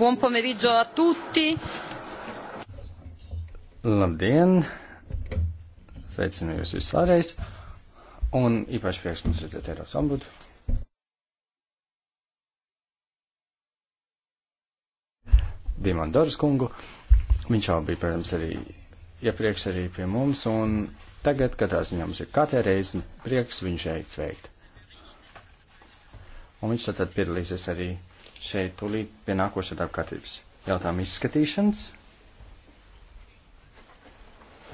Buon pomeriggio a tutti. Labdien! Sveicinu jūs visus vēlreiz. Un īpaši prieks mums redzēt Eiropas ombudu. Dimandoras kungu. Viņš jau bija, protams, arī iepriekš arī pie mums, un tagad, kad tās viņam ir katrai reizi, prieks viņu šeit sveikt. Un viņš tad piedalīsies arī šeit tūlīt pie nākošā darba kārtības jautājuma izskatīšanas.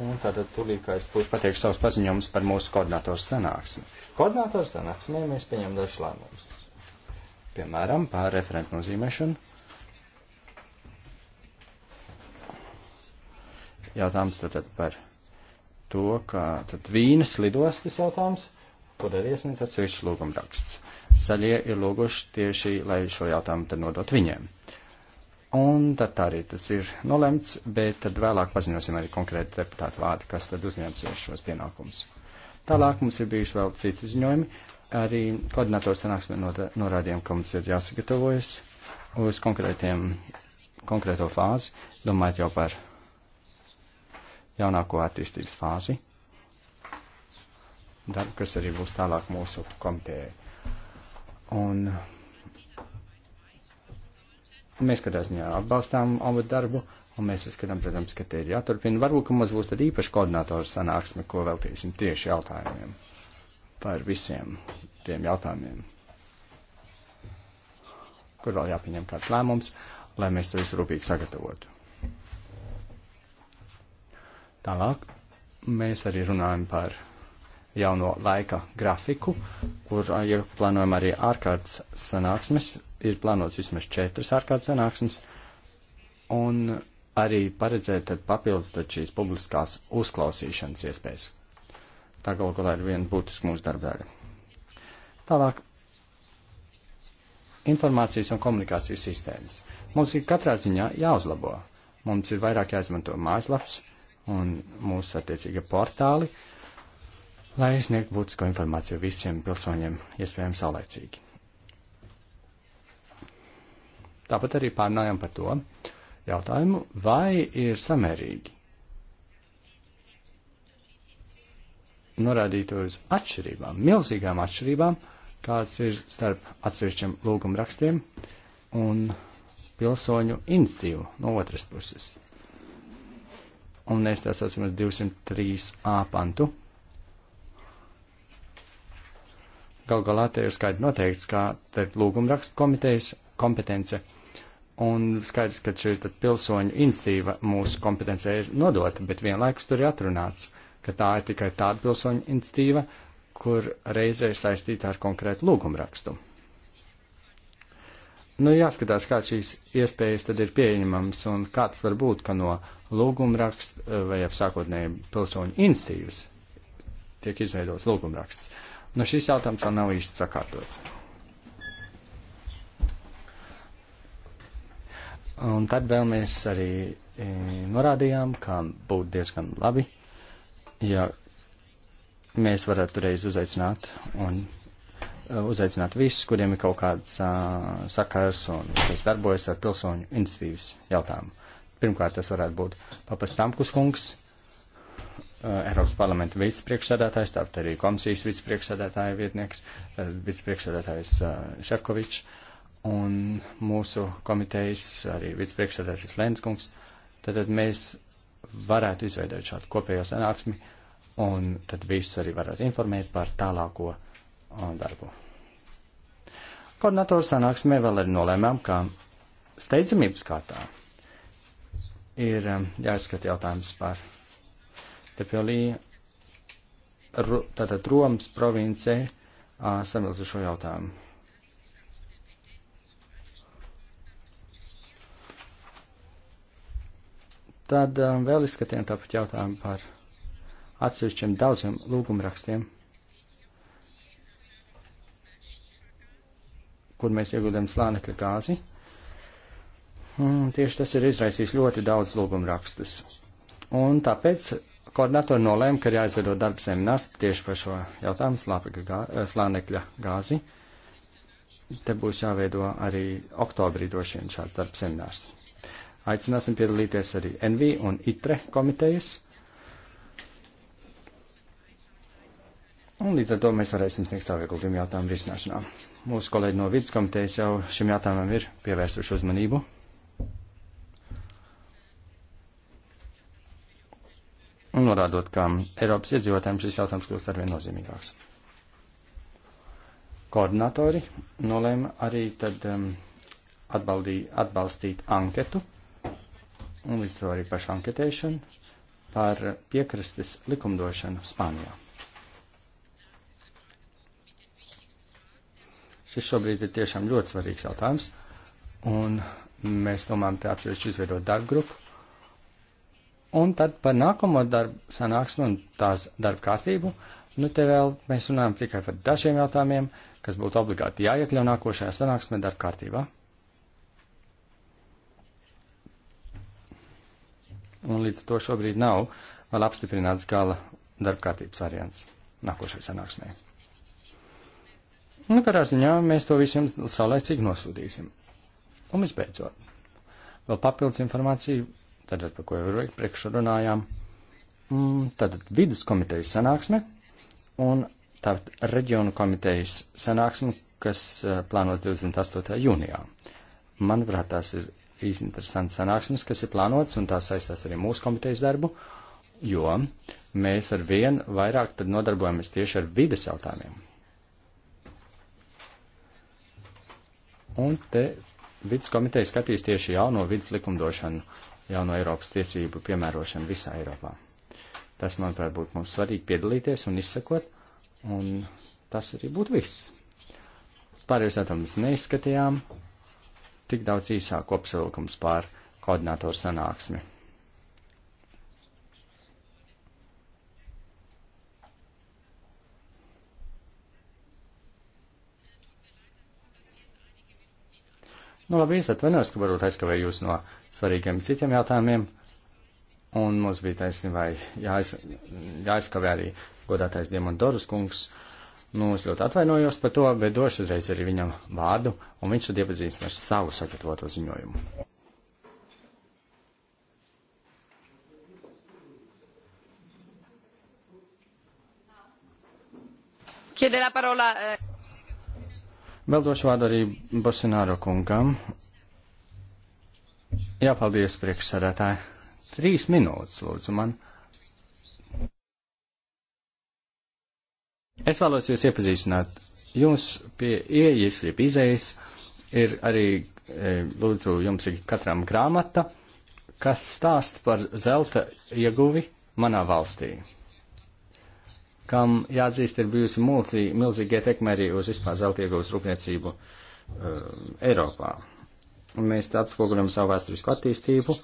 Un tātad tūlīt, kā es tūlīt pateikšu savus paziņojumus par mūsu koordinatoru sanāksmi. Koordinatoru sanāksmē mēs pieņem dažus lēmumus. Piemēram, pār referentu nozīmēšanu. Jautājums tātad par to, ka tad vīnas lidostas jautājums, kur arī iesniedz atsevišķs lūgumraksts. Zaļie ir lūguši tieši, lai šo jautājumu tad nodot viņiem. Un tad tā arī tas ir nolemts, bet tad vēlāk paziņosim arī konkrēti deputātu vārdu, kas tad uzņemsies šos pienākumus. Tālāk mums ir bijuši vēl citi ziņojumi. Arī koordinators sanāksmē norādījām, ka mums ir jāsagatavojas uz konkrētiem, konkrēto fāzi, domājot jau par jaunāko attīstības fāzi. Darbu, kas arī būs tālāk mūsu komitējai. Un mēs kādā ziņā atbalstām ombudu darbu, un mēs uzskatām, protams, ka te ir jāturpina. Varbūt, ka mums būs tad īpaši koordinātoru sanāksme, ko veltīsim tieši jautājumiem par visiem tiem jautājumiem, kur vēl jāpieņem kāds lēmums, lai mēs to visu rūpīgi sagatavotu. Tālāk mēs arī runājam par jauno laika grafiku, kur ir plānojama arī ārkārtas sanāksmes, ir plānots vismaz četras ārkārtas sanāksmes, un arī paredzēt papildus šīs publiskās uzklausīšanas iespējas. Tā galu galā ir viena būtiska mūsu darba daļa. Tālāk informācijas un komunikācijas sistēmas. Mums ir katrā ziņā jāuzlabo. Mums ir vairāk jāizmanto mājaslaps un mūsu attiecīgie portāli, lai sniegtu būtisko informāciju visiem pilsoņiem, iespējami saulēcīgi. Tāpat arī pārnājām par to jautājumu, vai ir samērīgi norādīt uz atšķirībām, milzīgām atšķirībām, kāds ir starp atsevišķiem lūgumrakstiem un pilsoņu inicitīvu no otras puses. Un mēs tā saucam 203a pantu, Gal galā te ir skaidri noteikts, kā te ir lūgumrakstu komitejas kompetence. Un skaidrs, ka šī pilsoņu institīva mūsu kompetencē ir nodota, bet vienlaikus tur ir atrunāts, ka tā ir tikai tāda pilsoņu institīva, kur reizē ir saistīta ar konkrētu lūgumrakstu. Nu, jāskatās, kā šīs iespējas tad ir pieņemams un kāds var būt, ka no lūgumraksta eh, vai apsākotnēji pilsoņu institīvas tiek izveidots lūgumraksts. Uh, Nu, šis jautājums vēl nav īsti sakārtots. Un tad vēl mēs arī e, norādījām, ka būtu diezgan labi, ja mēs varētu reiz uzaicināt un e, uzaicināt visus, kuriem ir kaut kāds uh, sakars un kas darbojas ar pilsoņu iniciatīvas jautājumu. Pirmkārt, tas varētu būt papastamkus kungs, Eh, Eiropas parlamenta vicepriekšsēdētājs, tāpat arī komisijas vicepriekšsēdētāja vietnieks, eh, vicepriekšsēdētājs eh, Šefkovičs un mūsu komitejas arī vicepriekšsēdētājs Lenskungs. Tātad mēs varētu izveidot šādu kopējo sanāksmi un tad visus arī varētu informēt par tālāko darbu. Koordinatoru sanāksmē vēl arī nolēmām, ka steidzamības kārtā ir jāizskata jautājums par Te jau bija tātad Romas provincē samilz uz šo jautājumu. Tad um, vēl izskatījām tāpat jautājumu par atsevišķiem daudziem lūgumrakstiem, kur mēs ieguldām slānekļa gāzi. Un tieši tas ir izraisījis ļoti daudz lūgumrakstus. Un tāpēc Koordinatori nolēma, ka ir jāizveido darba seminārs tieši par šo jautājumu gā, eh, slānekļa gāzi. Te būs jāveido arī oktobrī droši vien šāds darba seminārs. Aicināsim piedalīties arī NV un ITRE komitejas. Un līdz ar to mēs varēsim sniegt savu ieguldījumu jautājumu risināšanā. Mūsu kolēģi no vidas komitejas jau šim jautājumam ir pievērsuši uzmanību. un norādot, ka Eiropas iedzīvotājiem šis jautājums kļūst arvien nozīmīgāks. Koordinatori nolēma arī tad um, atbaldī, atbalstīt anketu un līdz to arī pašu anketēšanu par piekrastes likumdošanu Spānijā. Šis šobrīd ir tiešām ļoti svarīgs jautājums, un mēs domājam te atsevišķi izveidot darbu grupu, Un tad par nākamo darbu sanāksmu un tās darba kārtību, nu te vēl mēs runājam tikai par dažiem jautājumiem, kas būtu obligāti jāiekļau nākošajā sanāksmē darba kārtībā. Un līdz to šobrīd nav vēl apstiprināts gala darba kārtības variants nākošajā sanāksmē. Nu, kādā ziņā mēs to visu jums saulēcīgi nosūtīsim. Un visbeidzot, vēl papildus informāciju tātad par ko jau priekšu runājām, tātad mm, vidas komitejas sanāksme un tātad reģionu komitejas sanāksme, kas eh, plānots 28. jūnijā. Manuprāt, tās ir īsti interesants sanāksmes, kas ir plānots, un tās saistās arī mūsu komitejas darbu, jo mēs ar vien vairāk tad nodarbojamies tieši ar vides jautājumiem. Un te vidas komiteja skatīs tieši jauno vidas likumdošanu jauno Eiropas tiesību piemērošanu visā Eiropā. Tas, manuprāt, būtu mums svarīgi piedalīties un izsakot, un tas arī būtu viss. Pārējos jautājumus neizskatījām, tik daudz īsāk kopsavilkums pār koordinātoru sanāksmi. Nu, labi, es atvainojos, ka varbūt aizkavēju jūs no svarīgiem citiem jautājumiem, un mums bija taisnība jāiz, jāizkavē arī godātais Diemondoras kungs. Nu, es ļoti atvainojos par to, bet došu uzreiz arī viņam vārdu, un viņš tad iepazīstinās ar savu sagatavoto ziņojumu. Eh. Vēl došu vārdu arī Bosināro kungam, Jā, paldies, priekšsēdētāji. Trīs minūtes, lūdzu, man. Es vēlos jūs iepazīstināt. Jums pie ieejas, jeb izējas, ir arī, e, lūdzu, jums ir katram grāmata, kas stāst par zelta ieguvi manā valstī kam jāatzīst, ir bijusi mulci, milzīga ietekme arī uz vispār zelta ieguvas rūpniecību uh, Eiropā mēs atspoguļam savu vēsturisko attīstību,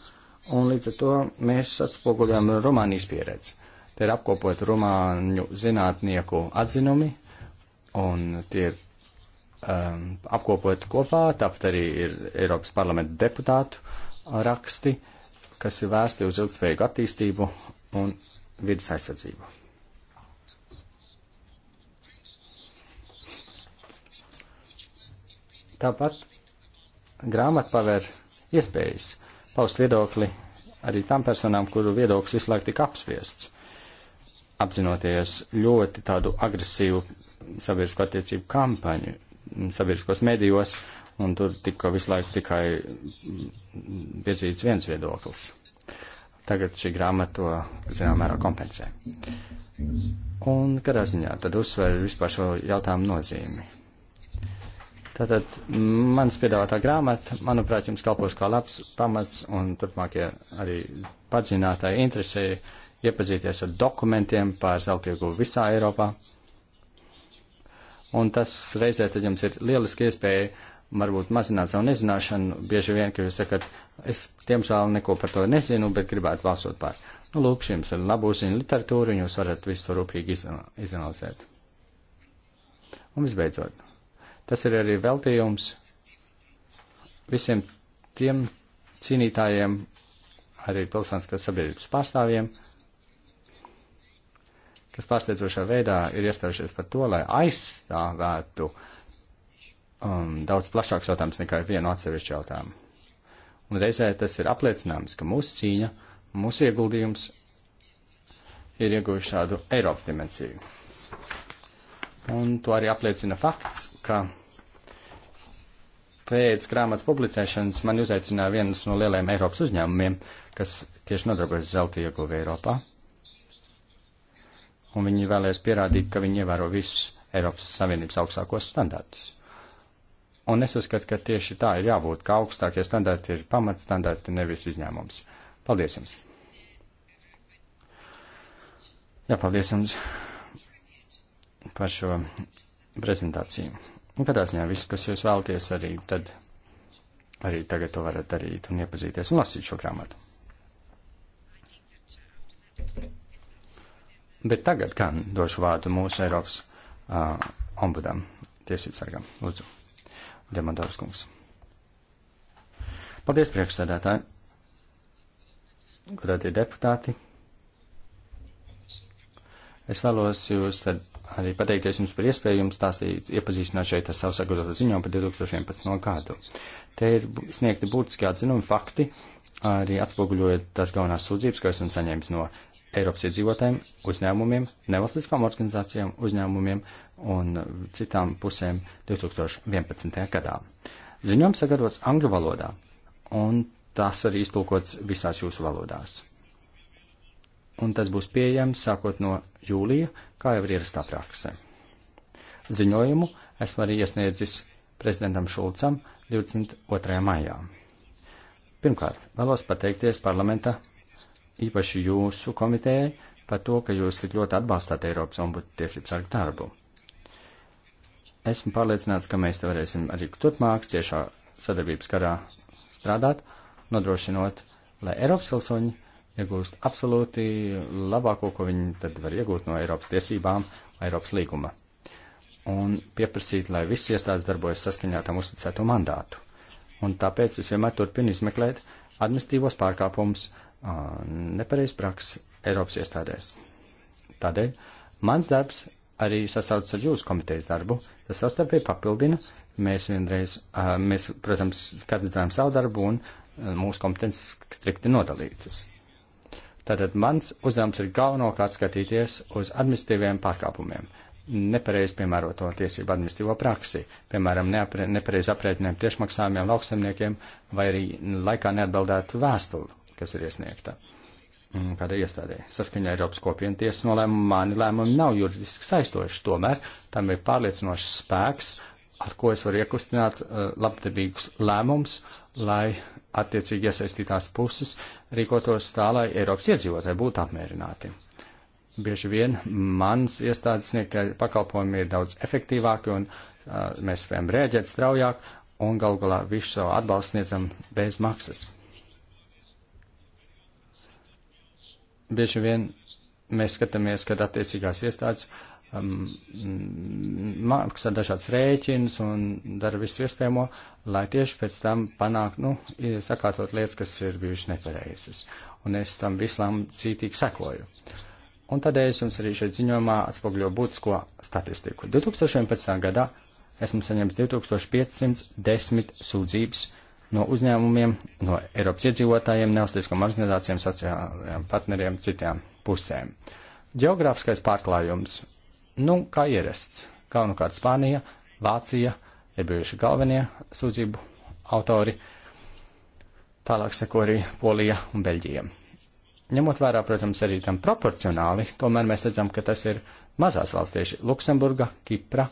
un līdz ar to mēs atspoguļam Rumānijas pieredzi. Te ir apkopot rumāņu zinātnieku atzinumi, un tie ir um, apkopot kopā, tāpat arī ir Eiropas parlamenta deputātu raksti, kas ir vēsti uz ilgspējīgu attīstību un vidas aizsardzību. Tāpat grāmata paver iespējas paust viedokli arī tam personām, kuru viedoklis visu laiku tika apspiests, apzinoties ļoti tādu agresīvu sabiedrisko attiecību kampaņu sabiedriskos medijos, un tur tika visu laiku tikai virzīts viens viedoklis. Tagad šī grāmata to zināmā mērā kompensē. Un, kādā ziņā, tad uzsver vispār šo jautājumu nozīmi. Tātad manas piedāvātā grāmata, manuprāt, jums kalpos kā labs pamats un turpmākie arī padzinātāji interesē iepazīties ar dokumentiem par zeltieguvu visā Eiropā. Un tas reizē tad jums ir lieliski iespēja varbūt mazināt savu nezināšanu. Bieži vien, ka jūs sakat, es tiemžēl neko par to nezinu, bet gribētu balsot par. Nu, lūk, jums ir labu ziņu literatūru un jūs varat visu to rūpīgi izanalizēt. Un visbeidzot. Tas ir arī veltījums visiem tiem cīnītājiem, arī pilsētiskās sabiedrības pārstāvjiem, kas pārsteidzošā veidā ir iestājušies par to, lai aizstāvētu um, daudz plašāks jautājums nekā vienu atsevišķu jautājumu. Un reizē tas ir apliecināms, ka mūsu cīņa, mūsu ieguldījums ir ieguvuši šādu Eiropas dimensiju. Un to arī apliecina fakts, ka pēc grāmatas publicēšanas man uzaicināja viens no lielajiem Eiropas uzņēmumiem, kas tieši nodarbojas zelta ieguvi Eiropā. Un viņi vēlēs pierādīt, ka viņi ievēro visus Eiropas Savienības augstākos standartus. Un es uzskatu, ka tieši tā ir jābūt, ka augstākie standarti ir pamatstandarti, nevis izņēmums. Paldies jums! Jā, paldies jums par šo prezentāciju. Un kādā ziņā viss, kas jūs vēlaties, arī tad arī tagad to varat darīt un iepazīties un lasīt šo grāmatu. Bet tagad gan došu vārdu mūsu Eiropas uh, ombudam, tiesību sargam. Lūdzu, Demandovs kungs. Paldies, priekšsēdētāji, godātie deputāti. Es vēlos jūs tad arī pateikties jums par iespēju jums stāstīt, iepazīstināt šeit ar savu sagatavotu ziņojumu par 2011. gadu. Te ir sniegti būtiski atzinumi fakti, arī atspoguļojot tās galvenās sūdzības, ko esam saņēmis no Eiropas iedzīvotājiem, uzņēmumiem, nevalstiskām organizācijām, uzņēmumiem un citām pusēm 2011. gadā. Ziņojums sagatavots angļu valodā, un tas arī iztulkots visās jūsu valodās un tas būs pieejams sākot no jūlija, kā jau ir ierastā prakse. Ziņojumu esmu arī iesniedzis prezidentam Šulcam 22. maijā. Pirmkārt, vēlos pateikties parlamenta, īpaši jūsu komitejai, par to, ka jūs tik ļoti atbalstāt Eiropas ombudu tiesības sargu darbu. Esmu pārliecināts, ka mēs te varēsim arī turpmāk ciešā sadarbības karā strādāt, nodrošinot, lai Eiropas pilsoņi iegūst absolūti labāko, ko viņi tad var iegūt no Eiropas tiesībām, Eiropas līguma. Un pieprasīt, lai viss iestādes darbojas saskaņā tam uzticēto mandātu. Un tāpēc es vienmēr turpinu izmeklēt administīvos pārkāpumus, nepareiz praks Eiropas iestādēs. Tādēļ mans darbs arī sasaucas ar jūsu komitejas darbu, tas sastarpēji papildina, mēs vienreiz, mēs, protams, katrs darām savu darbu un mūsu kompetences strikti nodalītas. Tātad mans uzdevums ir galvenokārt skatīties uz administratīviem pārkāpumiem, nepareizi piemēroto tiesību administratīvo praksi, piemēram, nepareizi aprēķiniem tiešmaksājumiem lauksemniekiem vai arī laikā neatbildētu vēstuli, kas ir iesniegta mm, kāda iestādē. Saskaņā Eiropas kopienu tiesas nolēmumu mani lēmumi nav juridiski saistoši, tomēr tam ir pārliecinošs spēks, ar ko es varu iekustināt uh, labdabīgus lēmumus, lai attiecīgi iesaistītās puses rīkotos tā, lai Eiropas iedzīvotāji būtu apmierināti. Bieži vien mans iestādes sniegtie pakalpojumi ir daudz efektīvāki un uh, mēs spējam rēģēt straujāk un gal galā visu savu atbalstu sniedzam bez maksas. Bieži vien mēs skatāmies, kad attiecīgās iestādes uh, maksā mm, dažādas rēķinas un dara visu iespējamo, lai tieši pēc tam panāk, nu, sakārtot lietas, kas ir bijušas nepareizas. Un es tam visam cītīgi sekoju. Un tādēļ es jums arī šeit ziņojumā atspogļo būtisko statistiku. 2011. gadā esmu saņēmis 2510 sūdzības no uzņēmumiem, no Eiropas iedzīvotājiem, nevalstiskām organizācijām, sociālajiem partneriem, citām pusēm. Geogrāfiskais pārklājums Nu, kā ierasts, galvenokārt Spānija, Vācija ir bijuši galvenie sūdzību autori, tālāk seko arī Polija un Beļģija. Ņemot vērā, protams, arī tam proporcionāli, tomēr mēs redzam, ka tas ir mazās valsts tieši Luksemburga, Kipra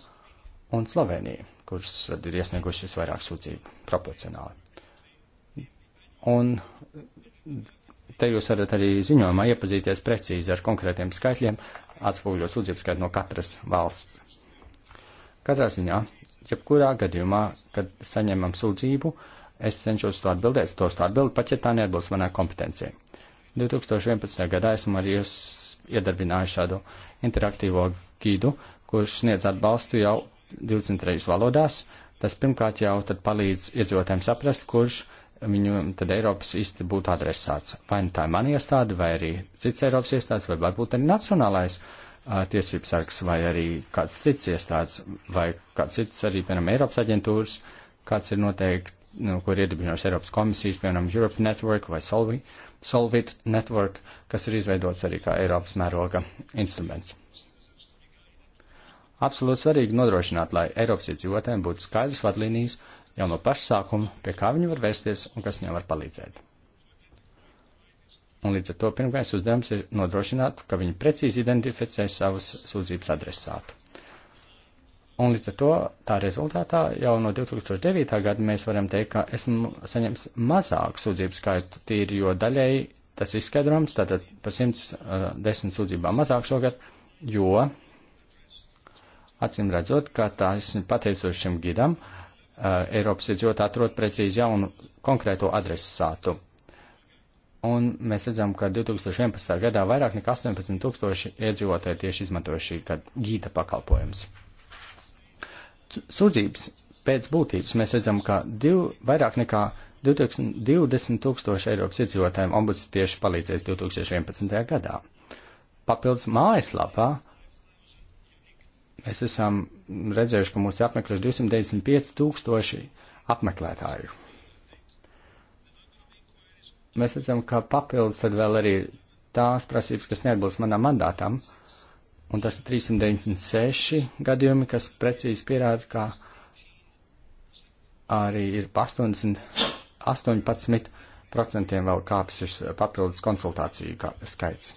un Slovenija, kuras ir iesniegušas vairāk sūdzību proporcionāli. Un te jūs varat arī ziņojumā iepazīties precīzi ar konkrētiem skaitļiem, atspoguļo sūdzību skaitu no katras valsts. Katrā ziņā, jebkurā gadījumā, kad saņemam sūdzību, es cenšos to atbildēt, tos to atbildu, pat ja tā nebūs manā kompetencija. 2011. gadā esmu arī iedarbinājuši šādu interaktīvo gidu, kurš sniedz atbalstu jau 23 valodās. Tas pirmkārt jau tad palīdz iedzīvotājiem saprast, kurš uh, viņu tad Eiropas īsti būtu adresāts. Vai nu tā ir mana iestāde, vai arī cits Eiropas iestādes, vai varbūt arī nacionālais uh, tiesības sargs, vai arī kāds cits iestādes, vai kāds cits arī, piemēram, Eiropas aģentūras, kāds ir noteikti, nu, kur iedibinājuši Eiropas komisijas, piemēram, Europe Network vai Solvi, Solvit Network, kas ir izveidots arī kā Eiropas mēroga instruments. Absolūti svarīgi nodrošināt, lai Eiropas iedzīvotājiem būtu skaidrs vadlīnijas, uh, jau no paša sākuma, pie kā viņi var vērsties un kas viņam var palīdzēt. Un līdz ar to pirmais uzdevums ir nodrošināt, ka viņi precīzi identificē savus sūdzības adresātu. Un līdz ar to tā rezultātā jau no 2009. gada mēs varam teikt, ka esmu saņems mazāku sūdzību skaitu tīri, jo daļēji tas izskaidrojums, tātad par 110 uh, sūdzībām mazāk šogad, jo acīm redzot, ka tā esmu pateicoši šim gidam, uh, Eh, Eiropas iedzīvotāji atrod precīzi jaunu konkrēto adresātu. Un mēs redzam, ka 2011. gadā vairāk nekā 18 tūkstoši iedzīvotāji tieši izmantoja šī gīta pakalpojums. Sūdzības pēc būtības mēs redzam, ka div, vairāk nekā 20 tūkstoši Eiropas iedzīvotājiem ombuds tieši palīdzēs 2011. gadā. Papildus mājaslapā mēs esam redzējuši, ka mūs apmeklē 295 tūkstoši apmeklētāju. Mēs redzam, ka papildus tad vēl arī tās prasības, kas neatbilst manam mandātam, un tas ir 396 gadījumi, kas precīzi pierāda, ka arī ir 80, 18% vēl kāpsis papildus konsultāciju skaits.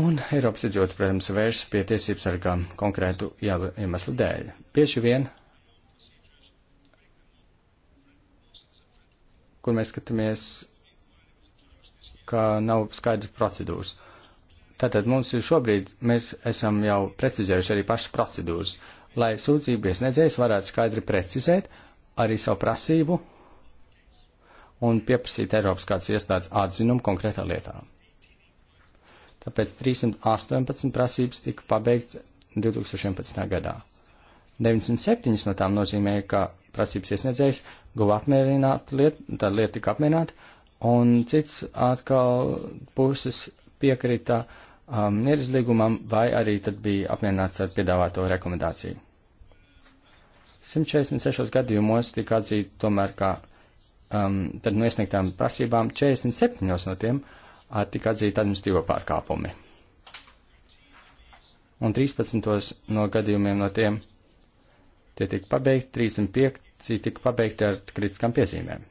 Un Eiropas iedzīvot, protams, vērš pie tiesības sargām konkrētu iemeslu dēļ. Bieži vien, kur mēs skatāmies, ka nav skaidrs procedūras. Tātad mums ir šobrīd, mēs esam jau precizējuši arī pašas procedūras, lai sūdzību iesniedzējs varētu skaidri precizēt arī savu prasību un pieprasīt Eiropas kāds iestādes atzinumu konkrētā lietā tāpēc 318 prasības tika pabeigts 2011. gadā. 97 no tām nozīmēja, ka prasības iesniedzējs guva apmierinātu lietu, tad lieta tika apmierināta, un cits atkal puses piekrita um, nerizlīgumam vai arī tad bija apmierināts ar piedāvāto rekomendāciju. 146 gadījumos tika atzīt tomēr, ka um, tad no iesniegtām prasībām 47 no tiem uh, tika atzīti administīvo pārkāpumi. Un 13 no gadījumiem no tiem tie tika pabeigti, 35 tika pabeigti ar kritiskām piezīmēm.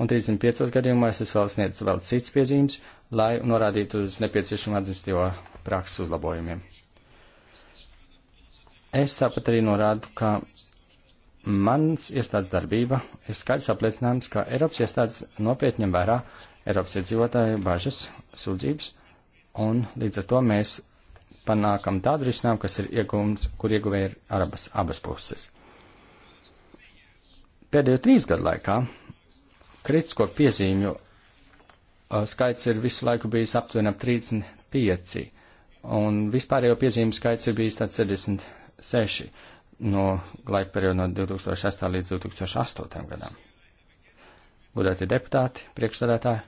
Un 35 gadījumos es vēl sniedzu vēl cits piezīmes, lai norādītu uz nepieciešamu administīvo prakses uzlabojumiem. Es tāpat arī norādu, ka mans iestādes darbība ir skaidrs apliecinājums, ka Eiropas iestādes nopietņem vērā Eiropas iedzīvotāju bažas, sūdzības, un līdz ar to mēs panākam tādu risinājumu, kas ir iegūms, kur ieguvēja ir arabas, abas puses. Pēdējo trīs gadu laikā kritisko piezīmju uh, skaits ir visu laiku bijis aptuveni ap 35, un vispārējo piezīmju skaits ir bijis tāds 76 no laika perioda no 2006. līdz 2008. gadam. Godātie deputāti, priekšsēdētāji,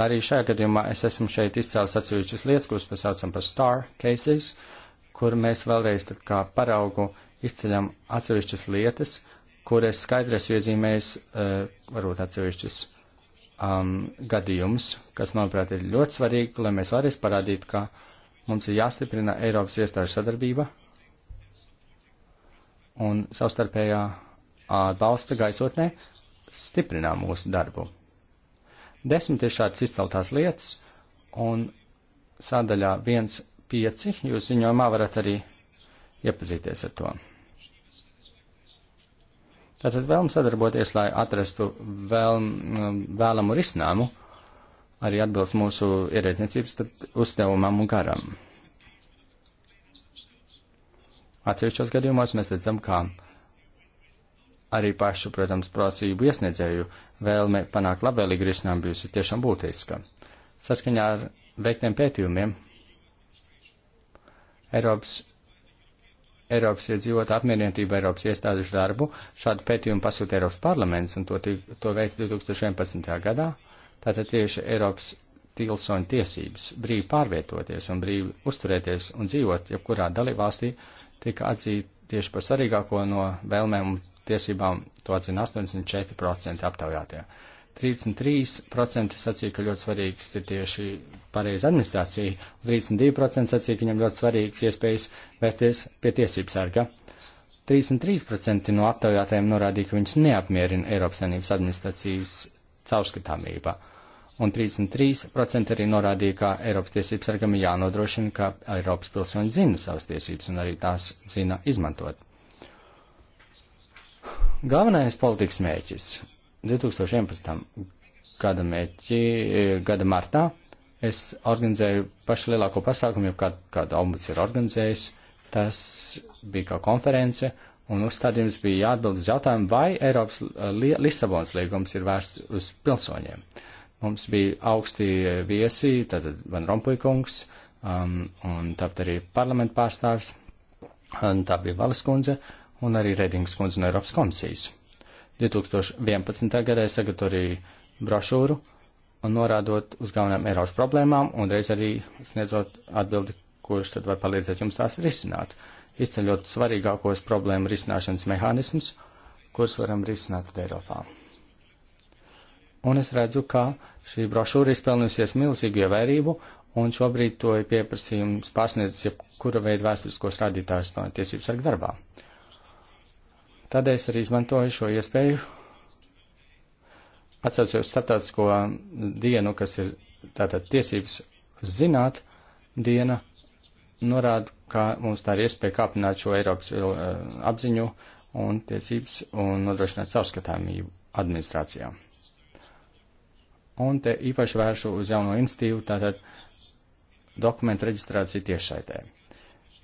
arī šajā gadījumā es esmu šeit izcēlis atsevišķas lietas, kuras mēs saucam par star cases, kur mēs vēlreiz tad kā paraugu izceļam atsevišķas lietas, kuras skaidrs iezīmēs uh, eh, varbūt atsevišķas um, gadījumus, kas, manuprāt, ir ļoti svarīgi, lai mēs varēs parādīt, ka mums ir jāstiprina Eiropas iestāžu sadarbība un savstarpējā atbalsta gaisotnē stiprinām mūsu darbu. Desmit ir šādas izceltās lietas, un sādaļā 1.5 jūs ziņojumā varat arī iepazīties ar to. Tātad vēlam sadarboties, lai atrastu vēl, um, vēlamu risinājumu, arī atbilst mūsu ierēdniecības uzdevumam un garam. Atsevišķos gadījumos mēs redzam, kā arī pašu, protams, prasību iesniedzēju vēlme panākt labvēlīgu risinājumu bijusi tiešām būtiska. Saskaņā ar veiktiem pētījumiem Eiropas, Eiropas iedzīvot apmierinātību Eiropas iestāžu darbu šādu pētījumu pasūta Eiropas parlaments un to, to veikt 2011. gadā. Tātad tieši Eiropas pilsoņu tiesības brīvi pārvietoties un brīvi uzturēties un dzīvot jebkurā dalībvalstī tika atzīta tieši par svarīgāko no vēlmēm un tiesībām to atzina 84% aptaujātie. 33% sacīja, ka ļoti svarīgs ir tieši pareiza administrācija, un 32% sacīja, ka viņam ļoti svarīgs iespējas vērsties pie tiesības sarga. 33% no aptaujātajiem norādīja, ka viņus neapmierina Eiropas Savienības administrācijas caurskatāmība un 33% arī norādīja, ka Eiropas tiesības sargam ir jānodrošina, ka Eiropas pilsoņi zina savas tiesības un arī tās zina izmantot. Galvenais politikas mēķis 2011. gada mēķi, e, gada martā es organizēju pašu lielāko pasākumu, jau kādu, kādu ombuds ir organizējis. Tas bija kā konference, un uzstādījums bija jāatbild uz jautājumu, vai Eiropas e, li Lisabonas līgums ir vērsts uz pilsoņiem. Mums bija augsti viesi, tātad Van Rompuykungs, um, un tāpat arī parlamenta pārstāvis, un tā bija Valis kundze, uh, un arī Redings kundze no Eiropas komisijas. 2011. gadā es sagatavoju arī brošūru un norādot uz galvenām Eiropas problēmām un reiz arī sniedzot atbildi, kurš tad var palīdzēt jums tās risināt, izceļot svarīgākos problēmu risināšanas mehānismus, kurus varam risināt Eiropā un es redzu, ka šī brošūra izpelnījusies milzīgu ievērību, un šobrīd to ir pieprasījums pārsniedzis jebkura veida vēsturiskos rādītājus no tiesības sarga darbā. Tādēļ es arī izmantoju šo iespēju, atsaucos starptautisko dienu, kas ir tātad tiesības zināt diena, norāda, kā mums tā ir iespēja kāpināt šo Eiropas uh, apziņu un tiesības un nodrošināt caurskatāmību administrācijā. Un te īpaši vēršu uz jauno institīvu, tātad dokumentu reģistrāciju tiešsaitē.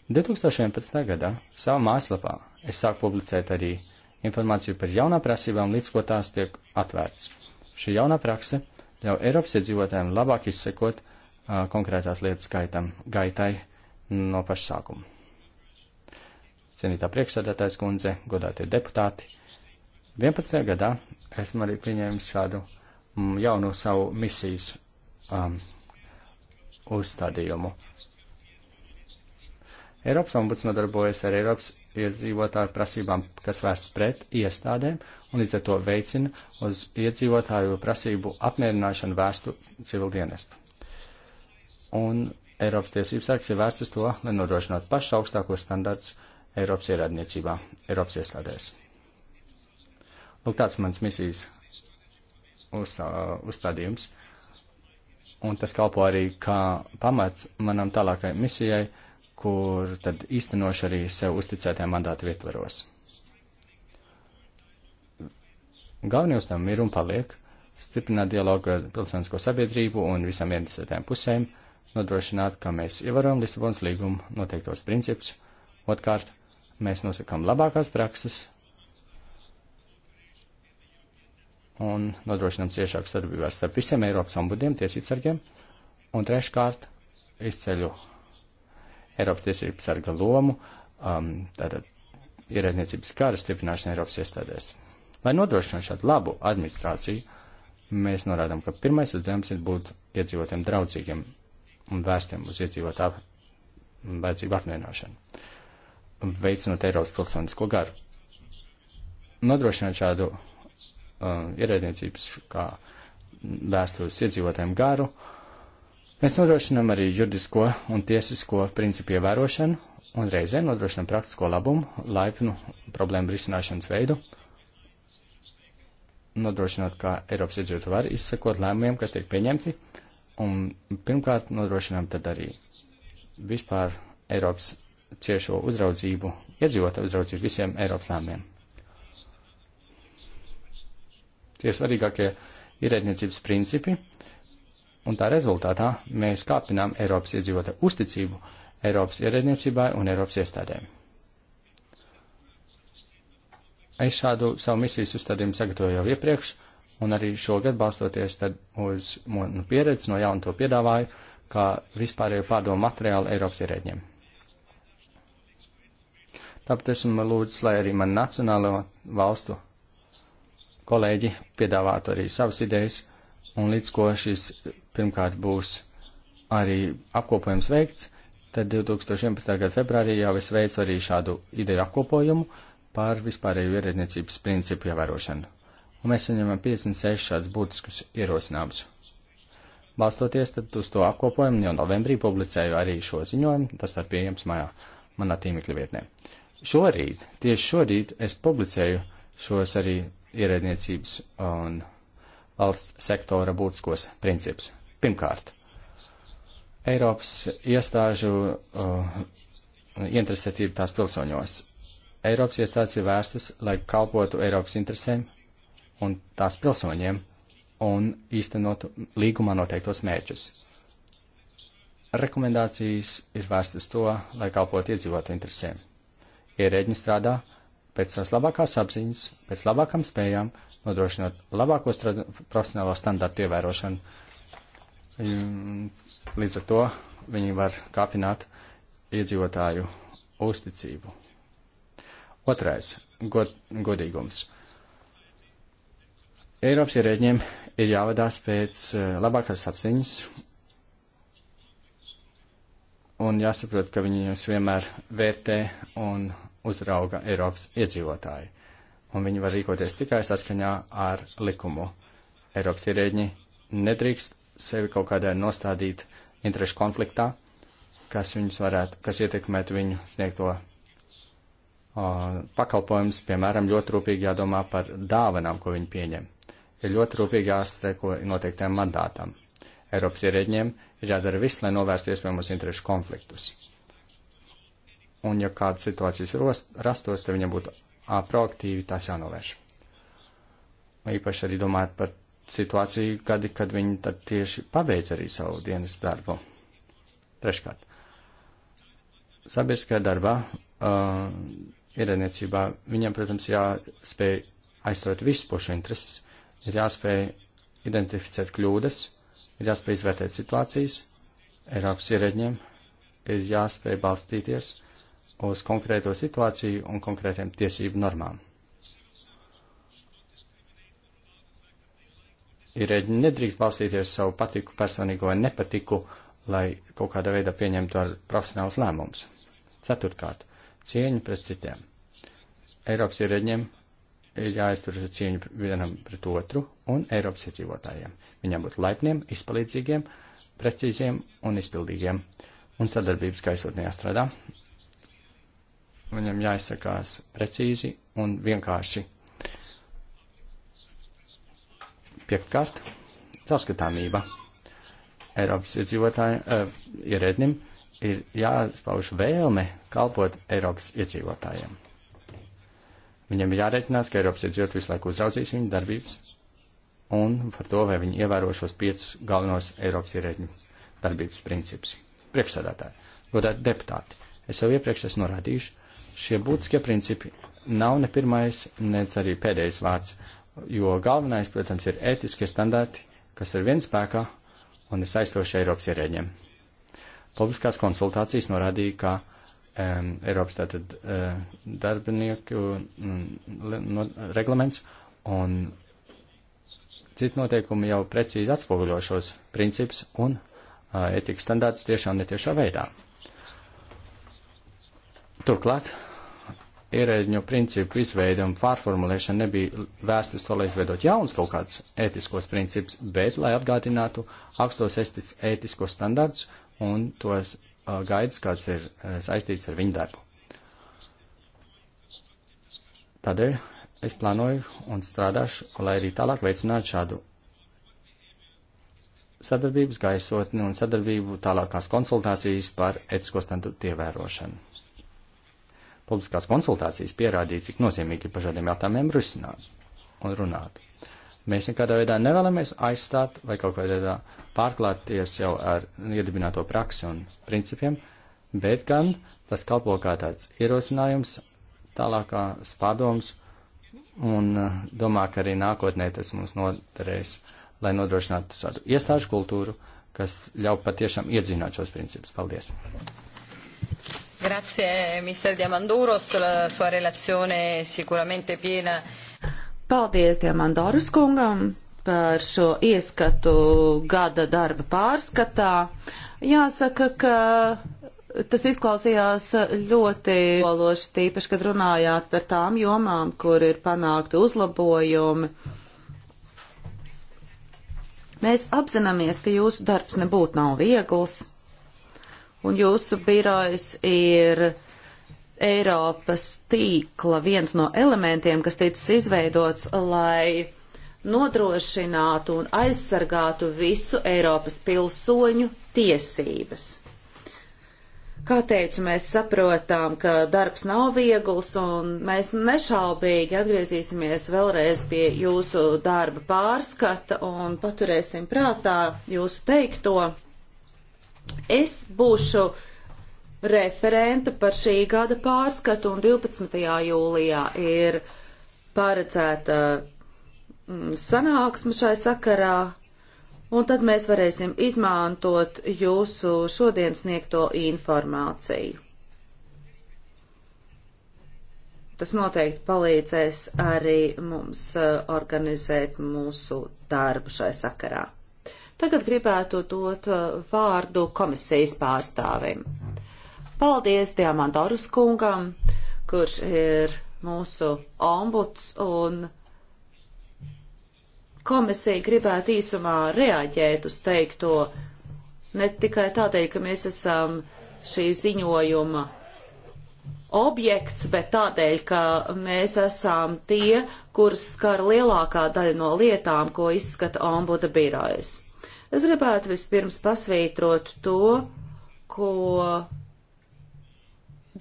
2011. gadā savā mājaslapā es sāku publicēt arī informāciju par jaunā prasībām, līdz ko tās tiek atvērts. Šī jaunā prakse ļauj Eiropas iedzīvotājiem labāk izsekot uh, konkrētās lietas gaitam, gaitai no paša sākuma. Cienītā priekšsēdētājs kundze, godātie deputāti, 11. gadā esmu arī pieņēmis šādu mm, jaunu savu misijas um, uzstādījumu. Eiropas ombuds nodarbojas ar Eiropas iedzīvotāju prasībām, kas vērstas pret iestādēm, un līdz ar to veicina uz iedzīvotāju prasību apmierināšanu vērstu civildienestu. Un Eiropas tiesības sargs ir vērsts uz to, lai nodrošinātu pašu augstākos standarts Eiropas ierādniecībā, Eiropas iestādēs. Lūk, tāds mans misijas uz, uh, uzstādījums, un tas kalpo arī kā pamats manam tālākai misijai kur tad īstenoši arī sev uzticētajā mandāta vietvaros. Galvenie uzdevumi ir un paliek stiprināt dialogu ar pilsonisko sabiedrību un visām interesētajām pusēm, nodrošināt, ka mēs ievērojam Lisabonas līgumu noteiktos principus. Otkārt, mēs nosakām labākās prakses un nodrošinām ciešāku sadarbību starp visiem Eiropas ombudiem, tiesībsargiem. Un treškārt, izceļu Eiropas tiesību sarga lomu um, ierēdniecības kara stiprināšana Eiropas iestādēs. Lai nodrošinātu šādu labu administrāciju, mēs norādām, ka pirmais uzdevums ir būt iedzīvotiem draudzīgiem un vērstiem uz iedzīvotāju vajadzību apmierināšanu, veicinot Eiropas pilsonisko garu. Nodrošināt šādu uh, ierēdniecības kā vēstures iedzīvotājiem garu, uh, Mēs nodrošinām arī juridisko un tiesisko principu ievērošanu un reizē nodrošinām praktisko labumu, laipnu problēmu risināšanas veidu, nodrošinot, ka Eiropas iedzīvotāji var izsakot lēmumiem, kas tiek pieņemti, un pirmkārt nodrošinām tad arī vispār Eiropas ciešo uzraudzību, iedzīvotāju uzraudzību visiem Eiropas lēmumiem. Tie svarīgākie ir ērtniecības principi, un tā rezultātā mēs kāpinām Eiropas iedzīvotāju uzticību Eiropas ierēdniecībai un Eiropas iestādēm. Es šādu savu misijas uzstādījumu sagatavoju jau iepriekš, un arī šogad balstoties tad uz manu pieredzi no jauna to piedāvāju, kā vispārēju pārdomu materiālu Eiropas ierēdņiem. Tāpēc esmu lūdzis, lai arī man nacionālo valstu kolēģi piedāvātu arī savas idejas un līdz ko šis pirmkārt būs arī apkopojums veikts, tad 2011. gada februārī jau es veicu arī šādu ideju apkopojumu par vispārēju ierēdniecības principu ievērošanu. Un mēs saņemam 56 šādus būtiskus ierosinājumus. Balstoties tad uz to apkopojumu, jau novembrī publicēju arī šo ziņojumu, tas ir pieejams mājā, manā tīmekļa vietnē. Šorīt, tieši šorīt, es publicēju šos arī ierēdniecības un valsts sektora būtiskos principus. Pirmkārt, Eiropas iestāžu uh, interesētība tās pilsoņos. Eiropas iestādes ir vērstas, lai kalpotu Eiropas interesēm un tās pilsoņiem un īstenotu līgumā noteiktos mērķus. Rekomendācijas ir vērstas to, lai kalpotu iedzīvotu interesēm. Ierēģi strādā pēc savas labākās apziņas, pēc labākām spējām nodrošinot labāko profesionālo standartu ievērošanu. Mm, līdz ar to viņi var kāpināt iedzīvotāju uzticību. Otrais god, - godīgums. Eiropas ierēģiem ir jāvadās pēc eh, labākās apziņas un jāsaprot, ka viņus vienmēr vērtē un uzrauga Eiropas iedzīvotāji un viņi var rīkoties tikai saskaņā ar likumu. Eiropas ierēģi nedrīkst sevi kaut kādā nostādīt interešu konfliktā, kas viņus varētu, kas ietekmētu viņu sniegto o, pakalpojumus, piemēram, ļoti rūpīgi jādomā par dāvanām, ko viņi pieņem. Ir ļoti rūpīgi jāstreko noteiktiem mandātam. Eiropas ierēģiem ir jādara viss, lai novērstu iespējamos interešu konfliktus. Un, ja kāda situācijas rastos, tad viņam būtu proaktīvi tās jānovērš. Īpaši arī domājot par situāciju gadi, kad viņi tad tieši pabeidz arī savu dienas darbu. Treškārt, sabiedriskajā darbā, uh, ierēniecībā, viņam, protams, jāspēj aizstāvēt visu pušu intereses, ir jāspēj identificēt kļūdas, ir jāspēj izvērtēt situācijas, Eiropas ierēģiem ir jāspēj balstīties uz konkrēto situāciju un konkrētiem tiesību normām. Ierēģi nedrīkst balstīties savu patiku, personīgo vai nepatiku, lai kaut kādā veidā pieņemtu ar profesionāls lēmums. Ceturtkārt, cieņu pret citiem. Eiropas ierēģiem ir jāizturas cieņu vienam pret otru un Eiropas iedzīvotājiem. Viņam būtu laipniem, izpalīdzīgiem, precīziem un izpildīgiem un sadarbības gaisotnē jāstrādā, Viņam jāizsakās precīzi un vienkārši. Piektkārt, caurskatāmība. Eiropas iedzīvotājiem, uh, ierēdnim ir jāspauž vēlme kalpot Eiropas iedzīvotājiem. Viņam ir jārēķinās, ka Eiropas iedzīvotāji visu laiku uzraudzīs viņu darbības un par to, vai viņi ievēro šos piecus galvenos Eiropas ierēģu darbības principus. Priekšsēdētāji, godāti deputāti, es jau iepriekš esmu norādījuši, Šie būtiskie principi nav ne pirmais, nec arī pēdējais vārds, jo galvenais, protams, ir ētiskie standarti, kas ir viens spēkā un ir saistoši Eiropas ierēģiem. Publiskās konsultācijas norādīja, ka um, Eiropas tātad uh, darbinieku mm, no, reglaments un citi noteikumi jau precīzi atspoguļo šos principus un uh, eh, etikas standārtus tiešā un netiešā veidā. Turklāt ierēģņu principu izveide un pārformulēšana nebija vērsta uz to, lai izveidot jauns kaut kāds ētiskos princips, bet lai atgādinātu augstos ētiskos standarts un tos uh, gaidus, kāds ir uh, saistīts ar viņu darbu. Tādēļ es plānoju un strādāšu, lai arī tālāk veicinātu šādu sadarbības gaisotni un sadarbību tālākās konsultācijas par ētisko standartu ievērošanu publiskās konsultācijas pierādīja, cik nozīmīgi ir par šādiem jautājumiem risināt un runāt. Mēs nekādā veidā nevēlamies aizstāt vai kaut kādā veidā pārklāties jau ar iedibināto praksi un principiem, bet gan tas kalpo kā tāds ierosinājums, tālākās pārdomas un uh, domā, ka arī nākotnē tas mums noderēs, lai nodrošinātu tādu iestāžu kultūru, kas ļauj patiešām iedzīvināt šos principus. Paldies! Grazie, Mr. Diamandūros, la sua relazione sicuramente piena. Paldies Diamandūras kungam par šo ieskatu gada darba pārskatā. Jāsaka, ka tas izklausījās ļoti valoši, tīpaši, kad runājāt par tām jomām, kur ir panākti uzlabojumi. Mēs apzināmies, ka jūsu darbs nebūtu nav viegls un jūsu birojs ir Eiropas tīkla viens no elementiem, kas ticis izveidots, lai nodrošinātu un aizsargātu visu Eiropas pilsoņu tiesības. Kā teicu, mēs saprotam, ka darbs nav viegls, un mēs nešaubīgi atgriezīsimies vēlreiz pie jūsu darba pārskata un paturēsim prātā jūsu teikto, Es būšu referenta par šī gada pārskatu un 12. jūlijā ir paredzēta mm, sanāksme šai sakarā. Un tad mēs varēsim izmantot jūsu šodien sniegto informāciju. Tas noteikti palīdzēs arī mums eh, organizēt mūsu darbu šai sakarā. Tagad gribētu dot uh, vārdu komisijas pārstāvim. Paldies Diamantorus kungam, kurš ir mūsu ombuds un komisija gribētu īsumā reaģēt uz teikto, ne tikai tādēļ, ka mēs esam šī ziņojuma objekts, bet tādēļ, ka mēs esam tie, kurus skar lielākā daļa no lietām, ko izskata ombuda birojas. Es gribētu vispirms pasvītrot to, ko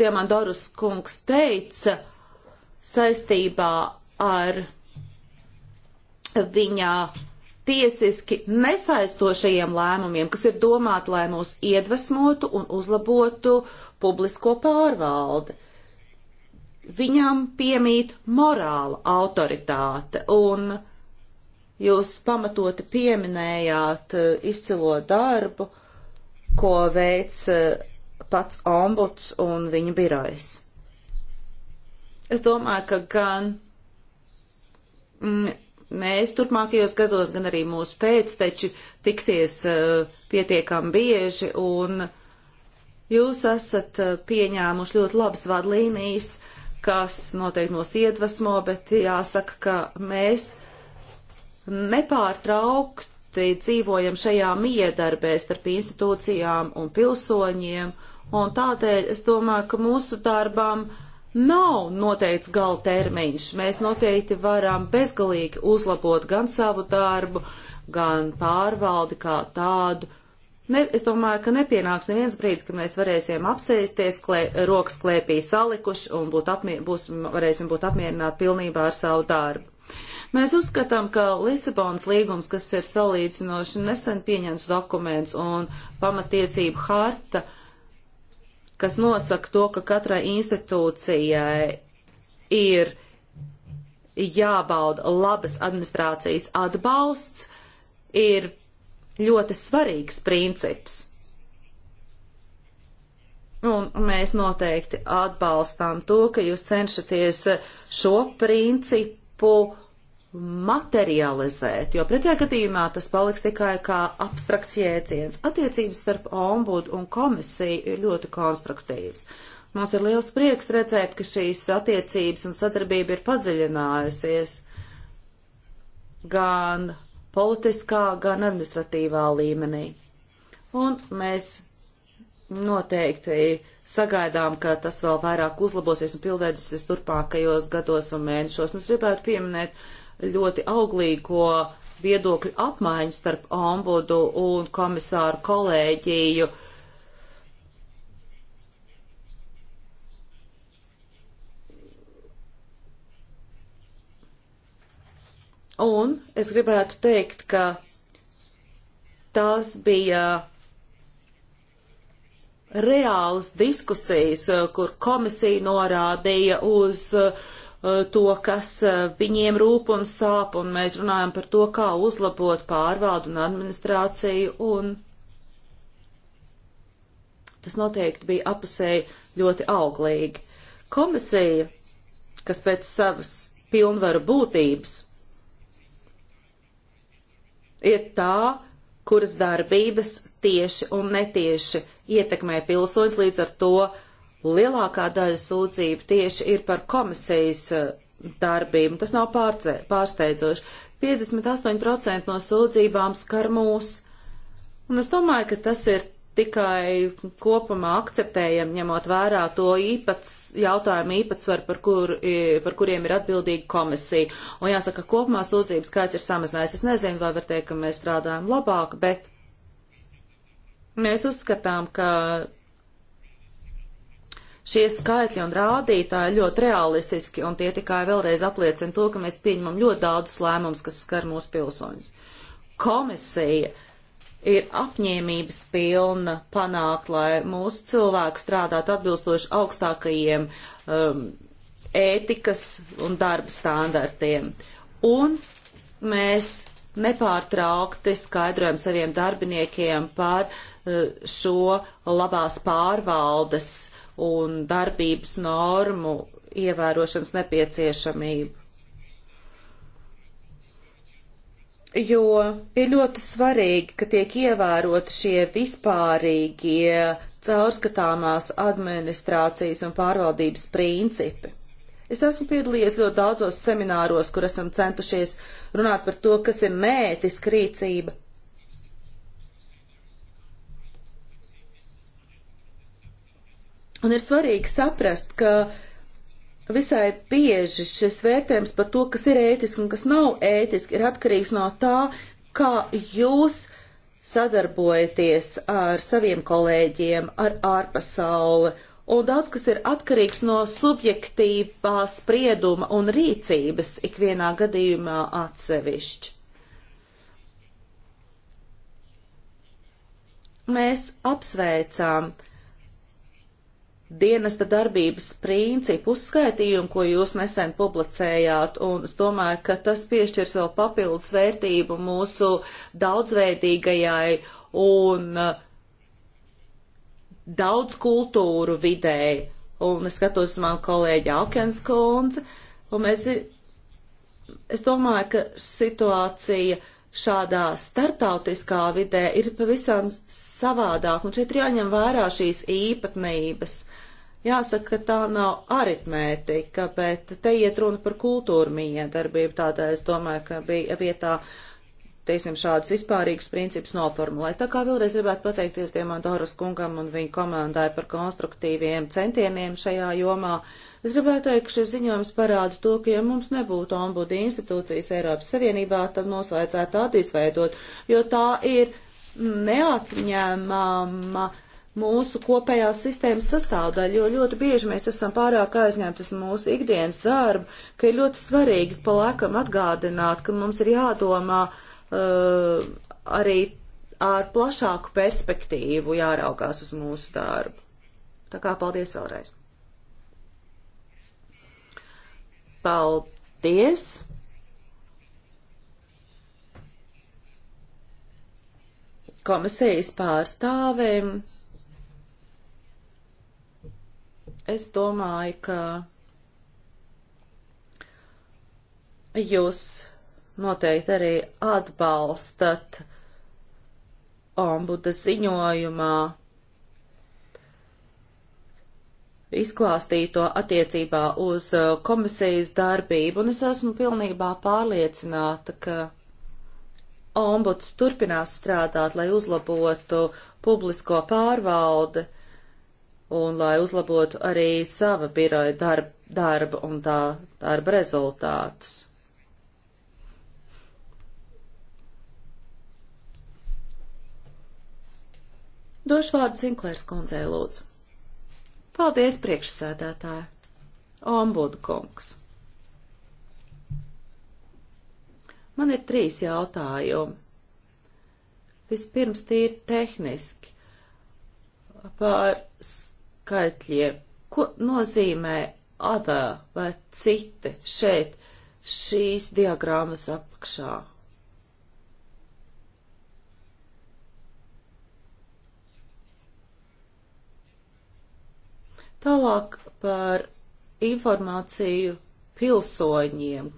Diemandorus kungs teica saistībā ar viņa tiesiski nesaistošajiem lēmumiem, kas ir domāti, lai mūs iedvesmotu un uzlabotu publisko pārvaldi. Viņam piemīt morāla autoritāte, un Jūs pamatoti pieminējāt eh, izcilo darbu, ko veic eh, pats ombuds un viņa birojs. Es domāju, ka gan mm, mēs turpmākajos gados, gan arī mūsu pēcteči tiksies eh, pietiekami bieži, un jūs esat pieņēmuši ļoti labas vadlīnijas, kas noteikti mūs iedvesmo, bet jāsaka, ka mēs nepārtraukti dzīvojam šajā miedarbē starp institūcijām un pilsoņiem, un tādēļ es domāju, ka mūsu darbām nav noteikts gala termiņš. Mēs noteikti varam bezgalīgi uzlabot gan savu darbu, gan pārvaldi kā tādu. Ne, es domāju, ka nepienāks neviens brīdis, kad mēs varēsim apsēsties, klē, rokas klēpī salikuši un būt apmier, būs, varēsim būt apmierināti pilnībā ar savu darbu. Mēs uzskatām, ka Lisabonas līgums, kas ir salīdzinoši nesen pieņemts dokuments un pamatiesību harta, kas nosaka to, ka katrai institūcijai ir jābauda labas administrācijas atbalsts, ir ļoti svarīgs princips. Un mēs noteikti atbalstām to, ka jūs cenšaties šo principu materializēt, jo pretējā gadījumā tas paliks tikai kā abstrakts jēdziens. Attiecības starp ombudu un komisiju ir ļoti konstruktīvas. Mums ir liels prieks redzēt, ka šīs attiecības un sadarbība ir padziļinājusies gan politiskā, gan administratīvā līmenī. Un mēs noteikti sagaidām, ka tas vēl vairāk uzlabosies un pildēsies turpākajos gados un mēnešos. Un es gribētu pieminēt ļoti auglīgo viedokļu apmaiņu starp ombudu un komisāru kolēģiju. Un es gribētu teikt, ka tās bija reāls diskusijas, kur komisija norādīja uz uh, Eh, to, kas eh, viņiem rūp un sāp, un mēs runājam par to, kā uzlabot pārvaldu un administrāciju, un tas noteikti bija apusēji ļoti auglīgi. Komisija, kas pēc savas pilnvaru būtības ir tā, kuras darbības tieši un netieši ietekmē pilsoņus, līdz ar to uh, lielākā daļa sūdzību tieši ir par komisijas eh, darbību. Tas nav pārsteidzoši. 58% no sūdzībām skar mūs. Un es domāju, ka tas ir tikai kopumā akceptējam, ņemot vērā to īpats, jautājumu īpatsvaru, par, kur, par kuriem ir atbildīga komisija. Un jāsaka, kopumā sūdzības skaits ir samazinājies. Es nezinu, vai var teikt, ka mēs strādājam labāk, bet mēs uzskatām, ka Šie skaitļi un rādītāji ļoti realistiski, un tie tikai vēlreiz apliecina to, ka mēs pieņemam ļoti daudz lēmumus, kas skar mūsu pilsoņus. Komisija ir apņēmības pilna panākt, lai mūsu cilvēki strādātu atbilstoši augstākajiem um, ētikas un darba standartiem. Un mēs nepārtraukti skaidrojam saviem darbiniekiem par uh, šo labās pārvaldes uh, un darbības normu ievērošanas nepieciešamību. Jo ir ļoti svarīgi, ka tiek ievērot šie vispārīgie caurskatāmās administrācijas un pārvaldības principi. Es esmu piedalījies ļoti daudzos semināros, kur esam centušies runāt par to, kas ir mētiska rīcība Un ir svarīgi saprast, ka visai bieži šis vērtējums par to, kas ir ētiski un kas nav ētiski, ir atkarīgs no tā, kā jūs sadarbojaties ar saviem kolēģiem, ar ārpasauli. Un daudz kas ir atkarīgs no subjektīvā sprieduma un rīcības ikvienā gadījumā atsevišķi. Mēs apsveicām uh, dienesta darbības principu uzskaitījumu, ko jūs nesen publicējāt, un es domāju, ka tas piešķirs vēl papildus vērtību mūsu daudzveidīgajai un uh, daudz kultūru vidēji. Un es skatos uz manu kolēģi Aukens kundzi, un mēs, es domāju, ka situācija šādā starptautiskā vidē ir pavisam savādāk, un šeit ir jāņem vērā šīs īpatnības. Jāsaka, ka tā nav aritmētika, bet te iet runa par kultūru miedarbību, tādēļ es domāju, ka bija vietā, teiksim, šādus vispārīgus principus noformulēt. Tā kā vēlreiz gribētu pateikties Diemandoras kungam un viņa komandai par konstruktīviem centieniem šajā jomā. Uh, Es gribētu teikt, ka šis ziņojums parāda to, ka ja mums nebūtu ombudu institūcijas Eiropas Savienībā, tad mums vajadzētu tādu izveidot, jo tā ir neatņēmama mūsu kopējās sistēmas sastāvdaļa, jo ļoti bieži mēs esam pārāk aizņemtas mūsu ikdienas darbu, ka ir ļoti svarīgi pa laikam atgādināt, ka mums ir jādomā uh, arī ar plašāku perspektīvu jāraugās uz mūsu darbu. Tā kā paldies vēlreiz! Paldies! Komisijas pārstāvēm. Es domāju, ka jūs noteikti arī atbalstat ombuda ziņojumā izklāstīto attiecībā uz uh, komisijas darbību, un es esmu pilnībā pārliecināta, ka ombuds turpinās strādāt, lai uzlabotu publisko pārvaldi un lai uzlabotu arī sava biroja darb, darba un tā darba rezultātus. Došu vārdu Sinklērs kundzei lūdzu. Paldies, priekšsēdētāji! Ombudu kungs! Man ir trīs jautājumi. Vispirms tīri tehniski par skaitļiem. Ko nozīmē other vai citi šeit šīs diagrammas apakšā? Tālāk par informāciju pilsoņiem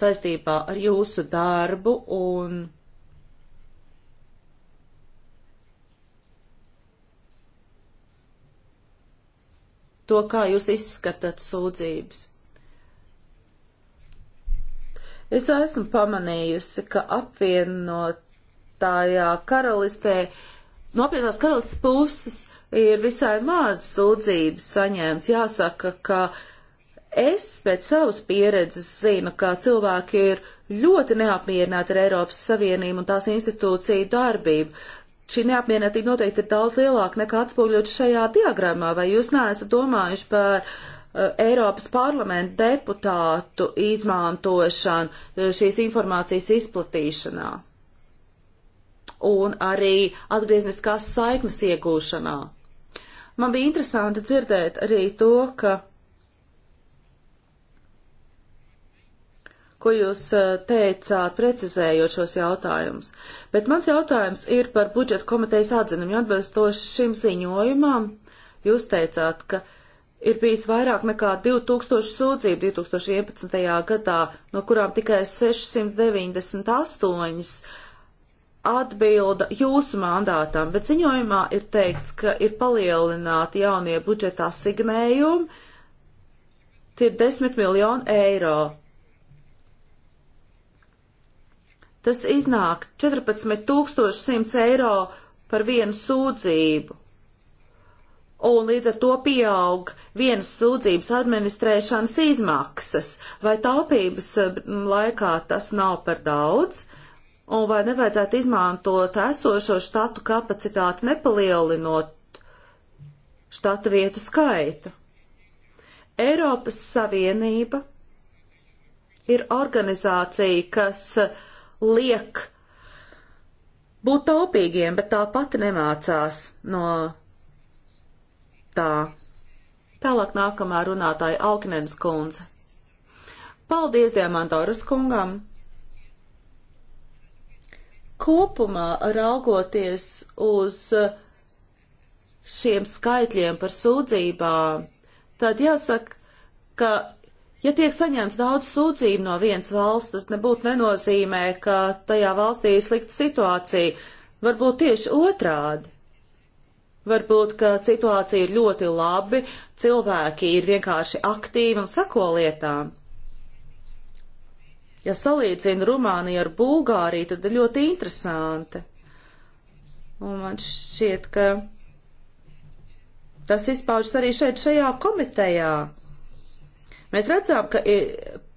saistībā ar jūsu darbu un to, kā jūs izskatāt sūdzības. Es esmu pamanījusi, ka apvienotājā karalistē, no apvienotās karalistes puses, ir visai maz sūdzības saņēmts. Jāsaka, ka es pēc savas pieredzes zinu, ka cilvēki ir ļoti neapmierināti ar Eiropas Savienību un tās institūciju darbību. Šī neapmierinātība noteikti ir daudz lielāka nekā atspoguļot šajā diagrammā, vai jūs neesat domājuši par uh, Eiropas parlamenta deputātu izmantošanu eh, šīs informācijas izplatīšanā? un arī atgriezniskās saiknes iegūšanā. Man bija interesanti dzirdēt arī to, ka, ko jūs eh, teicāt, precizējot šos jautājumus. Bet mans jautājums ir par budžeta komitejas atzinumu. Atbilstoši šim ziņojumam, jūs teicāt, ka ir bijis vairāk nekā 2000 sūdzību 2011. gadā, no kurām tikai 698 atbilda jūsu mandātam, bet ziņojumā ir teikts, ka ir palielināti jaunie budžeta asignējumi, tie ir 10 miljoni eiro. Tas iznāk 14,100 eiro par vienu sūdzību. Un līdz ar to pieaug vienas sūdzības administrēšanas izmaksas, vai taupības eh, laikā tas nav par daudz, uh, un vai nevajadzētu izmantot esošo štatu kapacitāti, nepalielinot štata vietu skaita. Eiropas Savienība ir organizācija, kas liek būt taupīgiem, bet tā pati nemācās no tā. Tālāk nākamā runātāja Auknenes kundze. Paldies Diamantoras kungam! kopumā raugoties uz šiem skaitļiem par sūdzībām, tad jāsaka, ka, ja tiek saņemts daudz sūdzību no vienas valsts, tas nebūtu nenozīmē, ka tajā valstī ir slikta situācija. Varbūt tieši otrādi. Varbūt, ka situācija ir ļoti labi, cilvēki ir vienkārši aktīvi un sako lietām. Ja salīdzina Rumāniju ar Bulgāriju, tad ir ļoti interesanti. Un man šķiet, ka tas izpaužas arī šeit šajā komitejā. Mēs redzam, ka,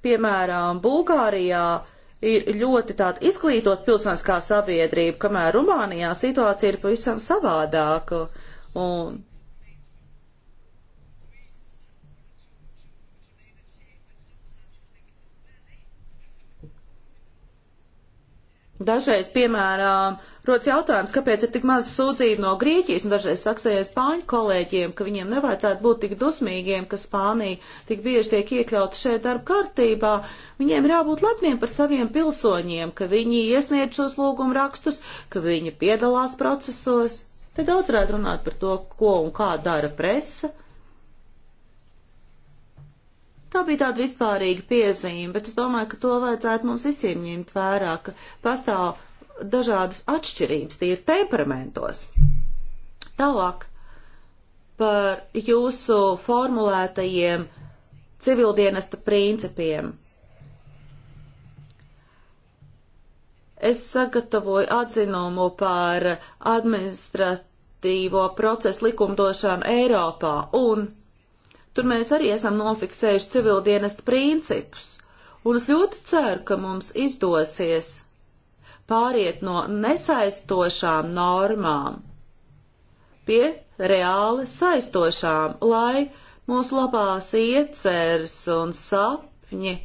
piemēram, Bulgārijā ir ļoti tāda izglītot pilsoniskā sabiedrība, kamēr Rumānijā situācija ir pavisam savādāka. Un Dažreiz, piemēram, rodas jautājums, kāpēc ir tik maz sūdzību no Grieķijas, un dažreiz saksējies spāņu kolēģiem, ka viņiem nevajadzētu būt tik dusmīgiem, ka Spānija tik bieži tiek iekļauta šeit darba kārtībā. Viņiem ir jābūt lepniem par saviem pilsoņiem, ka viņi iesniedz šos lūgumu rakstus, ka viņi piedalās procesos. Te daudz varētu runāt par to, ko un kā dara presa, Tā bija tāda vispārīga piezīme, bet es domāju, ka to vajadzētu mums visiem ņemt vērā, ka pastāv dažādas atšķirības, tie ir temperamentos. Tālāk par jūsu formulētajiem civildienesta principiem. Es sagatavoju atzinumu par administratīvo procesu likumdošanu Eiropā un Tur mēs arī esam nofiksējuši civildienesta principus, un es ļoti ceru, ka mums izdosies pāriet no nesaistošām normām pie reāli saistošām, lai mūsu labās ieceres un sapņi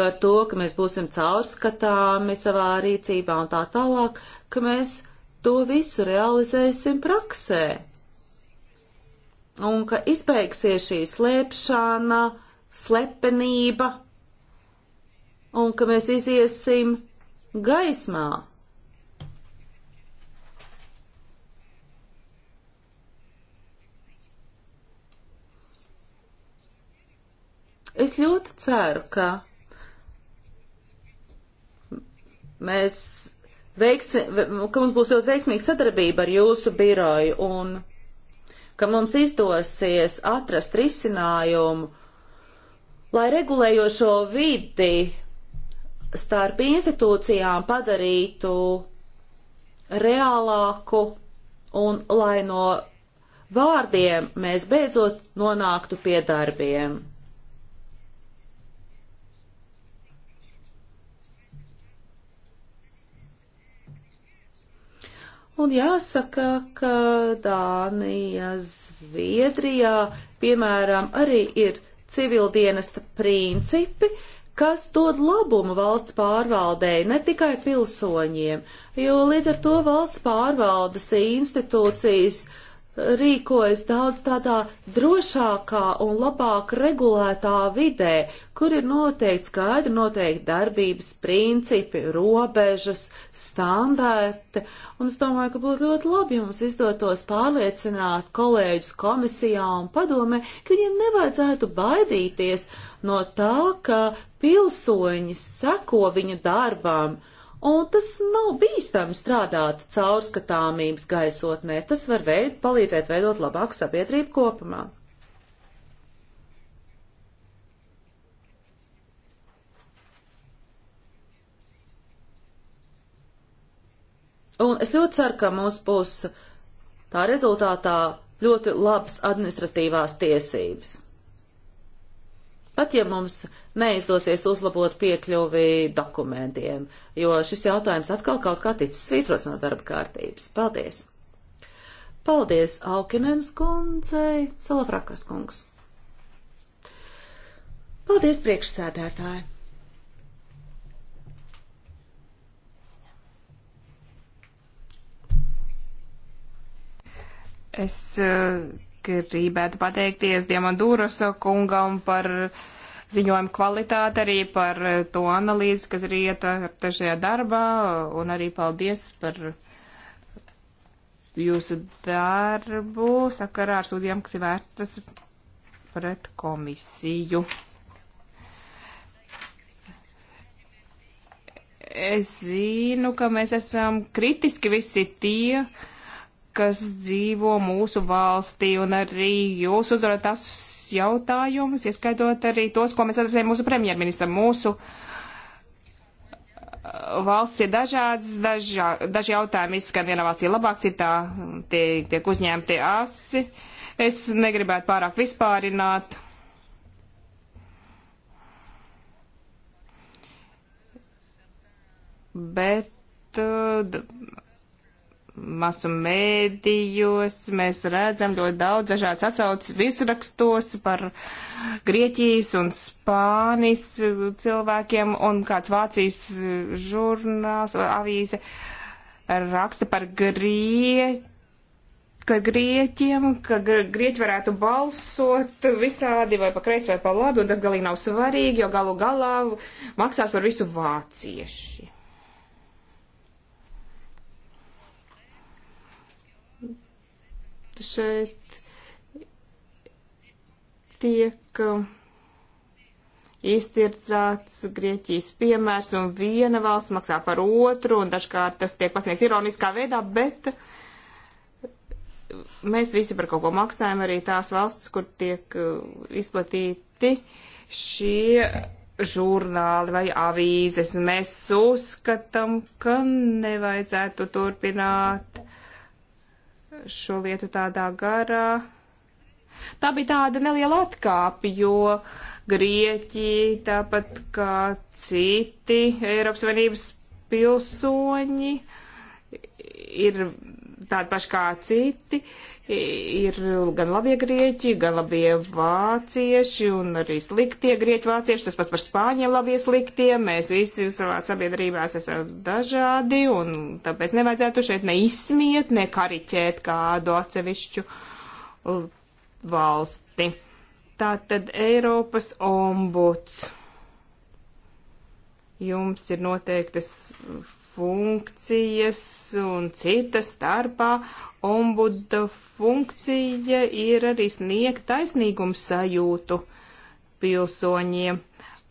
par to, ka mēs būsim caurskatāmi savā rīcībā un tā tālāk, ka mēs to visu realizēsim praksē un ka izbeigsies šī slēpšana, slepenība, un ka mēs iziesim gaismā. Es ļoti ceru, ka mēs veiksim, ka mums būs ļoti veiksmīga sadarbība ar jūsu biroju un ka mums izdosies atrast risinājumu, lai regulējošo vidi starp institūcijām padarītu reālāku un lai no vārdiem mēs beidzot nonāktu pie darbiem. Un jāsaka, ka Dānija, Zviedrijā, piemēram, arī ir civildienesta principi, kas dod labumu valsts pārvaldēji, ne tikai pilsoņiem, jo līdz ar to valsts pārvaldes institūcijas uh, rīkojas daudz tādā drošākā un labāk regulētā vidē, kur ir noteikti skaidri noteikti darbības principi, robežas, standarti. Un es domāju, ka būtu ļoti labi, ja mums izdotos pārliecināt kolēģus komisijā un padomē, ka viņiem nevajadzētu baidīties no tā, ka pilsoņi seko viņu darbām. Uh, Un tas nav bīstami strādāt caurskatāmības gaisotnē. Tas var veid, palīdzēt veidot labāku sabiedrību kopumā. Un es ļoti ceru, ka mums būs tā rezultātā ļoti labas administratīvās tiesības pat ja mums neizdosies uzlabot piekļuvi dokumentiem, jo šis jautājums atkal kaut kā ticis svītros no darba kārtības. Paldies! Paldies Aukinens kundzei, Salafrakas kungs! Paldies priekšsēdētāji! Es uh gribētu pateikties Diemandūras kungam par ziņojumu kvalitāti, arī par to analīzi, kas ir ietverta šajā darbā, un arī paldies par jūsu darbu sakarā ar sūdiem, kas ir vērtas pret komisiju. Es zinu, ka mēs esam kritiski visi tie, uh, kas dzīvo mūsu valstī, un arī jūs uzvarat tas jautājumus, ieskaitot arī tos, ko mēs adresējam mūsu premjerministram. Mūsu uh, valsts ir dažādas, dažā, daži jautājumi izskan vienā valstī labāk, citā tiek, tiek uzņemti asi. Es negribētu pārāk vispārināt. Bet uh, masu mēdījos mēs redzam ļoti daudz dažādas atsaucas visrakstos par Grieķijas un Spānijas cilvēkiem, un kāds Vācijas žurnāls, avīze raksta par Grieķiju ka grieķiem, ka grieķi varētu balsot visādi vai pa kreisi vai pa labi, un tas galīgi nav svarīgi, jo galu galā maksās par visu vācieši. šeit tiek um, iztirdzāts Grieķijas piemērs, un viena valsts maksā par otru, un dažkārt tas tiek pasniegts ironiskā veidā, bet mēs visi par kaut ko maksājam, arī tās valsts, kur tiek uh, izplatīti šie žurnāli vai avīzes. Mēs uzskatām, ka nevajadzētu turpināt šo lietu tādā garā. Tā bija tāda neliela atkāpe, jo Grieķi, tāpat kā citi Eiropas Savienības pilsoņi, ir tādi paši kā citi. Ir gan labie grieķi, gan labie vācieši un arī sliktie grieķi vācieši. Tas pats par spāņiem labie sliktie. Mēs visi savā sabiedrībās esam dažādi un tāpēc nevajadzētu šeit ne izsmiet, ne kariķēt kādu atsevišķu valsti. Tātad Eiropas ombuds. Jums ir noteiktas funkcijas un citas starpā ombuda funkcija ir arī sniegt taisnīgums sajūtu pilsoņiem.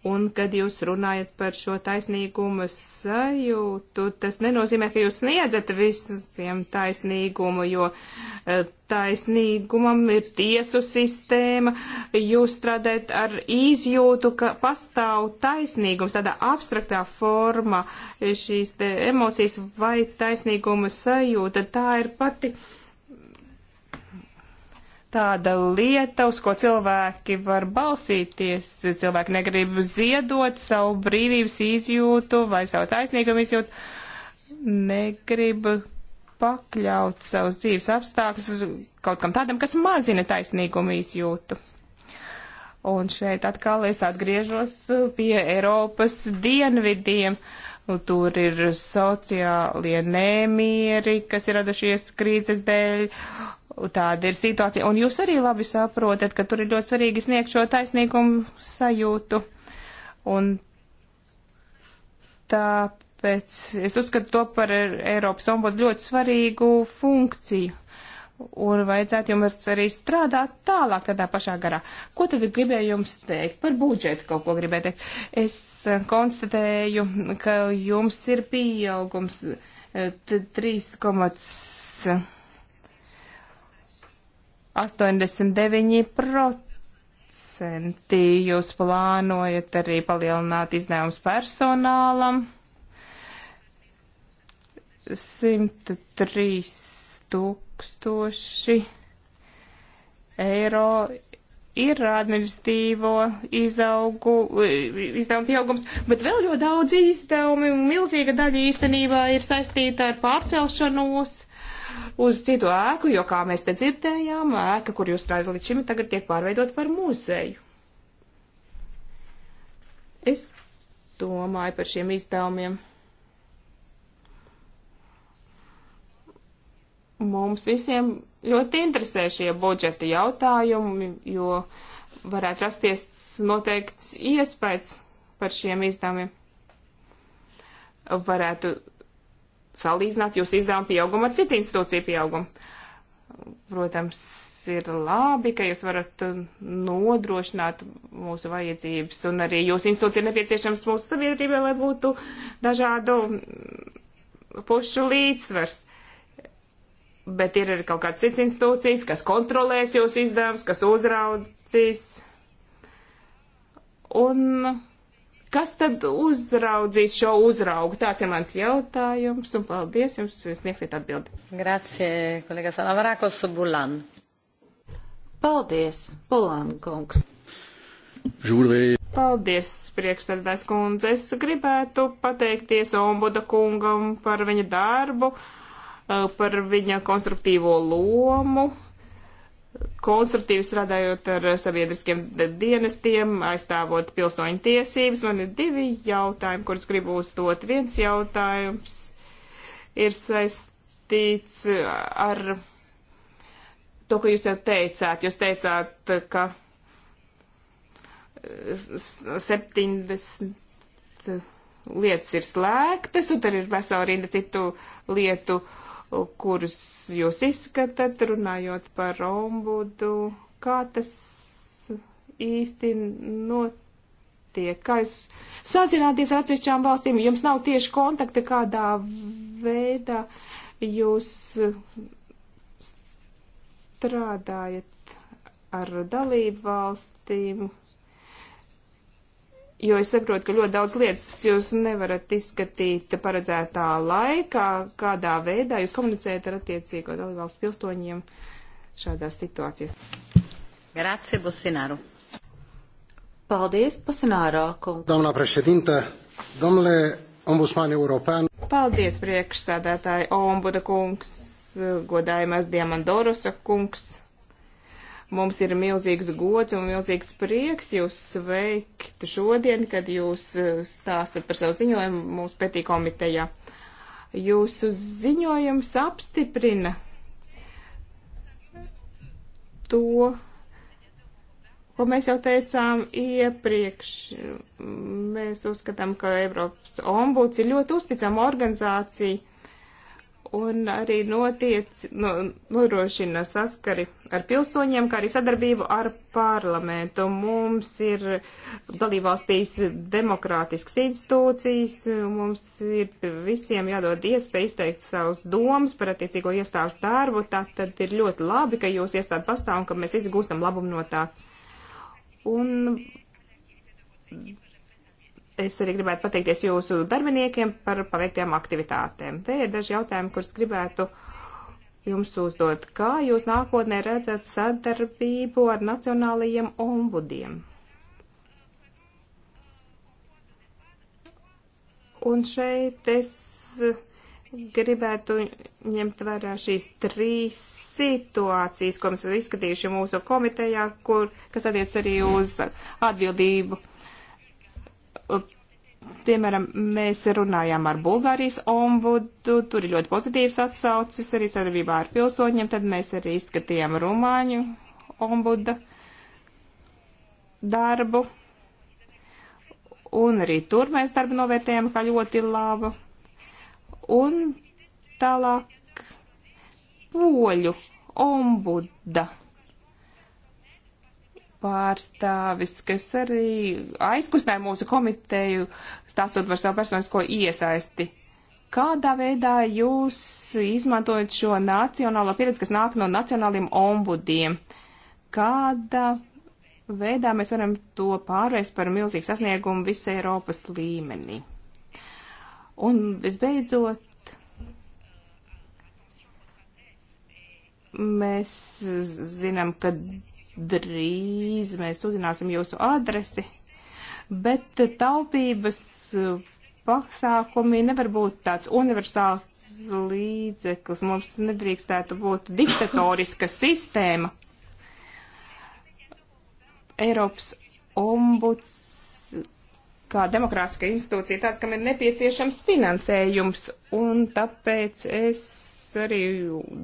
Un, kad jūs runājat par šo taisnīgumu sajūtu, tas nenozīmē, ka jūs sniedzat visiem taisnīgumu, jo eh, taisnīgumam ir tiesu sistēma, jūs strādājat ar izjūtu, ka pastāv taisnīgums tādā abstraktā formā, šīs emocijas vai taisnīguma sajūta, tā ir pati. Uh, tāda lieta, uz ko cilvēki var balsīties. Cilvēki negrib ziedot savu brīvības izjūtu vai savu taisnīgumu izjūtu, negrib pakļaut savus dzīves apstākļus kaut kam tādam, kas mazina taisnīgumu izjūtu. Un šeit atkal es atgriežos pie Eiropas dienvidiem. Nu, tur ir sociālie nemieri, kas ir radušies krīzes dēļ, Tāda ir situācija. Un jūs arī labi saprotat, ka tur ir ļoti svarīgi sniegt šo taisnīgumu sajūtu. Un tāpēc es uzskatu to par Eiropas ombudu ļoti svarīgu funkciju. Un vajadzētu jums arī strādāt tālāk tādā pašā garā. Ko tad gribēju jums teikt? Par budžetu kaut ko gribēju teikt. Es eh, konstatēju, ka jums ir pieaugums 3,5 eh, 89% jūs plānojat arī palielināt izdevumus personālam. 103 tūkstoši eiro ir administīvo izaugu, izdevumu pieaugums, bet vēl ļoti daudz izdevumi, milzīga daļa īstenībā ir saistīta ar pārcelšanos, uz citu ēku, jo, kā mēs te dzirdējām, ēka, kur jūs strādājat līdz šim, tagad tiek pārveidot par muzeju. Es domāju par šiem izdevumiem. Mums visiem ļoti interesē šie budžeta jautājumi, jo varētu rasties noteikts iespējas par šiem izdevumiem. Varētu salīdzināt jūsu izdevumu pieaugumu ar citu institūciju pieaugumu. Protams, ir labi, ka jūs varat uh, nodrošināt mūsu vajadzības, un arī jūsu institūcija ir nepieciešams mūsu sabiedrībai, lai būtu dažādu mm, pušu līdzsvars. Bet ir arī kaut kāds cits institūcijas, kas kontrolēs jūsu izdevumus, kas uzraudzīs. Un Kas tad uzraudzīs šo uzraugu? Tāds ir mans jautājums, un paldies jums, sniegsiet atbildi. Grazie, kolega Salavrakos Bulan. Paldies, Bulan kungs. Žurvēja. Paldies, priekšsēdētājs kundze. Es gribētu pateikties Ombuda kungam par viņa darbu, eh, par viņa konstruktīvo lomu konstruktīvi strādājot ar sabiedriskiem dienestiem, aizstāvot pilsoņu tiesības. Man ir divi jautājumi, kurus gribu uzdot. Viens jautājums ir saistīts ar to, ko jūs jau teicāt. Jūs teicāt, ka 70 eh, lietas ir slēgtas, un tad ir vesela rinda citu lietu. Uh, kurus jūs izskatāt, runājot par ombudu, kā tas īsti notiek, kā jūs sazināties ar atsevišķām valstīm, jums nav tieši kontakti, kādā veidā jūs strādājat ar dalību valstīm, jo es saprotu, ka ļoti daudz lietas jūs nevarat izskatīt paredzētā laikā, kādā veidā jūs komunicējat ar attiecīgo dalībvalstu pilsoņiem šādās situācijās. Grazie, Bosināru. Paldies, Bosināro kungs. Domnā prešedinta, domnule ombudsmani Eiropēn. Paldies, priekšsēdētāji, ombuda kungs, godājumais Diamandorusa kungs Mums ir milzīgs gods un milzīgs prieks jūs sveikt šodien, kad jūs eh, stāstat par savu ziņojumu mūsu petī komitejā. Jūsu ziņojums apstiprina to, ko mēs jau teicām iepriekš. Mēs uzskatām, ka Eiropas ombuds ir ļoti uzticama organizācija un arī notiec, no, nodrošina saskari ar pilsoņiem, kā arī sadarbību ar parlamentu. Mums ir dalībvalstīs demokrātiskas institūcijas, mums ir visiem jādod iespēja izteikt savus domas par attiecīgo iestāžu darbu, tā tad ir ļoti labi, ka jūs iestādi pastāv un ka mēs izgūstam labumu no tā. Un Es arī gribētu pateikties jūsu darbiniekiem par paveiktajām aktivitātēm. Te ir daži jautājumi, kurus gribētu jums uzdot. Kā jūs nākotnē redzat sadarbību ar nacionālajiem ombudiem? Un šeit es gribētu ņemt vērā šīs trīs situācijas, ko mēs esam izskatījuši mūsu komitejā, kur, kas attiec arī uz atbildību Piemēram, mēs runājām ar Bulgārijas ombudu, tur ir ļoti pozitīvas atsaucis arī sadarbībā ar pilsoņiem, tad mēs arī izskatījām Rumāņu ombuda darbu. Un arī tur mēs darbu novērtējam kā ļoti labu. Un tālāk poļu ombuda pārstāvis, kas arī aizkustināja mūsu komiteju, stāstot par savu personisko iesaisti. Kādā veidā jūs izmantojat šo nacionālo pieredzi, kas nāk no nacionāliem ombudiem? Kādā veidā mēs varam to pārvērst par milzīgu sasniegumu visai Eiropas līmenī? Un visbeidzot, mēs zinām, ka drīz mēs uzzināsim jūsu adresi, bet taupības pasākumi nevar būt tāds universāls līdzeklis. Mums nedrīkstētu būt diktatoriska sistēma. Eiropas ombuds kā demokrātiska institūcija tāds, kam ir nepieciešams finansējums, un tāpēc es arī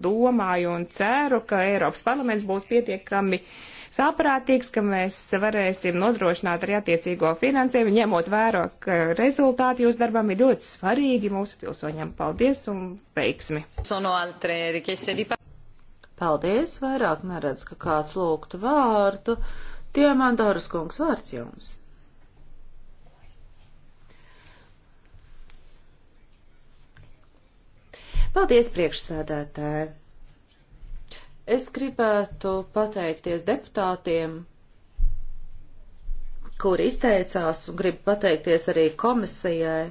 domāju un ceru, ka Eiropas parlaments būs pietiekami saprātīgs, ka mēs varēsim nodrošināt arī attiecīgo finansējumu, ņemot vērā, ka rezultāti jūsu darbam ir ļoti svarīgi mūsu pilsoņiem. Paldies un veiksmi! Paldies, vairāk neredz, ka kāds lūgtu vārdu. Tie man Doras kungs vārds jums. Paldies, priekšsēdētāji! Es gribētu pateikties deputātiem, kuri izteicās, un gribu pateikties arī komisijai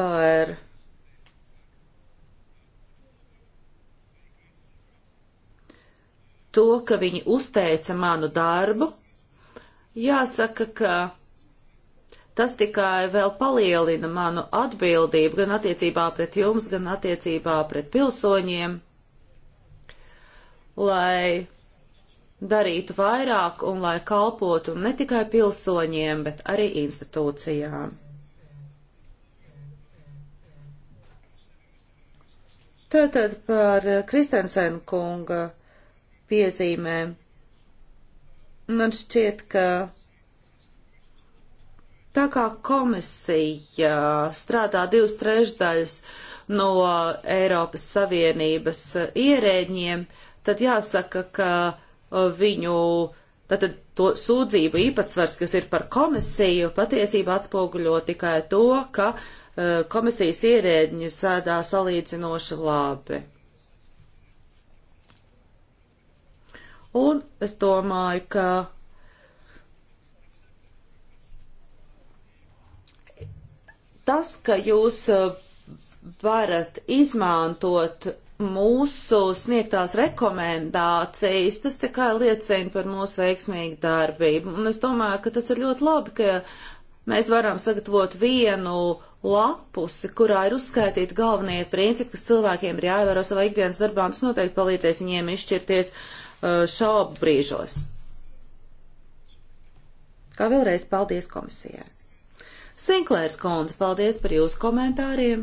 par to, ka viņi uzteica manu darbu. Jāsaka, ka Tas tikai vēl palielina manu atbildību gan attiecībā pret jums, gan attiecībā pret pilsoņiem, lai darītu vairāk un lai kalpotu ne tikai pilsoņiem, bet arī institūcijām. Tātad par Kristensen kunga piezīmēm. Man šķiet, ka Tā kā komisija uh, strādā divas trešdaļas no Eiropas Savienības uh, ierēģiem, tad jāsaka, ka uh, viņu tātad to sūdzību īpatsvars, kas ir par komisiju, patiesībā atspoguļo tikai to, ka komisijas ierēģiņi sēdā salīdzinoši labi. Un es domāju, ka Tas, ka jūs uh, varat izmantot mūsu sniegtās rekomendācijas, tas tikai liecina par mūsu veiksmīgu darbību. Un es domāju, ka tas ir ļoti labi, ka mēs varam sagatavot vienu lapusi, kurā ir uzskaitīti galvenie principi, kas cilvēkiem ir jāievēro savā ikdienas darbā, un tas noteikti palīdzēs viņiem izšķirties uh, šaubu brīžos. Kā vēlreiz paldies komisijai. Sinklērs Kons, paldies par jūsu komentāriem.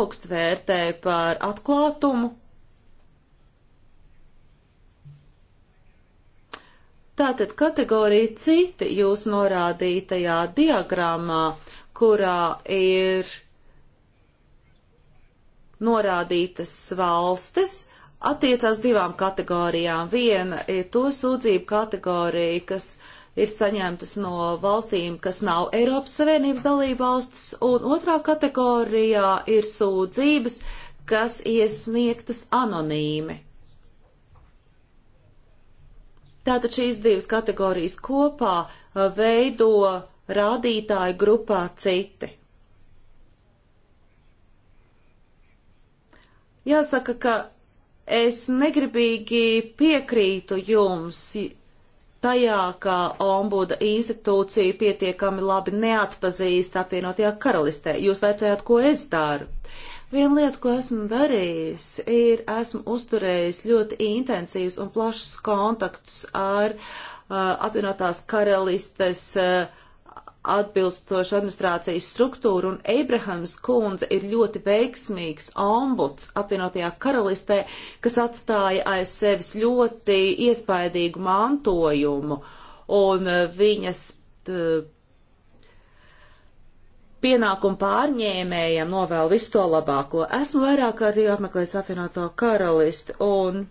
Augst vērtēju par atklātumu. Tātad kategorija citi jūs norādītajā diagrammā, kurā ir norādītas valstis, attiecās divām kategorijām. Viena ir to sūdzību kategorija, kas uh, ir saņemtas no valstīm, kas nav Eiropas Savienības dalībvalstis, un otrā kategorijā ir sūdzības, kas iesniegtas anonīmi. Tātad šīs divas kategorijas kopā veido rādītāju grupā citi. Jāsaka, ka es negribīgi piekrītu jums, tajā, ka ombuda institūcija pietiekami labi neatpazīst apvienotajā karalistē. Jūs veicējāt, ko es daru? Viena lieta, ko esmu darījis, ir esmu uzturējis ļoti intensīvus un plašus kontaktus ar uh, apvienotās karalistes uh, atbilstošu administrācijas struktūru, un Abrahams kundze ir ļoti veiksmīgs ombuds apvienotajā karalistē, kas atstāja aiz sevis ļoti iespaidīgu mantojumu, un uh, viņas t, uh, pienākumu pārņēmējiem novēlu visu to labāko. Esmu vairāk kā arī apmeklējis apvienoto karalisti, un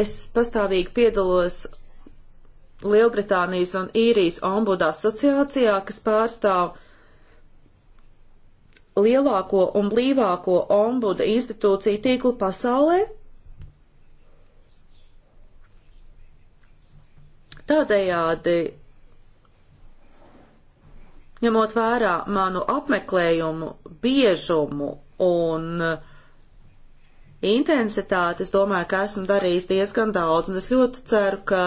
es pastāvīgi piedalos Lielbritānijas un īrijas ombuda asociācijā, kas pārstāv lielāko un blīvāko ombuda institūciju tīklu pasaulē. Tādējādi, ņemot vērā manu apmeklējumu biežumu un uh, intensitāti, es domāju, ka esmu darījis diezgan daudz, un es ļoti ceru, ka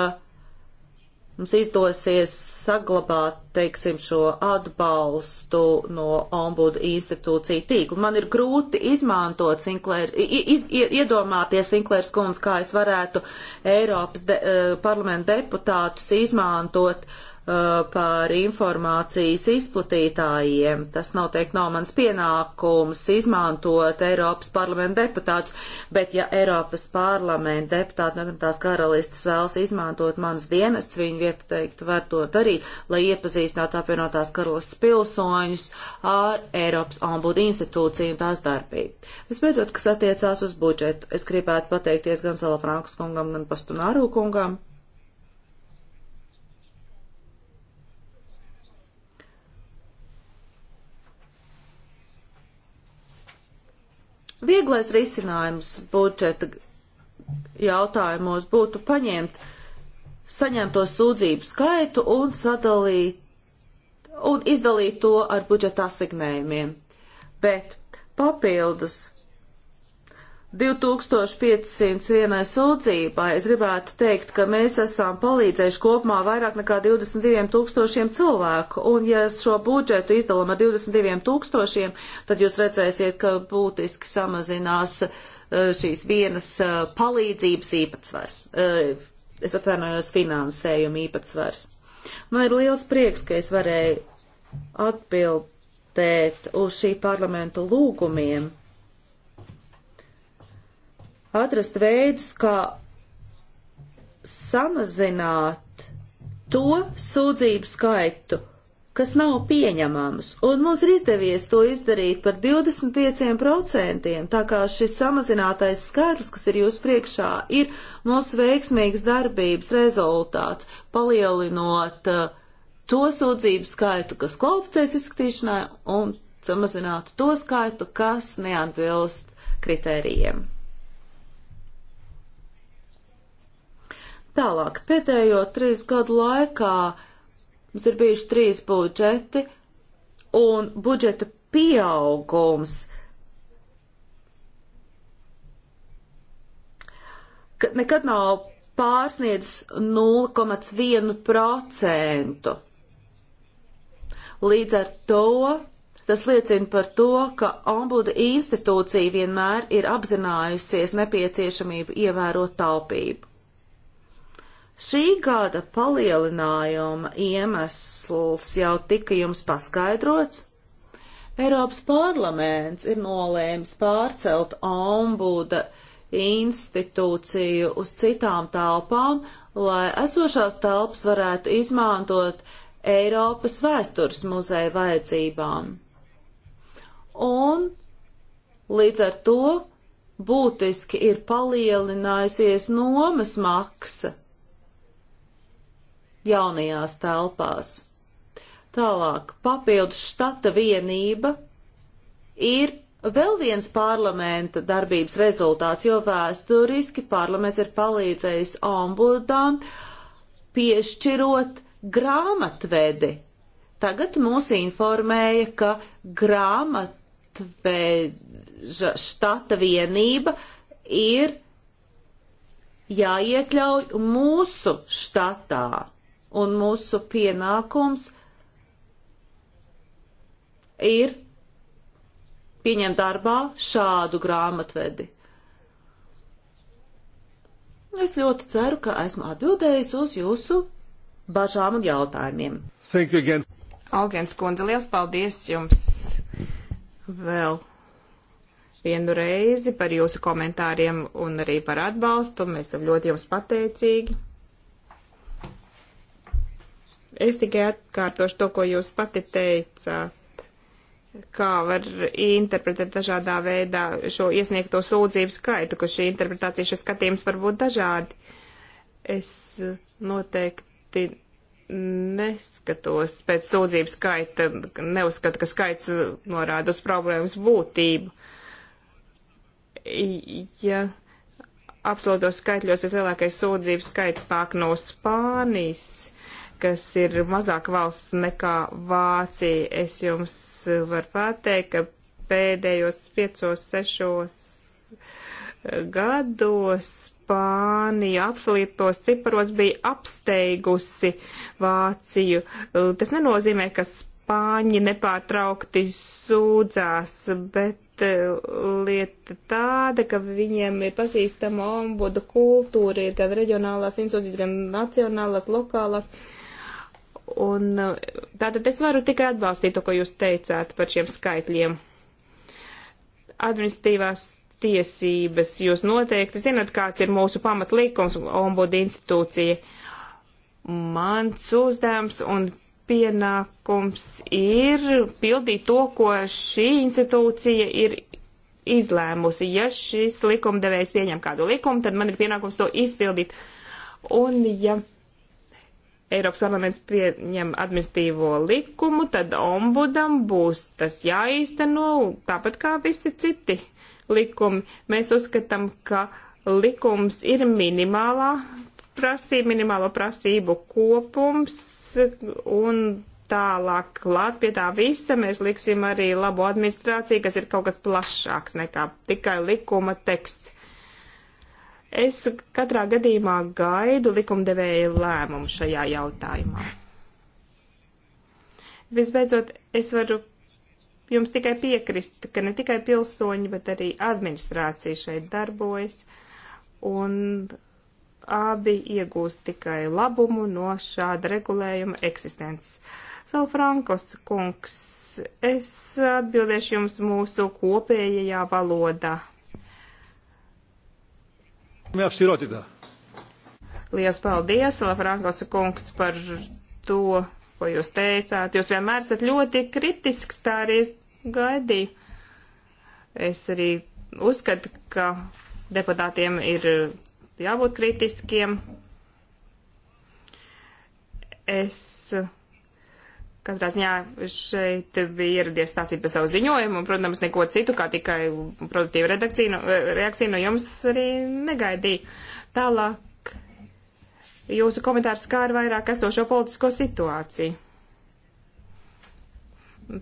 mums izdosies saglabāt, teiksim, šo atbalstu no ombudu institūciju tīkla. Man ir grūti izmantot Sinclair, iz, iedomāties Sinklērs kundz, kā es varētu Eiropas de, eh, parlamenta deputātus izmantot uh, Uh, par informācijas izplatītājiem. Tas noteikti nav mans pienākums izmantot Eiropas parlamenta deputātus, bet ja Eiropas parlamenta deputāti, piemēram, tās karalistas vēlas izmantot manus dienestus, viņi vieteikti var to darīt, lai iepazīstinātu apvienotās karalistas pilsoņus ar Eiropas ombudu institūciju un tās darbību. Visbeidzot, kas attiecās uz budžetu, es gribētu pateikties gan Salafrankas kungam, gan Pastunāru kungam Vieglais risinājums budžeta jautājumos būtu paņemt saņemto sūdzību skaitu un sadalīt un izdalīt to ar budžeta asignējumiem. Bet papildus 2501 sūdzībā es gribētu teikt, ka mēs esam palīdzējuši kopumā vairāk nekā 22 tūkstošiem cilvēku, un ja šo budžetu izdalam ar 22 tūkstošiem, tad jūs redzēsiet, ka būtiski samazinās eh, šīs vienas eh, palīdzības īpatsvars. Eh, es atvainojos finansējumu īpatsvars. Man ir liels prieks, ka es varēju atbildēt uz šī parlamentu lūgumiem atrast veidus, kā samazināt to sūdzību skaitu, kas nav pieņemams, un mums ir izdevies to izdarīt par 25%, tā kā šis samazinātais skaitlis, kas ir jūs priekšā, ir mūsu veiksmīgas darbības rezultāts, palielinot uh, to sūdzību skaitu, kas kvalificēs izskatīšanai, un samazinātu to skaitu, kas neatbilst kritērijiem. Tālāk, pēdējo trīs gadu laikā mums ir bijuši trīs budžeti, un budžeta pieaugums, kad nekad nav pārsniedzis 0,1%. Līdz ar to tas liecina par to, ka ombuda institūcija vienmēr ir apzinājusies nepieciešamību ievērot taupību. Šī gada palielinājuma iemesls jau tika jums paskaidrots. Eiropas parlaments ir nolēmis pārcelt ombuda institūciju uz citām telpām, lai esošās telpas varētu izmantot Eiropas vēstures muzeja vajadzībām. Un līdz ar to būtiski ir palielinājusies nomas maksa jaunajās telpās. Tālāk, papildus štata vienība ir vēl viens parlamenta darbības rezultāts, jo vēsturiski parlaments ir palīdzējis ombudām piešķirot grāmatvedi. Tagad mūs informēja, ka grāmatveža štata vienība ir jāiekļauj mūsu štatā un mūsu pienākums ir pieņemt darbā šādu grāmatvedi. Es ļoti ceru, ka esmu atbildējis uz jūsu bažām un jautājumiem. Augens kundze, liels paldies jums vēl vienu reizi par jūsu komentāriem un arī par atbalstu. Mēs tam ļoti jums pateicīgi. Es tikai atkārtošu to, ko jūs pati teicāt, kā var interpretēt dažādā veidā šo iesniegto sūdzību skaitu, ka šī interpretācija, šis skatījums var būt dažādi. Es noteikti neskatos pēc sūdzību skaita, neuzskatu, ka skaits norāda uz problēmas būtību. Ja absolūtos skaitļos vislielākais sūdzību skaits nāk no Spānijas, kas ir mazāk valsts nekā Vācija. Es jums varu pateikt, ka pēdējos piecos, sešos gados Spānija absolūtos ciparos bija apsteigusi Vāciju. Tas nenozīmē, ka Spāņi nepārtraukti sūdzās, bet uh, lieta tāda, ka viņiem ir pazīstama ombudu kultūra, ir gan reģionālās institūcijas, gan nacionālās, lokālās. Uh, Un eh, tātad es varu tikai atbalstīt to, ko jūs teicāt par šiem skaitļiem. Administratīvās tiesības jūs noteikti zinat, kāds ir mūsu pamatlīkums ombudu institūcija. Mans uzdevums un pienākums ir pildīt to, ko šī institūcija ir izlēmusi. Ja šis likumdevējs pieņem kādu likumu, tad man ir pienākums to izpildīt. Un ja Eiropas parlaments pieņem administīvo likumu, tad ombudam būs tas jāīsteno tāpat kā visi citi likumi. Mēs uzskatām, ka likums ir minimālā prasība, minimālo prasību kopums un tālāk klāt pie tā visa mēs liksim arī labo administrāciju, kas ir kaut kas plašāks nekā tikai likuma teksts. Es katrā gadījumā gaidu likumdevēja lēmumu šajā jautājumā. Visbeidzot, es varu jums tikai piekrist, ka ne tikai pilsoņi, bet arī administrācija šeit darbojas, un abi iegūst tikai labumu no šāda regulējuma eksistences. Salfrankos kungs, es atbildēšu jums mūsu kopējajā valodā. Με αυστηρότητα. Lielas paldies, Lafrankos kungs, par to, ko jūs teicāt. Jūs vienmēr esat ļoti kritisks, tā arī gaidīju. Es arī uzskatu, ka deputātiem ir jābūt kritiskiem. Es Katrā ziņā šeit bija ieradies stāstīt par savu ziņojumu, un, protams, neko citu, kā tikai produktīva redakcija, nu, eh, reakcija no jums arī negaidīja. Tālāk jūsu komentārs skāra vairāk esošo politisko situāciju.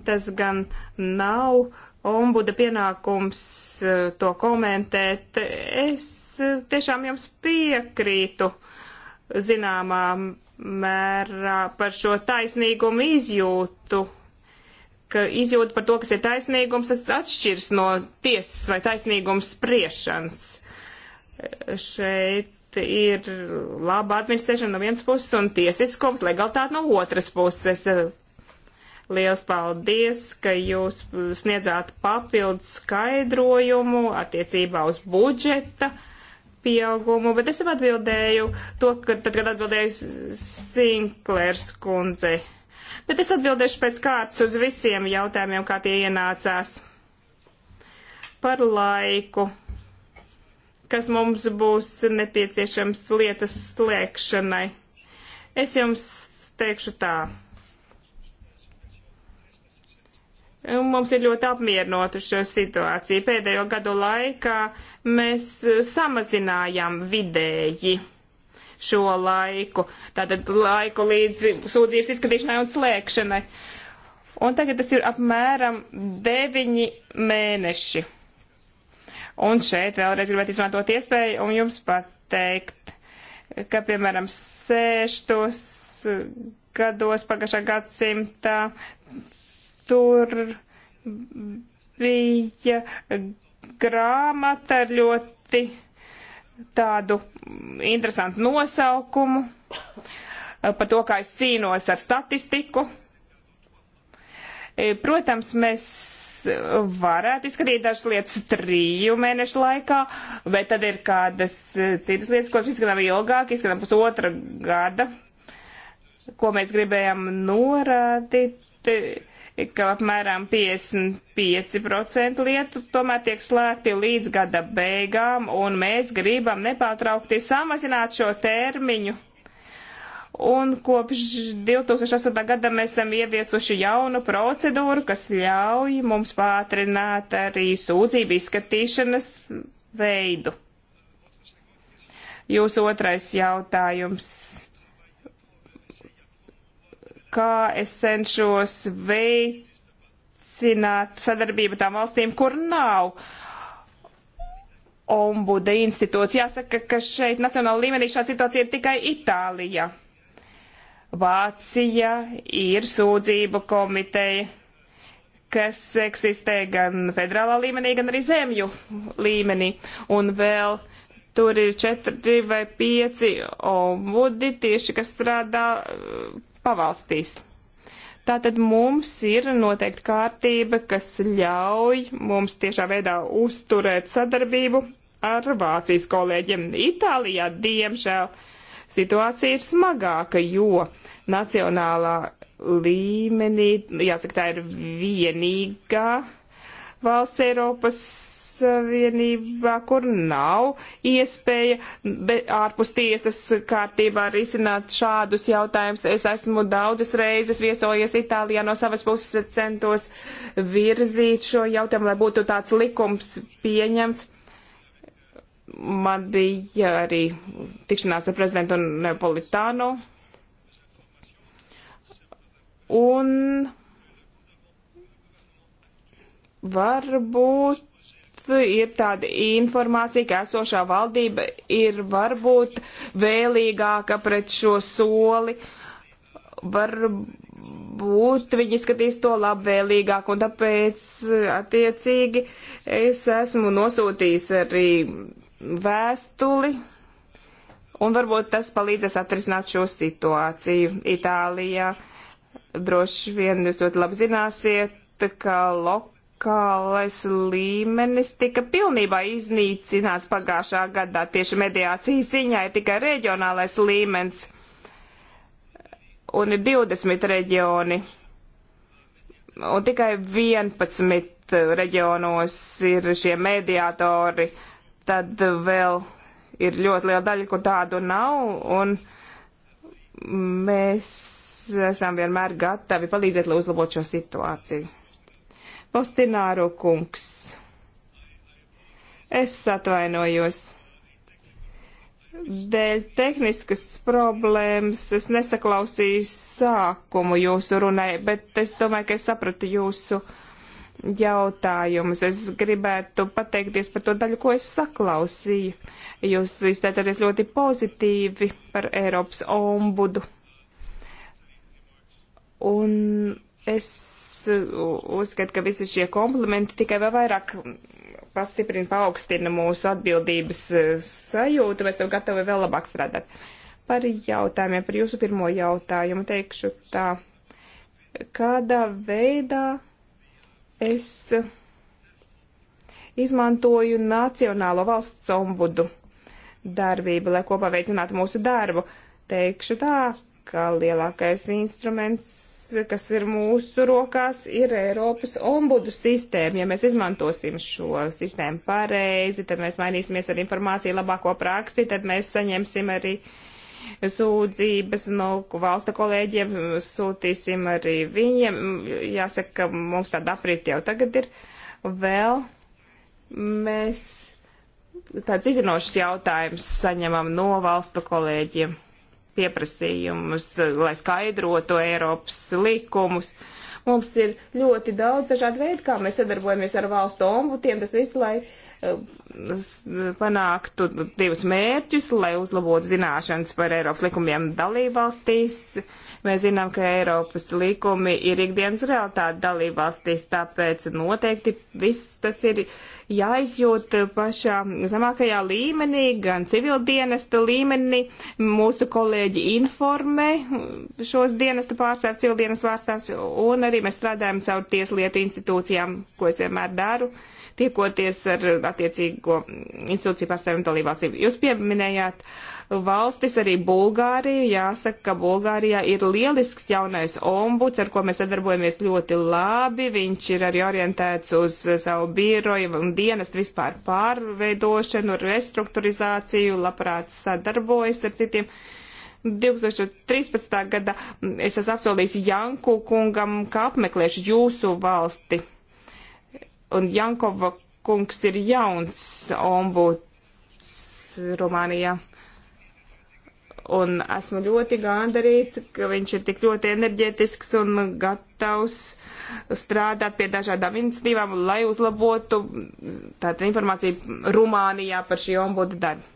Tas gan nav ombuda pienākums eh, to komentēt. Es eh, tiešām jums piekrītu zināmām mērā par šo taisnīgumu izjūtu, ka izjūta par to, kas ir taisnīgums, tas atšķirs no tiesas vai taisnīgums spriešanas. Šeit ir laba administrēšana no vienas puses un tiesiskums, legalitāte no otras puses. Liels paldies, ka jūs sniedzāt papildus skaidrojumu attiecībā uz budžeta. Uh, pieaugumu, bet es jau atbildēju to, ka tad, kad atbildēju Sinklers kundzei. Bet es atbildēšu pēc kārtas uz visiem jautājumiem, kā tie ienācās. Par laiku, kas mums būs nepieciešams lietas slēgšanai. Es jums teikšu tā. Mums ir ļoti apmierinotu šo situāciju. Pēdējo gadu laikā mēs e, samazinājām vidēji šo laiku, tātad laiku līdz sūdzības izskatīšanai un slēgšanai. Un tagad tas ir apmēram 9 mēneši. Un šeit vēlreiz gribētu izmantot iespēju un jums pateikt, ka, piemēram, sēstos gados pagājušā gadsimta tur bija grāmata ar ļoti tādu interesantu nosaukumu par to, kā es cīnos ar statistiku. Protams, mēs varētu izskatīt dažas lietas triju mēnešu laikā, bet tad ir kādas citas lietas, ko izskatām ilgāk, izskatām pusotra gada, ko mēs gribējām norādīt ka apmēram 55% lietu tomēr tiek slēgti līdz gada beigām, un mēs gribam nepārtraukti samazināt šo termiņu. Un kopš 2008. gada mēs esam ieviesuši jaunu procedūru, kas ļauj mums pātrināt arī sūdzību izskatīšanas veidu. Jūsu otrais jautājums kā es cenšos veicināt sadarbību tām valstīm, kur nav ombuda institūts. Jāsaka, ka šeit nacionāla līmenī šāda situācija ir tikai Itālija. Vācija ir sūdzību komiteja, kas eksistē gan federālā līmenī, gan arī zemju līmenī. Un vēl tur ir četri vai pieci ombudi tieši, kas strādā pavalstīs. Tātad mums ir noteikti kārtība, kas ļauj mums tiešā veidā uzturēt sadarbību ar Vācijas kolēģiem. Itālijā, diemžēl, situācija ir smagāka, jo nacionālā līmenī, jāsaka, tā ir vienīgā valsts Eiropas Savienībā, kur nav iespēja be, ārpus tiesas kārtībā risināt šādus jautājumus. Es esmu daudzas reizes viesojies Itālijā no savas puses, centos virzīt šo jautājumu, lai būtu tāds likums pieņemts. Man bija arī tikšanās ar prezidentu Neapolitānu. Un varbūt ir tāda informācija, ka esošā valdība ir varbūt vēlīgāka pret šo soli. Varbūt viņi skatīs to labvēlīgāk, un tāpēc attiecīgi es esmu nosūtījis arī vēstuli, un varbūt tas palīdzēs atrisināt šo situāciju Itālijā. Droši vien jūs ļoti labi zināsiet, ka lok fiskālais līmenis tika pilnībā iznīcināts pagājušā gadā. Tieši mediācijas ziņā ir tikai reģionālais līmenis un ir 20 reģioni. Un tikai 11 reģionos ir šie mediātori. Tad vēl ir ļoti liela daļa, kur tādu nav. Un mēs esam vienmēr gatavi palīdzēt, lai uzlabotu šo situāciju. Postināro kungs. Es atvainojos. Dēļ tehniskas problēmas es nesaklausīju sākumu jūsu runai, bet es domāju, ka es sapratu jūsu jautājumus. Es gribētu pateikties par to daļu, ko es saklausīju. Jūs izteicāties ļoti pozitīvi par Eiropas ombudu. Un es uzskatu, ka visi šie komplimenti tikai vēl vairāk pastiprina, paaugstina mūsu atbildības e, sajūtu. Mēs esam gatavi vēl labāk strādāt. Par jautājumiem, par jūsu pirmo jautājumu teikšu tā, kādā veidā es izmantoju Nacionālo valsts ombudu darbību, lai kopā veicinātu mūsu darbu. Teikšu tā, ka lielākais instruments kas ir mūsu rokās, ir Eiropas ombudu sistēma. Ja mēs izmantosim šo sistēmu pareizi, tad mēs mainīsimies ar informāciju labāko praksi, tad mēs saņemsim arī sūdzības no valsta kolēģiem, sūtīsim arī viņiem. Jāsaka, ka mums tāda aprīt jau tagad ir. Vēl mēs tāds izinošs jautājums saņemam no valsta kolēģiem pieprasījumus, lai skaidrotu Eiropas likumus. Mums ir ļoti daudz dažādu veidu, kā mēs sadarbojamies ar valstu ombudiem, tas visu, lai uh, panāktu divus mērķus, lai uzlabotu zināšanas par Eiropas likumiem dalībvalstīs. Mēs zinām, ka Eiropas likumi ir ikdienas realitāte dalībvalstīs, tāpēc noteikti viss tas ir jāizjūt pašā zemākajā līmenī, gan civildienesta līmenī. Mūsu kolēģi informē šos dienesta pārstāvs, civildienas pārstāvs, un arī mēs strādājam caur tieslietu institūcijām, ko es vienmēr daru. Uh, tiekoties ar attiecīgo institūciju pārstāvjiem dalībvalstīm. Jūs pieminējāt valstis arī Bulgāriju. Jāsaka, ka Bulgārijā ir lielisks jaunais ombuds, ar ko mēs sadarbojamies ļoti labi. Viņš ir arī orientēts uz savu biroju un dienestu vispār pārveidošanu, restruktūrizāciju, labprāt sadarbojas ar citiem. 2013. gada es esmu apsolījis Janku kungam, ka apmeklēšu jūsu valsti un Jankova kungs ir jauns ombuds Rumānijā. Un esmu ļoti gandarīts, ka viņš ir tik ļoti enerģetisks un gatavs strādāt pie dažādām iniciatīvām, lai uzlabotu tātad informāciju Rumānijā par šī ombuda darbu.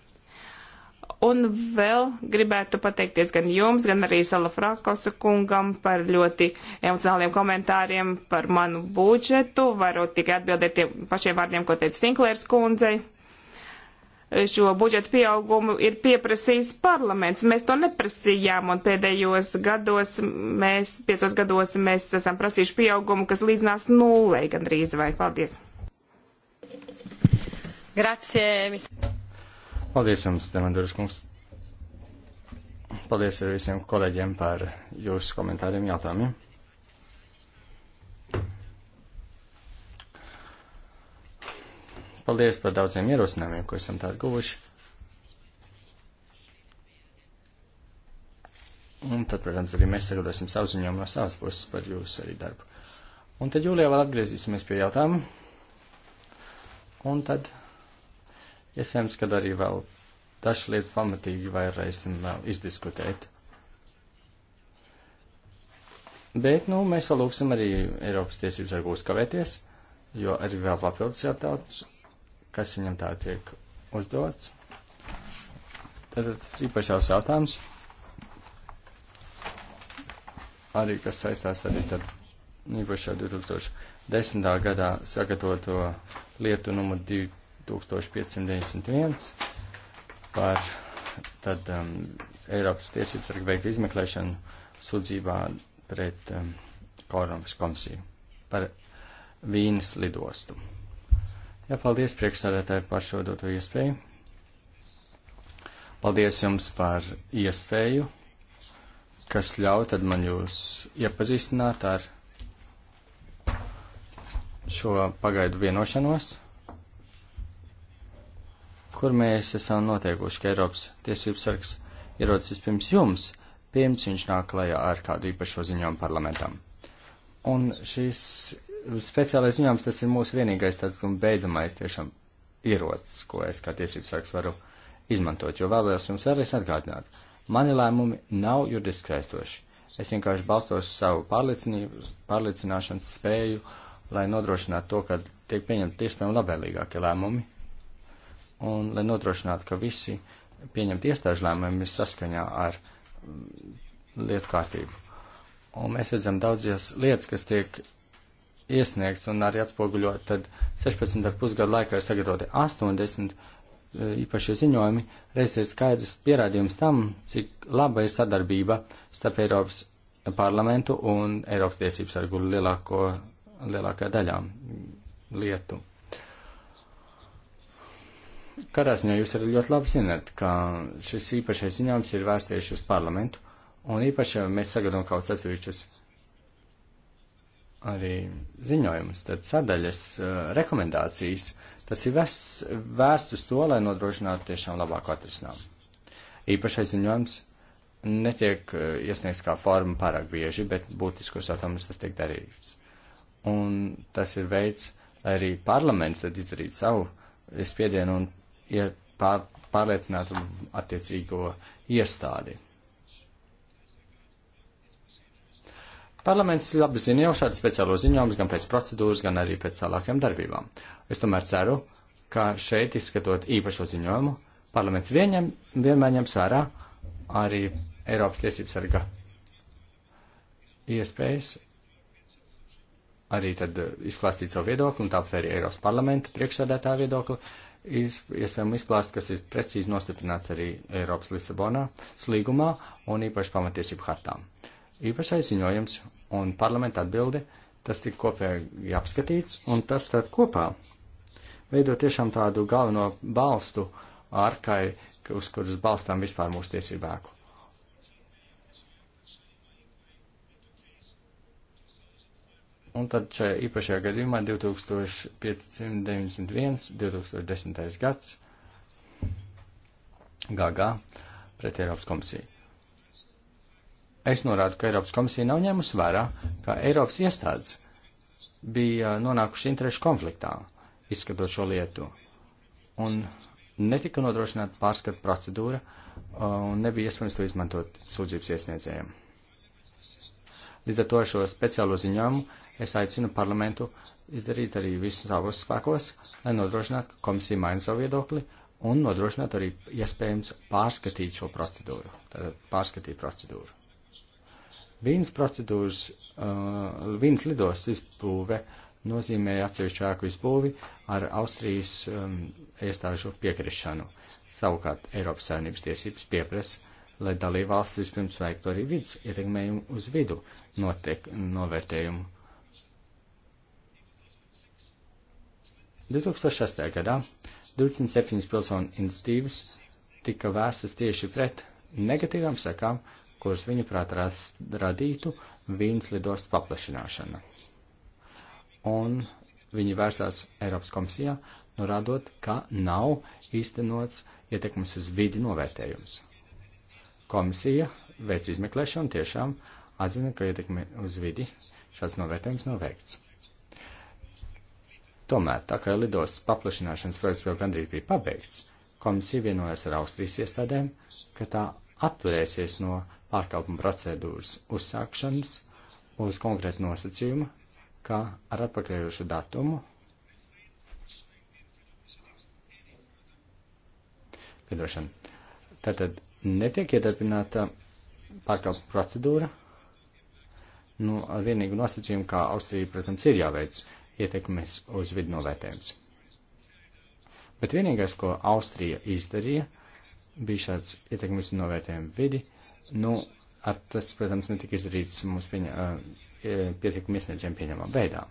Un vēl gribētu pateikties gan jums, gan arī Salafrakosa kungam par ļoti emocionāliem komentāriem par manu budžetu. Varu tikai atbildēt tiem pašiem vārdiem, ko teica Sinklērs kundzei. Šo budžetu pieaugumu ir pieprasījis parlaments. Mēs to neprasījām, un pēdējos gados mēs, piecos gados mēs esam prasījuši pieaugumu, kas līdzinās nulē gandrīz vai. Paldies! Grazie! Paldies jums, Demanduras kungs. Paldies arī visiem kolēģiem par jūsu komentāriem jautājumiem. Paldies par daudziem ierosinājumiem, ko esam tādu guvuši. Un tad, protams, arī mēs sagatavosim savu ziņojumu no savas puses par jūsu arī darbu. Un tad jūlijā vēl atgriezīsimies pie jautājumu. Un tad Iespējams, kad arī vēl dažas lietas pamatīgi varēsim vēl izdiskutēt. Bet, nu, mēs vēl lūksim arī Eiropas tiesības ar uzkavēties, jo arī vēl papildus jautājums, kas viņam tā tiek uzdots. Tātad tas īpašās jautājums arī kas saistās arī tad īpašā 2010. gadā sagatavoto lietu numur 2 1591 par tad um, Eiropas tiesības sarga veikt izmeklēšanu sudzībā pret um, Koronas komisiju par Vīnas lidostu. Jā, paldies priekšsādātāji par šo doto iespēju. Paldies jums par iespēju, kas ļauj tad man jūs iepazīstināt ar šo pagaidu vienošanos kur mēs esam noteikuši, ka Eiropas tiesības sargs ierodas vispirms jums, pirms viņš nāk klajā ar kādu īpašo ziņojumu parlamentam. Un šis speciālais ziņojums, tas ir mūsu vienīgais tāds un beidzamais tiešām ierocis, ko es kā tiesības sargs varu izmantot, jo vēlējos jums vēlreiz atgādināt. Mani lēmumi nav juridiski saistoši. Es vienkārši balstos uz savu pārliecināšanas spēju, lai nodrošinātu to, ka tiek pieņemti tiesmēm labvēlīgākie lēmumi un lai nodrošinātu, ka visi pieņemt iestāžu lēmumi ir saskaņā ar mm, lietu kārtību. Un mēs redzam daudzies lietas, kas tiek iesniegts un arī atspoguļot, tad 16 pusgadu laikā ir sagatavoti 80 e, īpašie ziņojumi, reiz ir skaidrs pierādījums tam, cik laba ir sadarbība starp Eiropas parlamentu un Eiropas tiesības argu lielāko, lielākā daļā lietu. Katrā ziņā jūs arī ļoti labi zināt, ka šis īpašais ziņojums ir vērsties uz parlamentu, un īpaši mēs sagatavojam kaut kādus atsevišķus arī ziņojumus, tad sadaļas, uh, rekomendācijas, tas ir vērsts uz to, lai nodrošinātu tiešām labāku atrisinājumu. Īpašais ziņojums netiek uh, iesniegts kā forma pārāk bieži, bet būtiskos atomus tas tiek darīts. Un tas ir veids, lai arī parlaments tad izdarītu savu spiedienu un ir pār, pārliecinātu um, attiecīgo iestādi. Parlaments labi zina jau šādu speciālo ziņojumu, gan pēc procedūras, gan arī pēc tālākajām darbībām. Es tomēr ceru, ka šeit izskatot īpašo ziņojumu, parlaments vienam, vienmēr ņems vērā arī Eiropas tiesības sarga iespējas arī tad uh, izklāstīt savu viedokli un tāpat arī Eiropas parlamenta priekšsēdētāju viedokli, iespējami izklāst, kas ir precīzi nostiprināts arī Eiropas Lisabonā slīgumā un īpaši pamatiesību hartā. Īpašais ziņojums un parlamenta atbildi, tas tika kopēji apskatīts, un tas tad kopā veido tiešām tādu galveno balstu ārkai, uz kuras balstām vispār mūsu tiesībāku. Un tad šajā īpašajā gadījumā 2591, 2010. gads GAGA pret Eiropas komisiju. Es norādu, ka Eiropas komisija nav ņēmusi vērā, ka Eiropas iestādes bija nonākuši interešu konfliktā, izskatot šo lietu. Un netika nodrošināta pārskata procedūra, uh, un nebija iespējams to izmantot sūdzības iesniedzējiem. Līdz ar to šo speciālo ziņojumu es aicinu parlamentu izdarīt arī visus savus spēkos, lai nodrošinātu, ka komisija maina savu viedokli un nodrošinātu arī iespējams pārskatīt šo procedūru, pārskatīt procedūru. Vīnas procedūras, uh, vīnas lidos izbūve nozīmēja atsevišķu ēku izbūvi ar Austrijas um, iestāžu piekrišanu. Savukārt Eiropas saimnības tiesības pieprasa, lai dalībvalsts vispirms veiktu arī vidas ietekmējumu uz vidu notiek, novērtējumu. 2006. gadā 27 pilsonu institīvas tika vēstas tieši pret negatīvām sekām, kuras viņuprāt radītu vīnas lidostas paplašināšana. Un viņi vērsās Eiropas komisijā, norādot, ka nav īstenots ietekmes uz vidi novērtējums. Komisija veic izmeklēšanu tiešām atzina, ka ietekme uz vidi šāds novērtējums nav veikts. Tomēr, tā kā lidos paplašināšanas projekts vēl gandrīz bija pabeigts, komisija vienojās ar Austrijas iestādēm, ka tā atturēsies no pārkāpuma procedūras uzsākšanas uz konkrētu nosacījumu, kā ar atpakaļojošu datumu, piedošana. Tātad netiek iedarbināta pārkāpuma procedūra Nu, ar vienīgu nosacījumu, kā Austrija, protams, ir jāveic ietekmes uz vidu novērtējums. Bet vienīgais, ko Austrija izdarīja, bija šāds ietekmes uz novērtējumu vidi. Nu, ar tas, protams, netika izdarīts mums pieņa, pieteikumu iesniedzējiem pieņemamā veidā.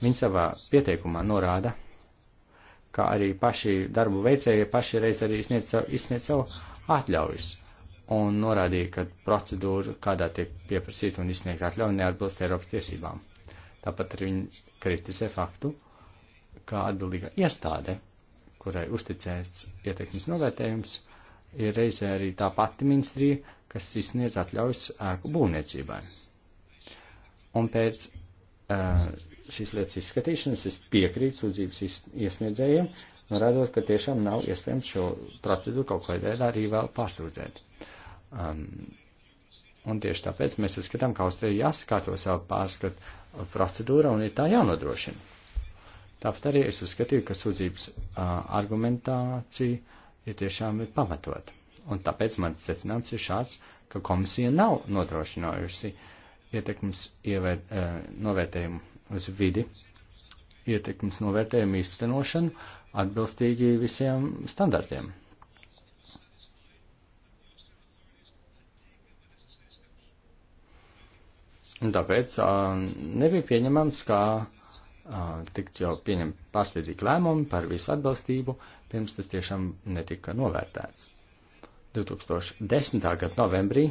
Viņi savā pieteikumā norāda, ka arī paši darbu veicēji paši reiz arī izsniedz savu, izsniedz savu atļaujas un norādīja, ka procedūra, kādā tiek pieprasīta un izsniegta atļauja, neatbilst Eiropas tiesībām. Tāpat arī viņi kritizē faktu, ka atbildīga iestāde, kurai uzticēts ietekmes novērtējums, ir reizē arī tā pati ministrija, kas izsniedz atļaujas ēku būvniecībai. Un pēc uh, šīs lietas izskatīšanas es piekrītu sūdzības iesniedzējiem, norādot, ka tiešām nav iespējams šo procedūru kaut kādā veidā arī vēl pārsūdzēt. Um, un tieši tāpēc mēs uzskatām, ka Austrija jāsakārto savu pārskatu procedūru un ir tā jānodrošina. Tāpat arī es uzskatīju, ka sūdzības uh, argumentācija ir tiešām ir pamatota. Un tāpēc mans secinājums ir šāds, ka komisija nav nodrošinājusi ietekmes ievēr, uh, novērtējumu uz vidi, ietekmes novērtējumu īstenošanu atbilstīgi visiem standartiem. Un tāpēc uh, nebija pieņemams, kā uh, tikt jau pieņem pārsteidzīgi lēmumi par visu atbalstību, pirms tas tiešām netika novērtēts. 2010. gada novembrī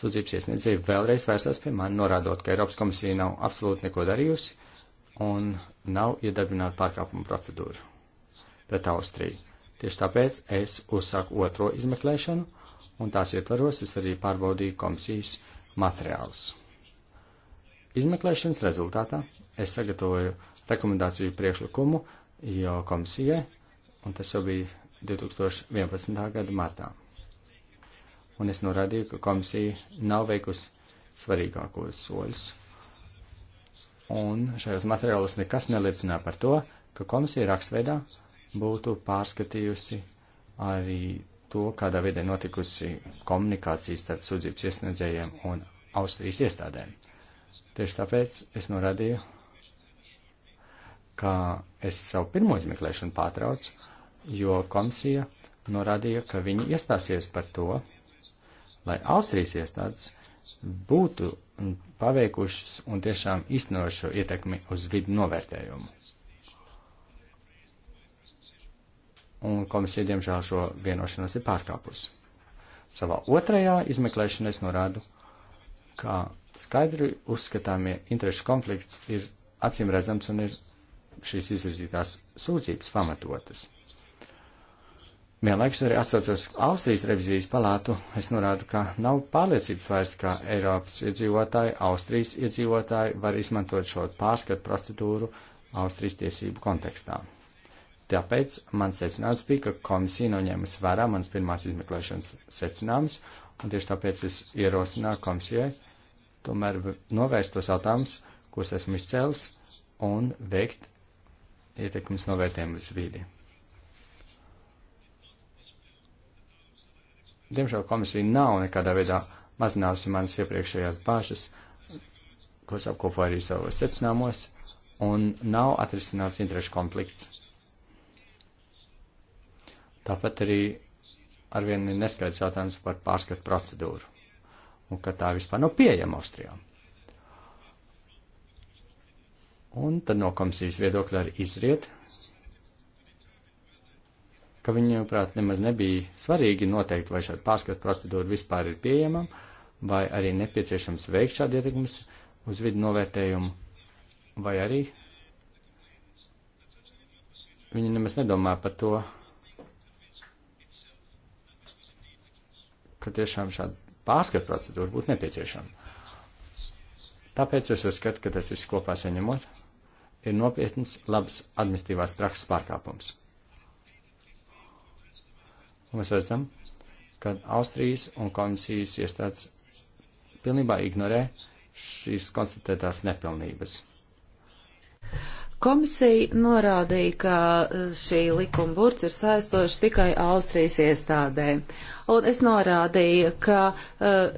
sūdzības iesniedzēja vēlreiz vērsās pie mani, norādot, ka Eiropas komisija nav absolūti neko darījusi un nav iedarbināta pārkāpuma procedūra pret Austriju. Tieši tāpēc es uzsaku otro izmeklēšanu, un tās ietvaros es arī pārbaudīju komisijas materiālus. Izmeklēšanas rezultātā es sagatavoju rekomendāciju priekšlikumu jo komisijai, un tas jau bija 2011. gada martā. Un es norādīju, ka komisija nav veikusi svarīgākos soļus. Un šajos materiālus nekas neliecināja par to, ka komisija rakstveidā būtu pārskatījusi arī to, kādā veidā notikusi komunikācija starp sūdzības iesniedzējiem un Austrijas iestādēm. Uh, Tieši tāpēc es norādīju, ka es savu pirmo izmeklēšanu pārtraucu, jo komisija norādīja, ka viņi iestāsies par to, lai Austrijas iestādes būtu paveikušas un tiešām iznošu ietekmi uz vidu novērtējumu. Un komisija, diemžēl, šo vienošanos ir pārkāpusi. Savā otrajā izmeklēšanā es norādu, ka Skaidri uzskatāmie interešu konflikts ir acīm redzams un ir šīs izvirzītās sūdzības pamatotas. Vienlaikus arī atsaucos Austrijas revizijas palātu, es norādu, ka nav pārliecības vairs, ka Eiropas iedzīvotāji, Austrijas iedzīvotāji var izmantot šo pārskatu procedūru Austrijas tiesību kontekstā. Tāpēc mans secinājums bija, ka komisija noņēmusi vērā mans pirmās izmeklēšanas secinājums, un tieši tāpēc es ierosināju komisijai uh, tomēr novērst tos jautājumus, kurus esmu izcēlis, un veikt ietekmes novērtējumu uz vidi. Diemžēl komisija nav nekādā veidā mazinājusi manas iepriekšējās bāžas, kuras apkopoja arī savos secinājumos, un nav atrisināts interešu konflikts. Tāpat arī arvien ir neskaidrs jautājums par pārskatu procedūru un ka tā vispār nav pieejama Austrijā. Un tad no komisijas viedokļa arī izriet, ka viņi, manuprāt, nemaz nebija svarīgi noteikt, vai šāda pārskatu procedūra vispār ir pieejama, vai arī nepieciešams veikt šādu ietekmes uz vidu novērtējumu, vai arī viņi nemaz nedomā par to, ka tiešām šāda pārskatu procedūra būtu nepieciešama. Tāpēc es uzskatu, ka tas viss kopā saņemot ir nopietns labs administratīvās prakses pārkāpums. Un mēs redzam, ka Austrijas un komisijas iestādes pilnībā ignorē šīs konstatētās nepilnības. Komisija norādīja, ka e, šī likuma burts ir saistošs tikai Austrijas iestādēm. Un es norādīju, ka uh,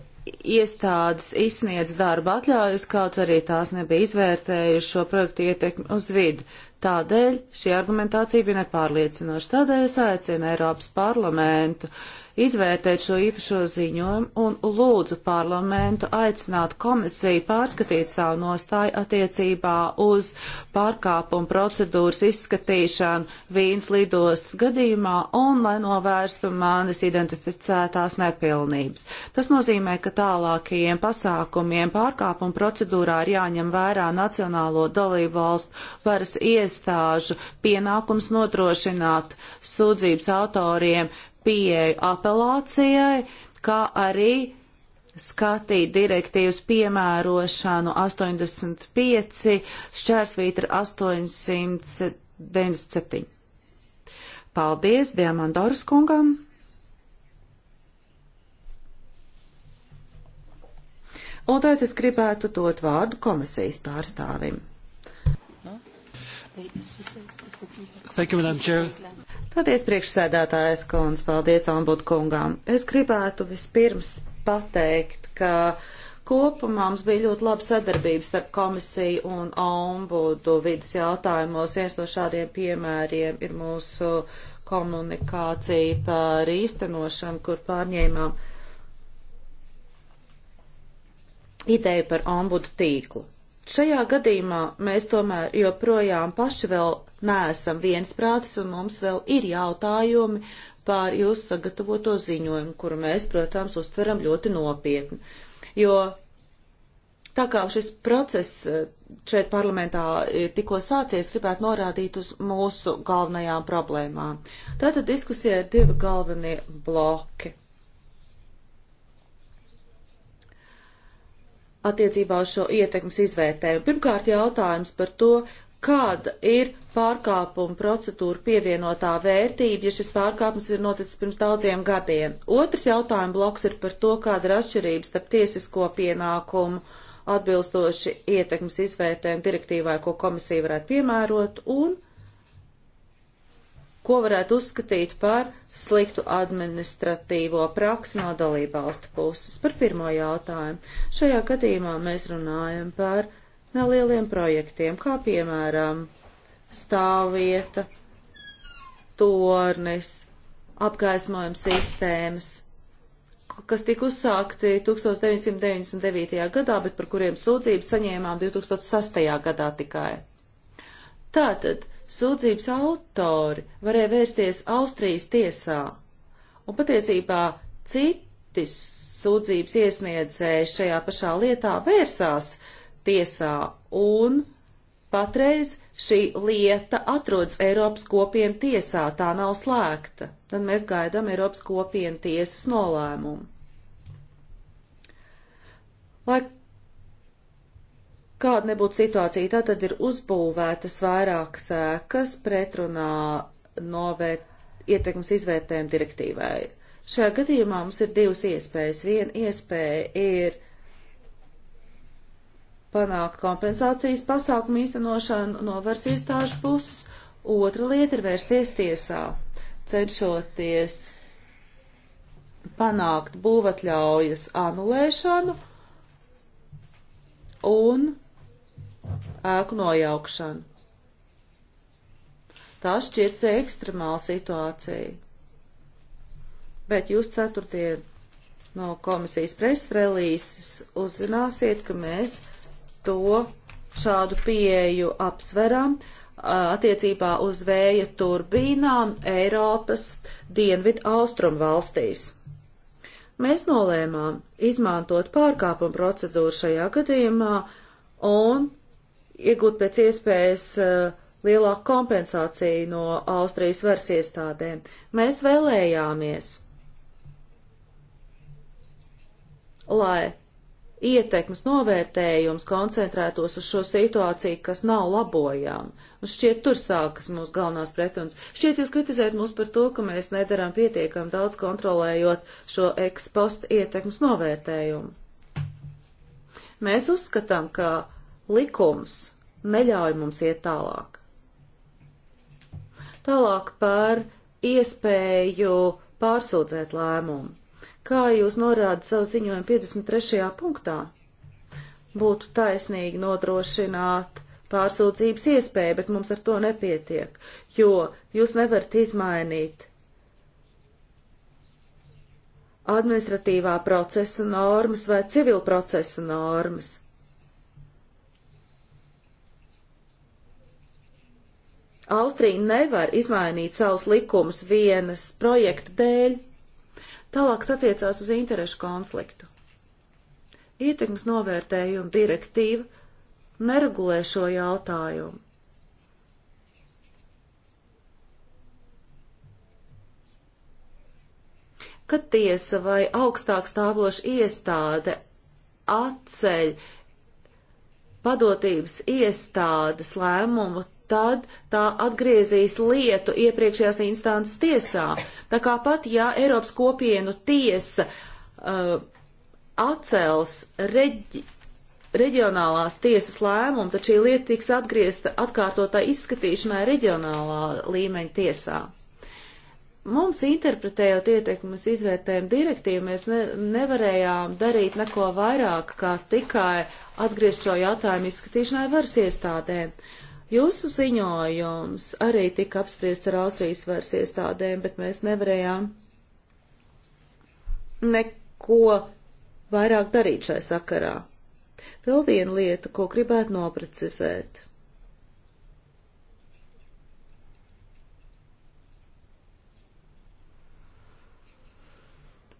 iestādes izsniedz darba atļaujas, kaut arī tās nebija izvērtējušas šo projektu ietekmi uz vidi. Tādēļ šī argumentācija bija nepārliecinoša. Tādēļ es aicinu Eiropas parlamentu uh, izvērtēt šo īpašo ziņojumu un lūdzu parlamentu aicināt komisiju pārskatīt savu nostāju attiecībā uz pārkāpumu procedūras izskatīšanu Vīnas lidostas gadījumā un lai novērstu manis identificētās nepilnības. Tas nozīmē, ka tālākajiem pasākumiem pārkāpumu procedūrā ir jāņem vērā nacionālo dalību valstu varas iestāžu pienākums nodrošināt sūdzības autoriem pieeju apelācijai, kā arī skatīt direktīvas piemērošanu 85 šķērsvītra 897. Paldies Diamandoras kungam! Un tad es gribētu dot vārdu komisijas pārstāvim. Thank you, Madam Chair. Paldies, priekšsēdētājas kundze, paldies ombud kungām. Es gribētu vispirms pateikt, ka kopumā mums bija ļoti laba sadarbība starp komisiju un ombudu vidas jautājumos. Viens no šādiem piemēriem ir mūsu komunikācija par īstenošanu, kur pārņēmām ideju par ombudu tīklu. Šajā gadījumā mēs tomēr joprojām paši vēl neesam viensprātis un mums vēl ir jautājumi pār jūsu sagatavoto ziņojumu, kuru mēs, protams, uztveram ļoti nopietni. Jo tā kā šis process eh, šeit parlamentā tikko sācies, gribētu norādīt uz mūsu galvenajām problēmām. Tātad diskusija ir divi galvenie bloki. attiecībā uz šo ietekmes izvērtējumu. Pirmkārt, jautājums par to, kāda ir pārkāpuma procedūra pievienotā vērtība, ja šis pārkāpums ir noticis pirms daudziem gadiem. Otrs jautājuma bloks ir par to, kāda ir atšķirības starp tiesisko pienākumu atbilstoši ietekmes izvērtējumu direktīvai, ko komisija varētu piemērot, un ko varētu uzskatīt par sliktu administratīvo praksi no dalībvalstu puses. Par pirmo jautājumu. Šajā gadījumā mēs runājam par nelieliem projektiem, kā piemēram stāvvieta, tornis, apgaismojuma sistēmas, kas tika uzsākti 1999. gadā, bet par kuriem sūdzību saņēmām 2006. gadā tikai. Tātad Sūdzības autori varēja vērsties Austrijas tiesā, un patiesībā citi sūdzības iesniedzēji šajā pašā lietā vērsās tiesā, un patreiz šī lieta atrodas Eiropas kopienu tiesā, tā nav slēgta. Tad mēs gaidām Eiropas kopienu tiesas nolēmumu. Lai kāda nebūtu situācija, tā tad ir uzbūvētas vairākas ēkas pretrunā novērt, ietekmes izvērtējuma direktīvai. Šajā gadījumā mums ir divas iespējas. Viena iespēja ir panākt kompensācijas pasākumu īstenošanu no varas iestāžu puses, otra lieta ir vērsties tiesā, cenšoties panākt būvatļaujas anulēšanu un ēku nojaukšanu. Tā šķiet ekstremāla situācija. Bet jūs ceturtie no komisijas preses relīzes uzzināsiet, ka mēs to šādu pieeju apsveram attiecībā uz vēja turbīnām Eiropas dienvidu austrumu valstīs. Mēs nolēmām izmantot pārkāpumu procedūru šajā gadījumā un iegūt pēc iespējas eh, lielāku kompensāciju no Austrijas varas iestādēm. Mēs vēlējāmies, lai ietekmes novērtējums koncentrētos uz šo situāciju, kas nav labojām. Un šķiet, tur sākas mūsu galvenās pretrunas. Šķiet, jūs kritizējat mūs par to, ka mēs nedarām pietiekam daudz kontrolējot šo ekspost ietekmes novērtējumu. Mēs uzskatām, ka likums neļauj mums iet tālāk. Tālāk par iespēju pārsūdzēt lēmumu. Kā jūs norādat savu ziņojumu 53. punktā? Būtu taisnīgi nodrošināt pārsūdzības iespēju, bet mums ar to nepietiek, jo jūs nevarat izmainīt administratīvā procesa normas vai civil procesa normas. Austrija nevar izmainīt savus likumus vienas projekta dēļ. Tālāk satiecās uz interešu konfliktu. Ietekmes novērtējuma direktīva neregulē šo jautājumu. Kad tiesa vai augstāk stāvoša iestāde atceļ padotības iestādes lēmumu tad tā atgriezīs lietu iepriekšējās instances tiesā. Tā kā pat, ja Eiropas kopienu tiesa uh, atcels reģi reģionālās tiesas lēmumu, tad šī lieta tiks atgriezta atkārtotā izskatīšanai reģionālā līmeņa tiesā. Mums interpretējot ietekmes izvērtējumu direktīvu, mēs ne, nevarējām darīt neko vairāk, kā tikai atgriezt šo jautājumu izskatīšanai varas iestādēm. Uh, Jūsu ziņojums arī tika apspriests ar Austrijas varas iestādēm, bet mēs nevarējām neko vairāk darīt šai sakarā. Vēl viena lieta, ko gribētu noprecizēt.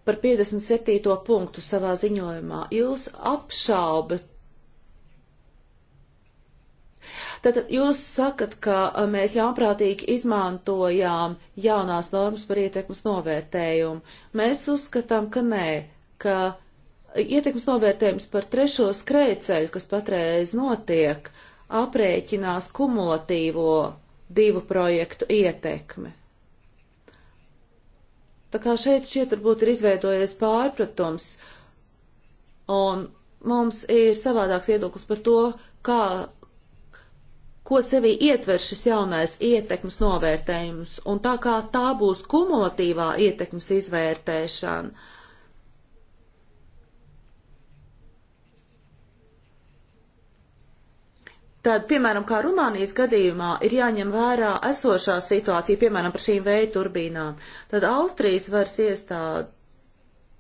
Par 57. punktu savā ziņojumā jūs apšaubat Tātad jūs sakat, ka mēs ļaunprātīgi izmantojām jaunās normas par ietekmes novērtējumu. Mēs uzskatām, ka nē, ka ietekmes novērtējums par trešo skrējceļu, kas patreiz notiek, aprēķinās kumulatīvo divu projektu ietekmi. Tā kā šeit šķiet varbūt ir izveidojies pārpratums, un mums ir savādāks iedoklis par to, kā ko sevī ietver šis jaunais ietekmes novērtējums, un tā kā tā būs kumulatīvā ietekmes izvērtēšana, Tad, piemēram, kā Rumānijas gadījumā, ir jāņem vērā esošā situācija, piemēram, par šīm vēja turbīnām. Tad Austrijas varas iestāde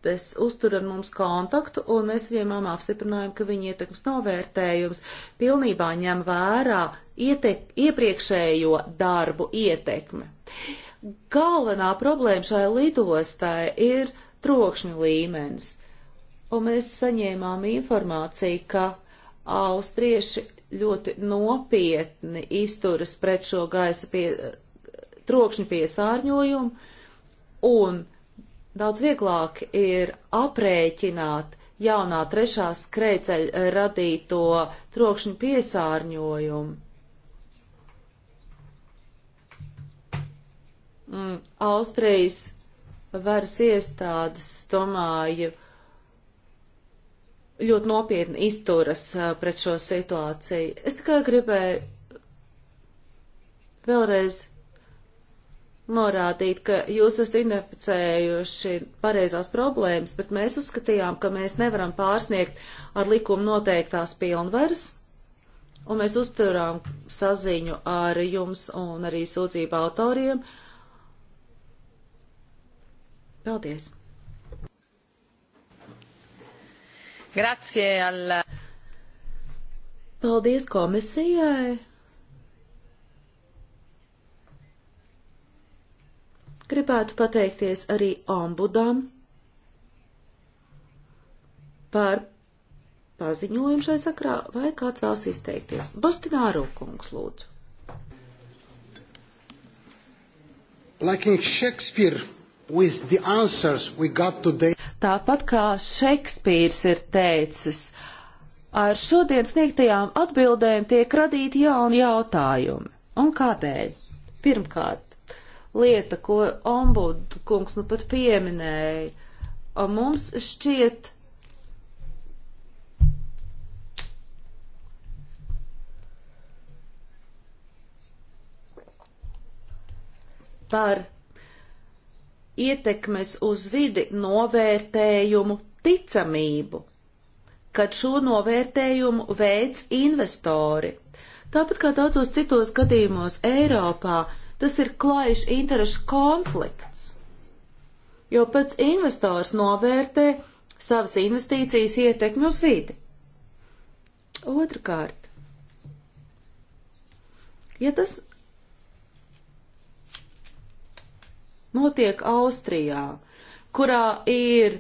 valstis uztur ar mums kontaktu, un mēs viņiem apstiprinājām, ka viņa ietekmes novērtējums pilnībā ņem vērā ietek, iepriekšējo darbu ietekmi. Galvenā problēma šai lidostai ir trokšņa līmenis, un mēs saņēmām informāciju, ka austrieši ļoti nopietni izturas pret šo gaisa pie, trokšņa piesārņojumu, un daudz vieglāk ir aprēķināt jaunā trešā skrēceļa eh, radīto trokšņu piesārņojumu. Mm, Austrijas varas iestādes, domāju, ļoti nopietni izturas eh, pret šo situāciju. Es tikai gribēju vēlreiz norādīt, ka jūs esat identificējuši pareizās problēmas, bet mēs uzskatījām, ka mēs nevaram pārsniegt ar likumu noteiktās pilnvaras, un mēs uzturām saziņu ar jums un arī sūdzību autoriem. Paldies! Grazie! Alla... Paldies komisijai! Gribētu pateikties arī ombudam par paziņojumu šai sakrā, vai kāds vēlas izteikties. Bostināro kungs lūdzu. Like in Shakespeare, with the answers we got today. Tāpat kā Šekspīrs ir teicis, ar šodien sniegtajām atbildēm tiek radīti jauni jautājumi. Un kādēļ? Pirmkārt, lieta, ko ombudu kungs nu pat pieminēja. Un mums šķiet, par ietekmes uz vidi novērtējumu ticamību, kad šo novērtējumu veids investori. Tāpat kā daudzos citos gadījumos Eiropā, Tas ir klājš interešu konflikts, jo pats investors novērtē savas investīcijas ietekmi uz vidi. Otrakārt, ja tas notiek Austrijā, kurā ir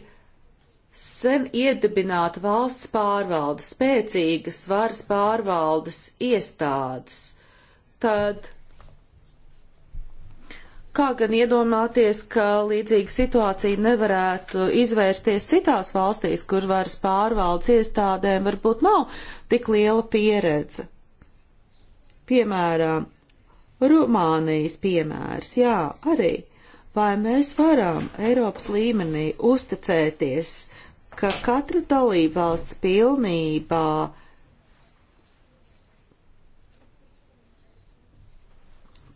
sen iedibināta valsts pārvalde, spēcīgas varas pārvaldes iestādes, tad Kā gan iedomāties, ka līdzīga situācija nevarētu izvērsties citās valstīs, kur varas pārvaldes iestādēm varbūt nav tik liela pieredze? Piemēram, Rumānijas piemērs, jā, arī. Vai mēs varam Eiropas līmenī uzticēties, ka katra dalībvalsts pilnībā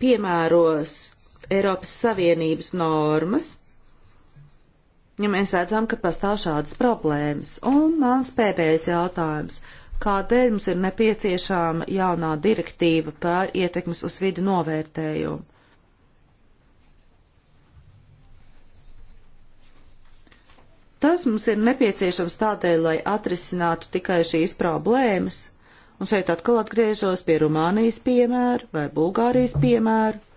piemēros Eiropas Savienības normas, ja mēs redzam, ka pastāv šādas problēmas. Un mans pēdējais jautājums. Kādēļ mums ir nepieciešama jaunā direktīva par ietekmes uz vidu novērtējumu? Tas mums ir nepieciešams tādēļ, lai atrisinātu tikai šīs problēmas. Un šeit atkal atgriežos pie Rumānijas piemēra vai Bulgārijas piemēra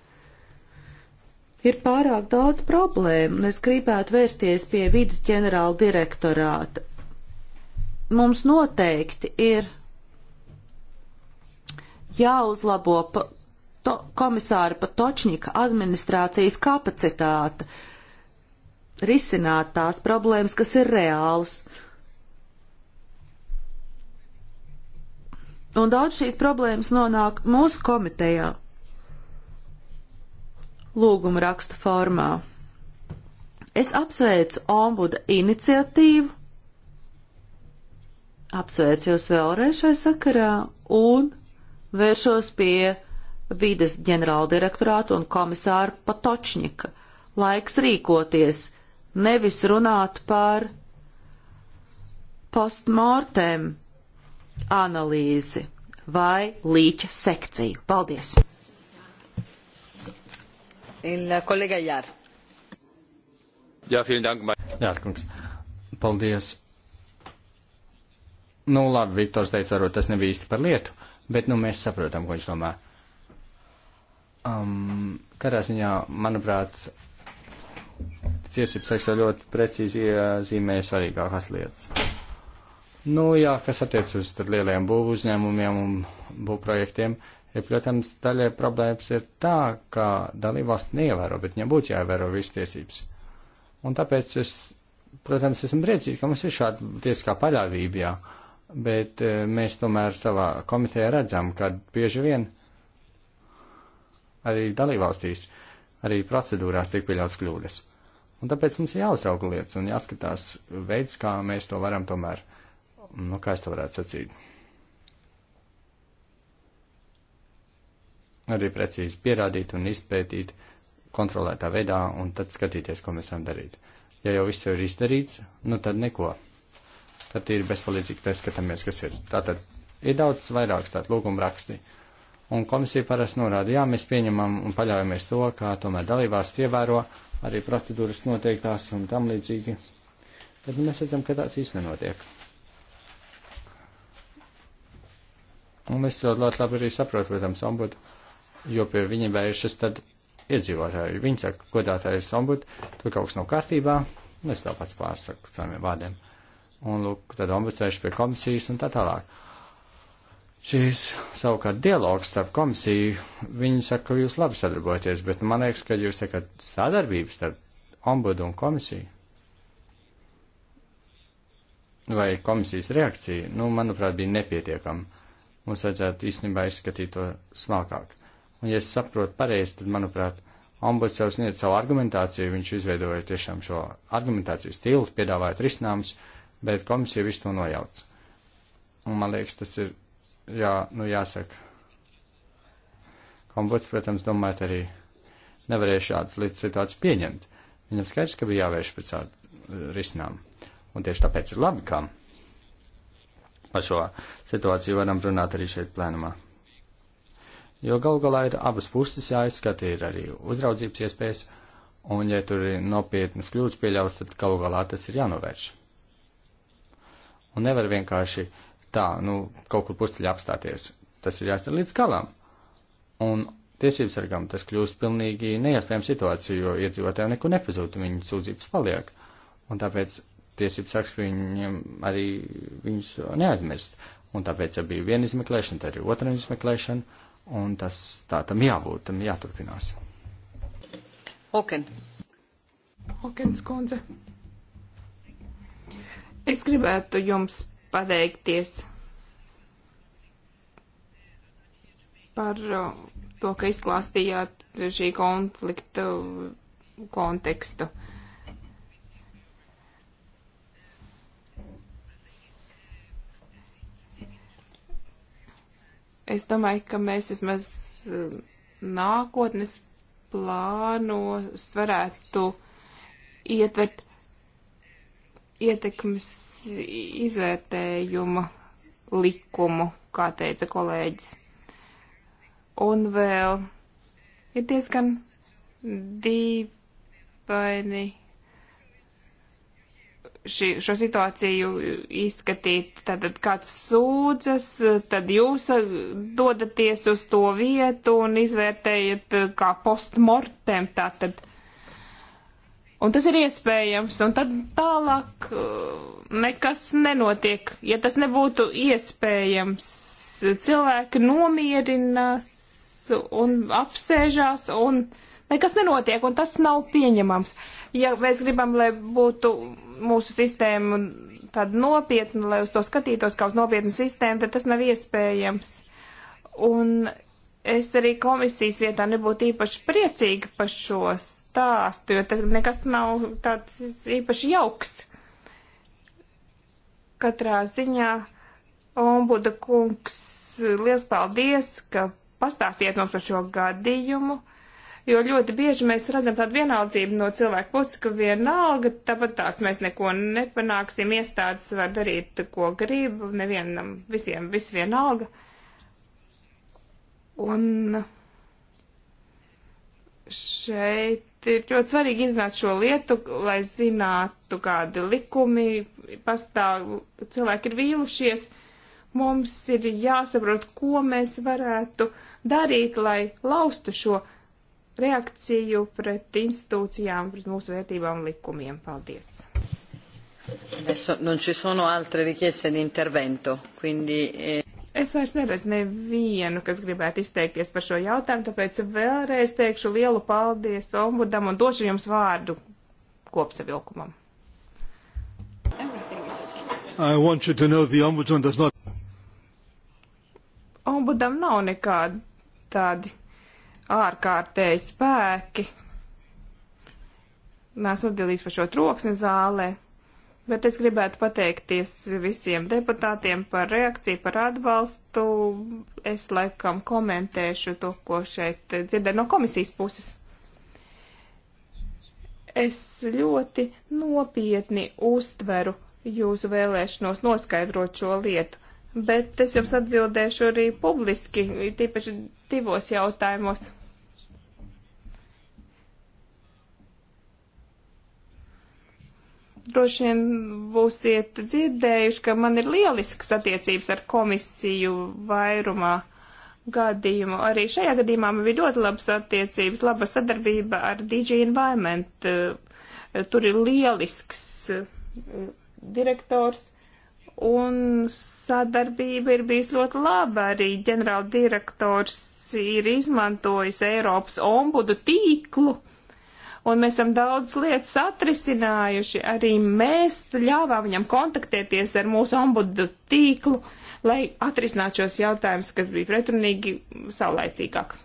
ir pārāk daudz problēmu, un es gribētu vērsties pie vidas ģenerāla direktorāta. Mums noteikti ir jāuzlabo pa, to, komisāra Patočņika administrācijas kapacitāte, risināt tās problēmas, kas ir reāls. Un daudz šīs problēmas nonāk mūsu komitejā lūguma rakstu formā. Es apsveicu ombuda iniciatīvu, apsveicu jūs vēlreiz šai sakarā un vēršos pie vides ģenerāldirektorāta un komisāra Patočņika. Laiks rīkoties, nevis runāt par postmortem analīzi vai līķa sekciju. Paldies! Il kolēģa Jār. Jā, vielen dank. Jārkungs. Paldies. Nu, labi, Viktors teica, varbūt tas nebija īsti par lietu, bet, nu, mēs saprotam, ko viņš domā. Um, Katrā ziņā, manuprāt, tiesības seksa ļoti precīzi iezīmē svarīgākās lietas. Nu, jā, kas attiec uz tad lielajiem būvu uzņēmumiem un būvprojektiem, uh, Ja, protams, daļai problēmas ir tā, ka dalībvalsts neievēro, bet viņam būtu jāievēro visas tiesības. Un tāpēc es, protams, esmu priecīgi, ka mums ir šāda tiesiskā paļāvība, jā, bet eh, mēs tomēr savā komitejā redzam, ka bieži vien arī dalībvalstīs, arī procedūrās tiek pieļauts kļūdas. Un tāpēc mums ir jāuzrauga lietas un jāskatās veids, kā mēs to varam tomēr, nu, kā es to varētu sacīt arī precīzi pierādīt un izpētīt kontrolētā veidā un tad skatīties, ko mēs varam darīt. Ja jau viss jau ir izdarīts, nu tad neko. Tad ir bezpalīdzīgi, tad skatāmies, kas ir. Tātad ir daudz vairāk tādu lūgumu raksti. Un komisija parasti norāda, jā, mēs pieņemam un paļaujamies to, kā tomēr dalībās ievēro arī procedūras noteiktās un tam līdzīgi. Bet mēs redzam, ka tāds īsti nenotiek. Un mēs ļoti, ļoti labi arī saprotam, protams, ombudu jo pie viņiem vēršas tad iedzīvotāji. Viņi saka, godātājs ombud, tur kaut kas nav kārtībā, un es tā pats pārsaku saviem vārdiem. Un lūk, tad ombuds vērš pie komisijas un tā tālāk. Šīs savukārt dialogs starp komisiju, viņi saka, ka jūs labi sadarbojaties, bet man liekas, ka jūs sakat sadarbības starp ombudu un komisiju. Vai komisijas reakcija, nu, manuprāt, bija nepietiekama. Mums vajadzētu īstenībā izskatīt to smalkāk. Un, ja es saprotu pareizi, tad, manuprāt, ombuds jau sniedz savu argumentāciju, viņš izveidoja tiešām šo argumentācijas stilu, piedāvājot risinājumus, bet komisija visu to nojauc. Un, man liekas, tas ir, jā, nu jāsaka. Ombuds, protams, domājot arī nevarēja šādas līdz situācijas pieņemt. Viņam skaidrs, ka bija jāvērš pēc tādu eh, risinājumu. Un tieši tāpēc ir labi, ka par šo situāciju varam runāt arī šeit plēnumā. Jo gal galā ir abas puses jāizskata, ir arī uzraudzības iespējas, un ja tur ir nopietnas kļūdas pieļaus, tad gal galā tas ir jānovērš. Un nevar vienkārši tā, nu, kaut kur pusceļā apstāties. Tas ir jāizdara līdz galam. Un tiesības sargam tas kļūst pilnīgi neiespējama situācija, jo iedzīvotājiem neko nepazūd, viņu sūdzības paliek. Un tāpēc tiesības sargs viņiem arī viņus neaizmirst. Un tāpēc, ja bija viena izmeklēšana, tad ir otra izmeklēšana un tas tā tam jābūt, tam jāturpinās. Oken. Okens kundze. Es gribētu jums pateikties par uh, to, ka izklāstījāt šī konflikta kontekstu. Uh, Es domāju, ka mēs vismaz eh, nākotnes plānos varētu ietvert ietekmes izvērtējumu likumu, kā teica kolēģis. Un vēl ir diezgan dīvaini ši, šo situāciju izskatīt. Tad kāds sūdzas, tad jūs dodaties uz to vietu un izvērtējat kā postmortem. Tātad. Un tas ir iespējams, un tad tālāk uh, nekas nenotiek. Ja tas nebūtu iespējams, cilvēki nomierinās un apsēžās un. Uh, nekas nenotiek, un tas nav pieņemams. Ja mēs gribam, lai būtu mūsu sistēma tāda nopietna, lai uz to skatītos kā uz nopietnu sistēmu, tad tas nav iespējams. Un es arī komisijas vietā nebūtu īpaši priecīga par šo stāstu, jo tad nekas nav tāds īpaši jauks. Katrā ziņā ombuda kungs, liels paldies, ka pastāstiet mums par šo gadījumu jo ļoti bieži mēs redzam tādu vienaldzību no cilvēku puses, ka vienalga, tāpat tās mēs neko nepanāksim, iestādes var darīt, ko grib, nevienam, visiem viss vienalga. Un šeit ir ļoti svarīgi izzināt šo lietu, lai zinātu, kādi likumi pastāv, cilvēki ir vīlušies mums ir jāsaprot, ko mēs varētu darīt, lai laustu šo reakciju pret institūcijām, pret mūsu vērtībām un likumiem. Paldies! Adesso non ci sono altre richieste di intervento, quindi... Eh... Es vairs neredzu nevienu, kas gribētu izteikties par šo jautājumu, tāpēc vēlreiz teikšu lielu paldies ombudam un došu jums vārdu kopsavilkumam. Not... Ombudam nav nekādi tādi ārkārtēji spēki. Nāsmu atbildīs par šo troksni zālē, bet es gribētu pateikties visiem deputātiem par reakciju, par atbalstu. Es laikam komentēšu to, ko šeit dzirdēju no komisijas puses. Es ļoti nopietni uztveru jūsu vēlēšanos noskaidrot šo lietu, bet es jums atbildēšu arī publiski, tīpaši divos jautājumos. Droši vien būsiet dzirdējuši, ka man ir lielisks attiecības ar komisiju vairumā gadījumu. Arī šajā gadījumā man bija ļoti labas attiecības, laba sadarbība ar DG Environment. Tur ir lielisks eh, direktors. Un sadarbība ir bijis ļoti laba. Arī ģenerāla direktors ir izmantojis Eiropas ombudu tīklu. Un mēs esam daudz lietas atrisinājuši. Arī mēs ļāvām viņam kontaktēties ar mūsu ombudu tīklu, lai atrisinātu šos jautājumus, kas bija pretrunīgi saulaicīgāk.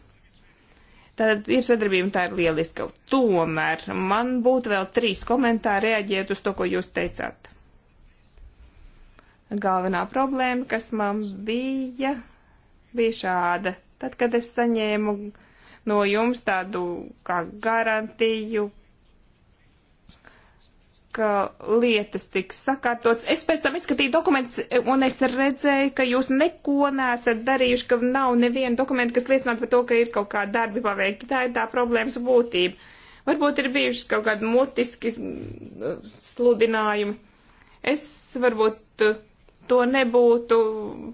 Tad ir sadarbība, tā ir lieliska. Tomēr man būtu vēl trīs komentāri reaģēt uz to, ko jūs teicāt. Galvenā problēma, kas man bija, bija šāda. Tad, kad es saņēmu no jums tādu kā garantiju, ka lietas tiks sakārtotas. Es pēc tam izskatīju dokumentus, un es redzēju, ka jūs neko nesat darījuši, ka nav neviena dokumenta, kas liecinātu par to, ka ir kaut kādi darbi paveikti. Tā ir tā problēmas būtība. Varbūt ir bijušas kaut kādi mutiski mm, sludinājumi. Es varbūt to nebūtu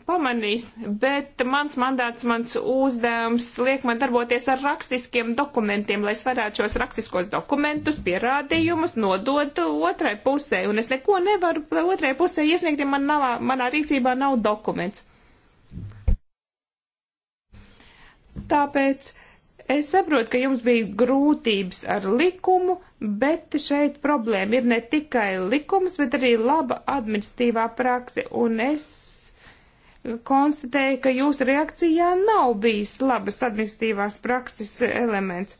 pamanījis, bet mans mandāts, mans uzdevums liek man darboties ar rakstiskiem dokumentiem, lai es varētu šos rakstiskos dokumentus, pierādījumus nodot otrai pusē, un es neko nevaru otrai pusē iesniegt, ja man nav, manā rīcībā nav dokuments. Tāpēc Es saprotu, ka jums bija grūtības ar likumu, bet šeit problēma ir ne tikai likums, bet arī laba administratīvā prakse. Un es konstatēju, ka jūsu reakcijā nav bijis labas administratīvās prakses elements.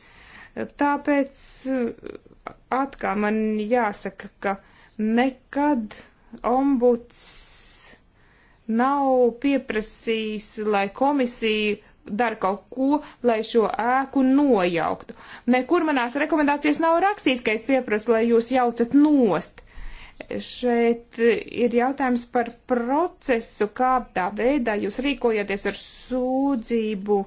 Tāpēc uh, atkal man jāsaka, ka nekad ombuds nav pieprasījis, lai komisija dara kaut ko, lai šo ēku nojauktu. Nekur manās rekomendācijas nav rakstīts, ka es pieprasu, lai jūs jaucat nost. Šeit ir jautājums par procesu, kādā veidā jūs rīkojaties ar sūdzību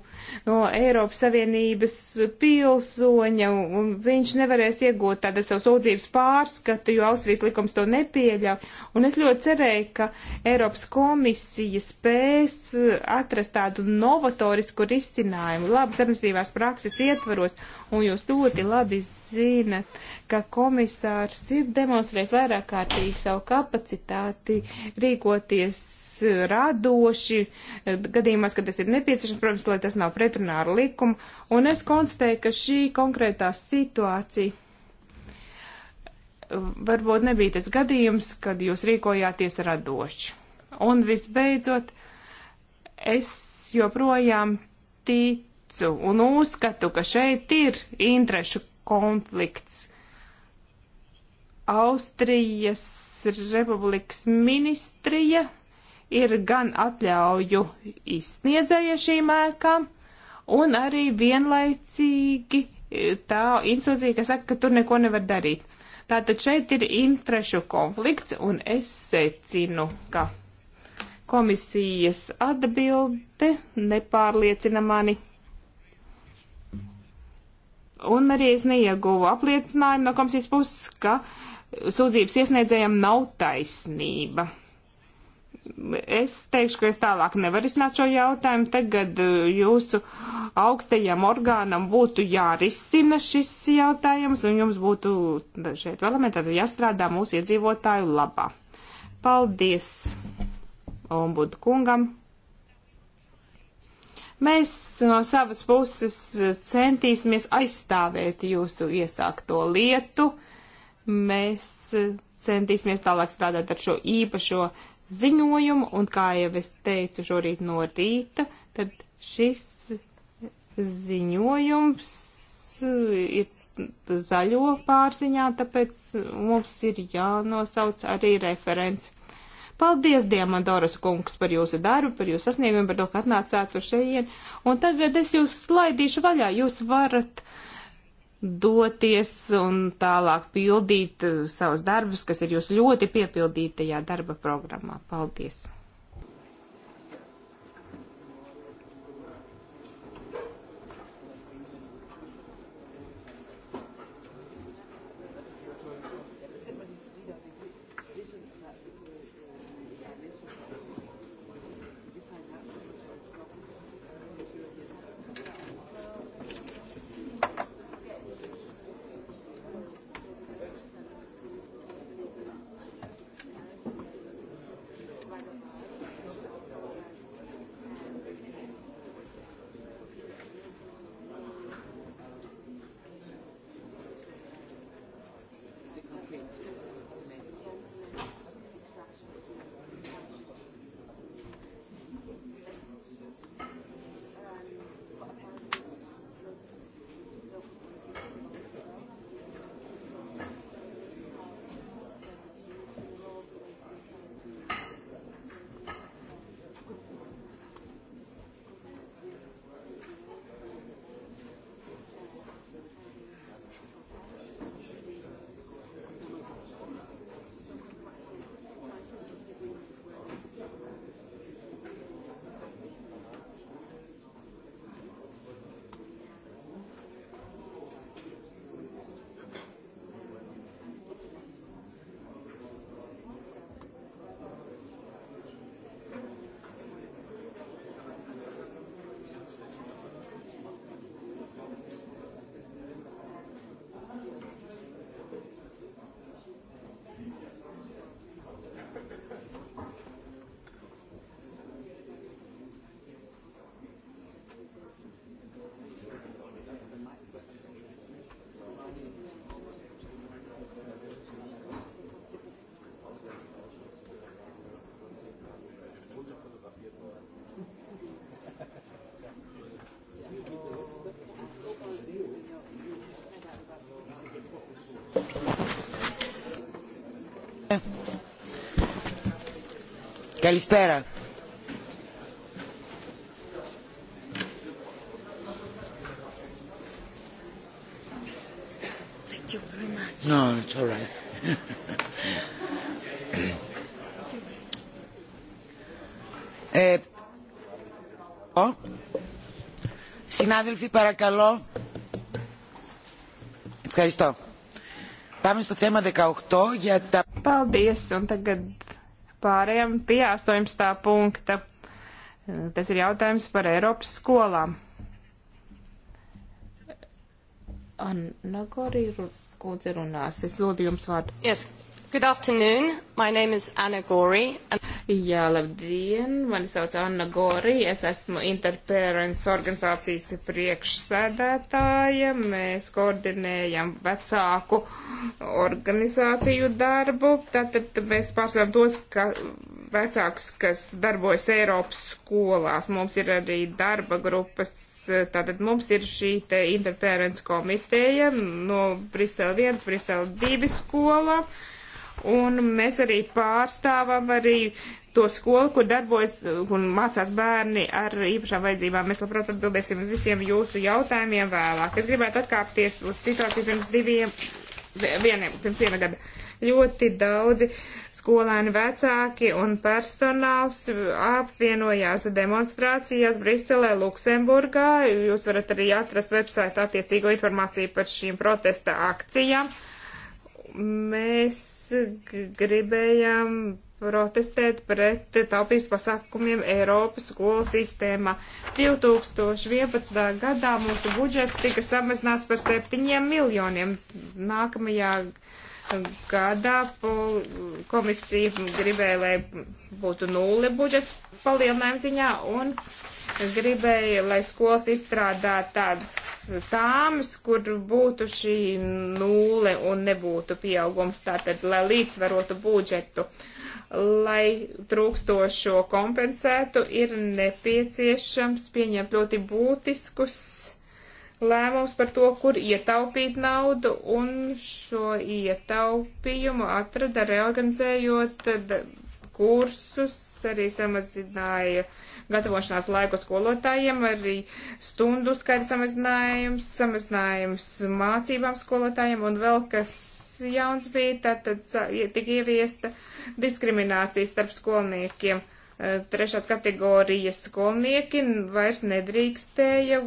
no Eiropas Savienības pilsoņa, un viņš nevarēs iegūt tādu savu sūdzības pārskatu, jo Austrijas likums to nepieļauj. Un es ļoti cerēju, ka Eiropas komisija spēs atrast tādu novatorisku risinājumu labas administrīvās prakses ietvaros, un jūs ļoti labi zinat, ka komisārs ir demonstrējis vairāk kā ārkārtīgi savu kapacitāti rīkoties eh, radoši, eh, gadījumās, kad tas ir nepieciešams, protams, lai tas nav pretrunā ar likumu. Un es konstatēju, ka šī konkrētā situācija eh, varbūt nebija tas gadījums, kad jūs rīkojāties radoši. Un visbeidzot, es joprojām ticu un uzskatu, ka šeit ir interešu konflikts Austrijas republikas ministrija ir gan atļauju izsniedzēja šīm ēkām, un arī vienlaicīgi e, tā institūcija, kas saka, ka tur neko nevar darīt. Tātad šeit ir interešu konflikts, un es secinu, ka komisijas atbilde nepārliecina mani. Un arī es neieguvu apliecinājumu no komisijas puses, ka uh, sūdzības iesniedzējiem nav taisnība. Es teikšu, ka es tālāk nevaru izsnāt šo jautājumu. Tagad uh, jūsu augstajam orgānam būtu jārisina šis jautājums, un jums būtu šeit parlamentā jāstrādā mūsu iedzīvotāju labā. Paldies ombudu kungam. Mēs no savas puses centīsimies aizstāvēt jūsu iesākto lietu Mēs eh, centīsimies tālāk strādāt ar šo īpašo ziņojumu, un kā jau es teicu šorīt no rīta, tad šis ziņojums eh, ir zaļo pārziņā, tāpēc mums ir jānosauc arī referents. Paldies, Diemandoras kungs, par jūsu darbu, par jūsu sasniegumu, par to, ka atnācāt uz šeit. Un tagad es jūs slaidīšu vaļā. Jūs varat uh, doties un tālāk pildīt eh, savus darbus, kas ir jūs ļoti piepildītajā darba programmā. Paldies! Καλησπέρα. Thank you very much. No, it's all right. ε, ο, συνάδελφοι παρακαλώ. Ευχαριστώ. Πάμε στο θέμα 18 για τα... Paldies, un tagad Pārējām pie 18. punkta. Tas ir jautājums par Eiropas skolām. Anagori Kūdze runās. Es lūdzu jums vārdu. Yes. Good afternoon. My name is Anna Gori. And... Jā, labdien! Mani sauc Anna Gori, es esmu Interparents organizācijas priekšsēdētāja. Mēs koordinējam vecāku organizāciju darbu. Tātad mēs pārstāvam tos, ka vecākus, kas darbojas Eiropas skolās. Mums ir arī darba grupas tātad mums ir šī te interference komiteja no Brisele 1, Brisele 2 skolām un mēs arī pārstāvam arī to skolu, kur darbojas un mācās bērni ar īpašām vajadzībām. Mēs labprāt atbildēsim uz visiem jūsu jautājumiem vēlāk. Es gribētu atkāpties uz situāciju pirms diviem, vieniem, pirms viena gada. Ļoti daudzi skolēni vecāki un personāls apvienojās demonstrācijās Briselē, Luksemburgā. Jūs varat arī atrast websētā attiecīgo informāciju par šīm protesta akcijām. Uh, mēs gribējām protestēt pret taupības pasākumiem Eiropas skolu sistēmā. 2011. gadā mūsu budžets tika samazināts par 7 miljoniem. Nākamajā gadā komisija gribēja, lai būtu nulle budžets palielinājuma ziņā, un gribēja, lai skolas izstrādā tādas tāmas, kur būtu šī nule un nebūtu pieaugums, tātad, lai līdzsvarotu budžetu. Lai trūkstošo kompensētu, ir nepieciešams pieņemt ļoti būtiskus lēmums par to, kur ietaupīt naudu, un šo ietaupījumu atrada reorganizējot kursus, arī samazināja uh, gatavošanās laiku skolotājiem, arī stundu skaita samazinājums, samazinājums mācībām skolotājiem un vēl kas jauns bija, tad, tad tika ieviesta diskriminācija starp skolniekiem. E, trešās kategorijas skolnieki vairs nedrīkstēja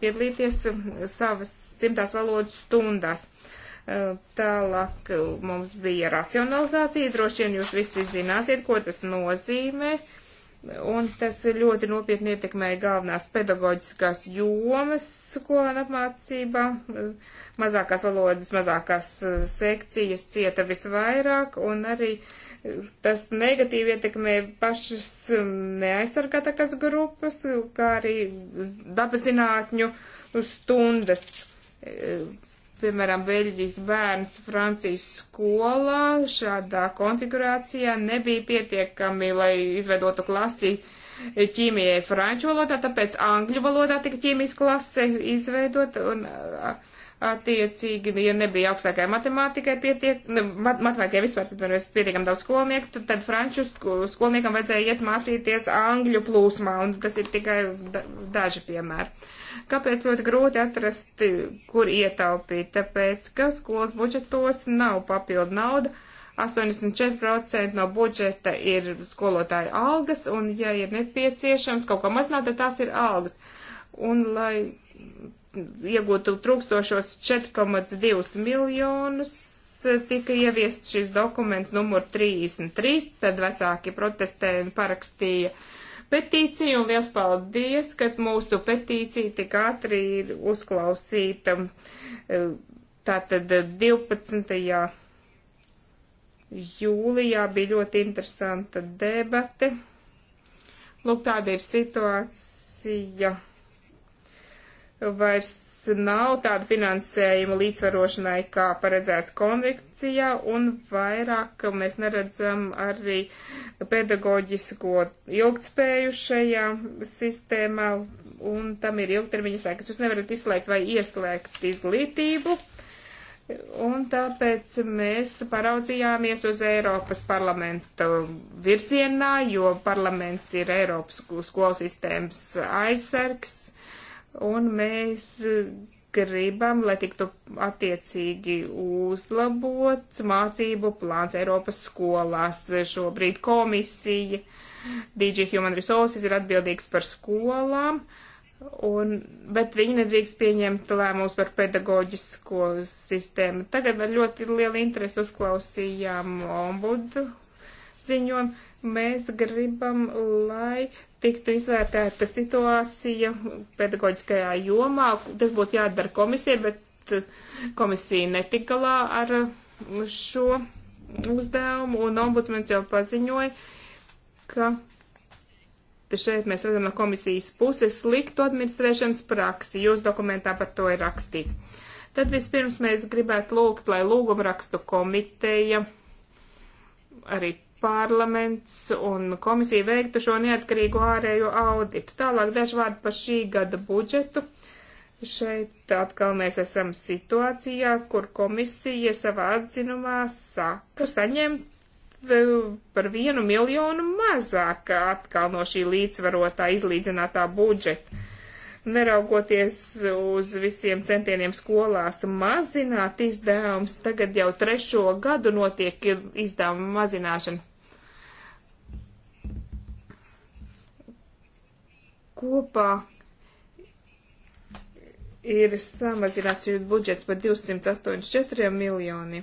piedalīties savas cimtās valodas stundās. E, tālāk mums bija racionalizācija. Droši vien jūs visi zināsiet, ko tas nozīmē. Un tas ļoti nopietni ietekmēja galvenās pedagoģiskās jomas skolēnu apmācībā. Mazākās valodas, mazākās eh, sekcijas cieta visvairāk, un arī tas negatīvi ietekmē pašas mm, neaizsargātākās grupas, kā arī dabas zinātņu stundas eh, piemēram, Beļģijas bērns Francijas skolā šādā konfigurācijā nebija pietiekami, lai izveidotu klasi ķīmijai franču valodā, tāpēc angļu valodā tika ķīmijas klase izveidot un attiecīgi, ja nebija augstākai matemātikai pietiek, ne, mat, matemātikai vispār satveros pietiekam daudz skolnieku, tad, tad franču skolniekam vajadzēja iet mācīties angļu plūsmā, un tas ir tikai daži piemēri. Kāpēc ļoti grūti atrast, kur ietaupīt? Tāpēc, ka skolas budžetos nav papildu nauda. 84% no budžeta ir skolotāju algas, un ja ir nepieciešams kaut ko mazināt, tad tās ir algas. Un, lai iegūtu trūkstošos 4,2 miljonus, tika ieviests šis dokuments numur 33, tad vecāki protestēja un parakstīja uh, petīciju, un liels paldies, ka mūsu petīcija tik ātri ir uzklausīta. Eh, tātad 12. Eh, jūlijā bija ļoti interesanta debate. Lūk, tāda ir situācija. Vairs nav tāda finansējuma līdzvarošanai, kā paredzēts konvekcijā, un vairāk mēs neredzam arī pedagoģisko ilgtspēju šajā sistēmā, un tam ir ilgtermiņa sekas. Jūs nevarat izslēgt vai ieslēgt izglītību. Un tāpēc mēs paraudzījāmies uz Eiropas parlamenta virzienā, jo parlaments ir Eiropas skolu sistēmas aizsargs un mēs gribam, lai tiktu attiecīgi uzlabots mācību plāns Eiropas skolās. Šobrīd komisija DG Human Resources ir atbildīgs par skolām, un, bet viņi nedrīkst pieņemt lēmumus par pedagoģisko sistēmu. Tagad ar ļoti lielu interesi uzklausījām ombudu ziņojumu Mēs gribam, lai tiktu izvērtēta situācija pedagoģiskajā jomā. Tas būtu jādara eh, komisija, bet komisija netika galā ar šo uzdevumu, un ombudsmens jau paziņoja, ka šeit mēs redzam no komisijas puses sliktu administrēšanas praksi. Jūsu dokumentā par to ir rakstīts. Tad vispirms mēs gribētu lūgt, lai lūgumrakstu komiteja arī parlaments un komisija veiktu šo neatkarīgo ārējo auditu. Tālāk daži vārdi par šī gada budžetu. Šeit atkal mēs esam situācijā, kur komisija savā atzinumā saka saņemt e, par vienu miljonu mazāk atkal no šī līdzvarotā izlīdzinātā budžeta. Neraugoties uz visiem centieniem skolās mazināt izdevums, tagad jau trešo gadu notiek izdevuma mazināšana. kopā ir samazināts šis budžets par 284 miljoni.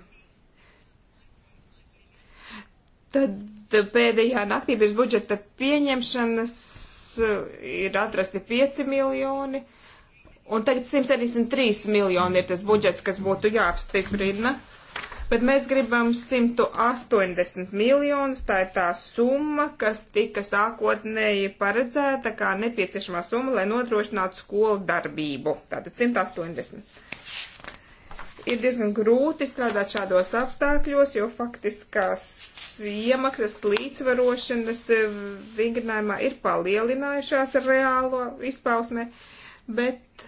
Tad pēdējā naktī bez budžeta pieņemšanas uh, ir atrasti 5 miljoni, un tagad 173 miljoni ir tas budžets, kas būtu jāapstiprina. Uh, bet mēs gribam 180 miljonus. Tā ir tā summa, kas tika sākotnēji paredzēta kā nepieciešamā summa, lai nodrošinātu skolu darbību. Tātad 180. Ir diezgan grūti strādāt šādos apstākļos, jo faktiskās iemaksas līdzvarošanas eh, vingrinājumā ir palielinājušās reālo izpausmē, bet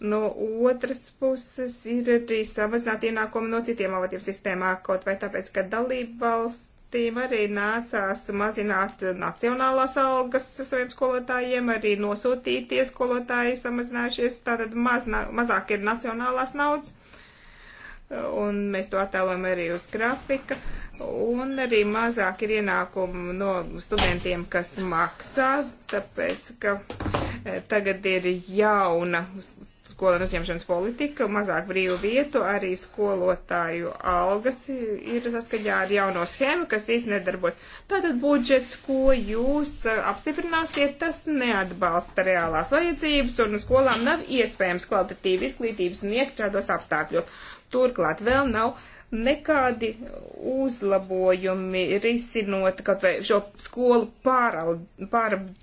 No otras puses ir arī samazināt ienākumu no citiem avotiem sistēmā, kaut vai tāpēc, ka dalība valstīm arī nācās mazināt nacionālās algas saviem skolotājiem, arī nosūtītie skolotāji samazinājušies, tātad maz, mazāk ir nacionālās naudas un mēs to attēlojam arī uz grafika, un arī mazāk ir ienākumu no studentiem, kas maksā, tāpēc, ka eh, tagad ir jauna skolēnu uzņemšanas politika, mazāk brīvu vietu, arī skolotāju algas ir saskaņā ar jauno schēmu, kas īsti nedarbos. Tātad budžets, ko jūs uh, apstiprināsiet, tas neatbalsta reālās vajadzības, un skolām nav iespējams kvalitatīvi izglītības sniegt šādos apstākļos. Turklāt vēl nav nekādi uzlabojumi risinot kaut vai šo skolu pāraudzību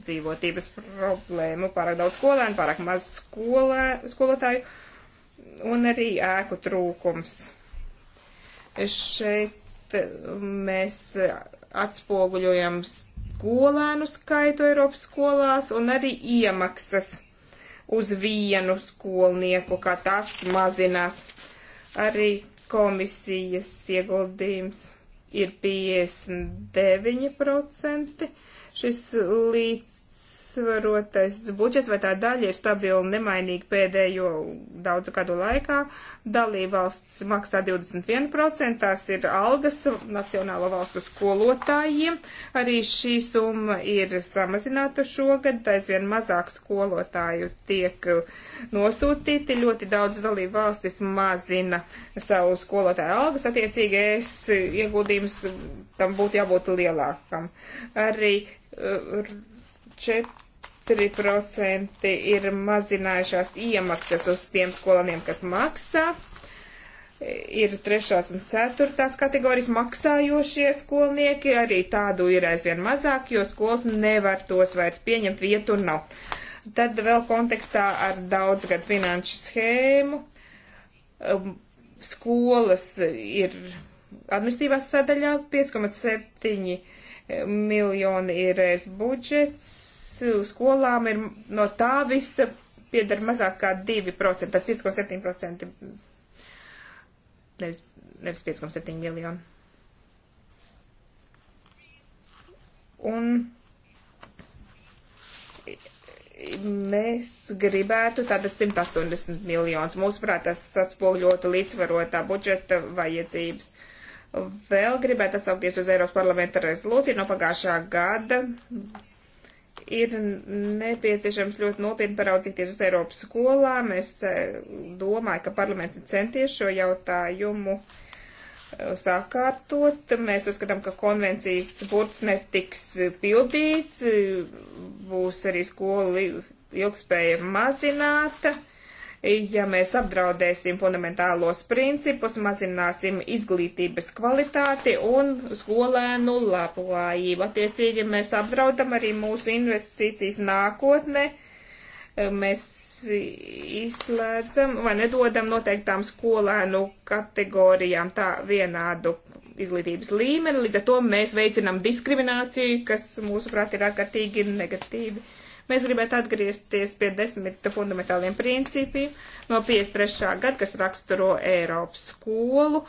dzīvotības problēmu, pārāk daudz skolēnu, pārāk maz skolē, skolotāju un arī ēku trūkums. Šeit eh, mēs atspoguļojam skolēnu skaitu Eiropas skolās un arī iemaksas uz vienu skolnieku, kā tas mazinās. Arī komisijas ieguldījums ir 59%, Šis līdzsvarotais budžets vai tā daļa ir stabila un nemainīga pēdējo daudzu gadu laikā. Dalībvalsts maksā 21%, tās ir algas Nacionālo valstu skolotājiem. Arī šī summa ir samazināta šogad, aizvien mazāk skolotāju tiek nosūtīti. Ļoti daudz dalībvalstis mazina savu skolotāju algas, attiecīgi es ieguldījums tam būtu jābūt lielākam. Arī 4% ir mazinājušās iemaksas uz tiem skolāniem, kas maksā. Ir trešās un ceturtās kategorijas maksājošie skolnieki, arī tādu ir aizvien mazāk, jo skolas nevar tos vairs pieņemt, vietu nav. Tad vēl kontekstā ar daudzgad finanšu schēmu um, skolas ir administrīvās sadaļā 5,7 miljoni ir es budžets, skolām ir no tā visa piedara mazāk kā 2%, tad 5,7%, nevis, nevis 5,7 miljoni. Un mēs gribētu tātad 180 miljonus. Mūsuprāt, tas atspoguļotu līdzsvarotā budžeta vajadzības. Vēl gribētu atsaukties uz Eiropas parlamenta rezolūciju no pagājušā gada. Ir nepieciešams ļoti nopietni paraudzīties uz Eiropas skolām. Es eh, domāju, ka parlaments centies šo jautājumu eh, sakārtot. Mēs uzskatām, ka konvencijas burts netiks pildīts, eh, būs arī skola ilgspēja mazināta ja mēs apdraudēsim fundamentālos principus, mazināsim izglītības kvalitāti un skolēnu labklājību. Attiecīgi, ja mēs apdraudam arī mūsu investīcijas nākotne, mēs izslēdzam vai nedodam noteiktām skolēnu kategorijām tā vienādu izglītības līmeni, līdz ar to mēs veicinām diskrimināciju, kas mūsuprāt ir ārkārtīgi negatīvi. Uh, Mēs gribētu atgriezties pie desmit fundamentāliem principiem no 53. gada, kas raksturo Eiropas skolu.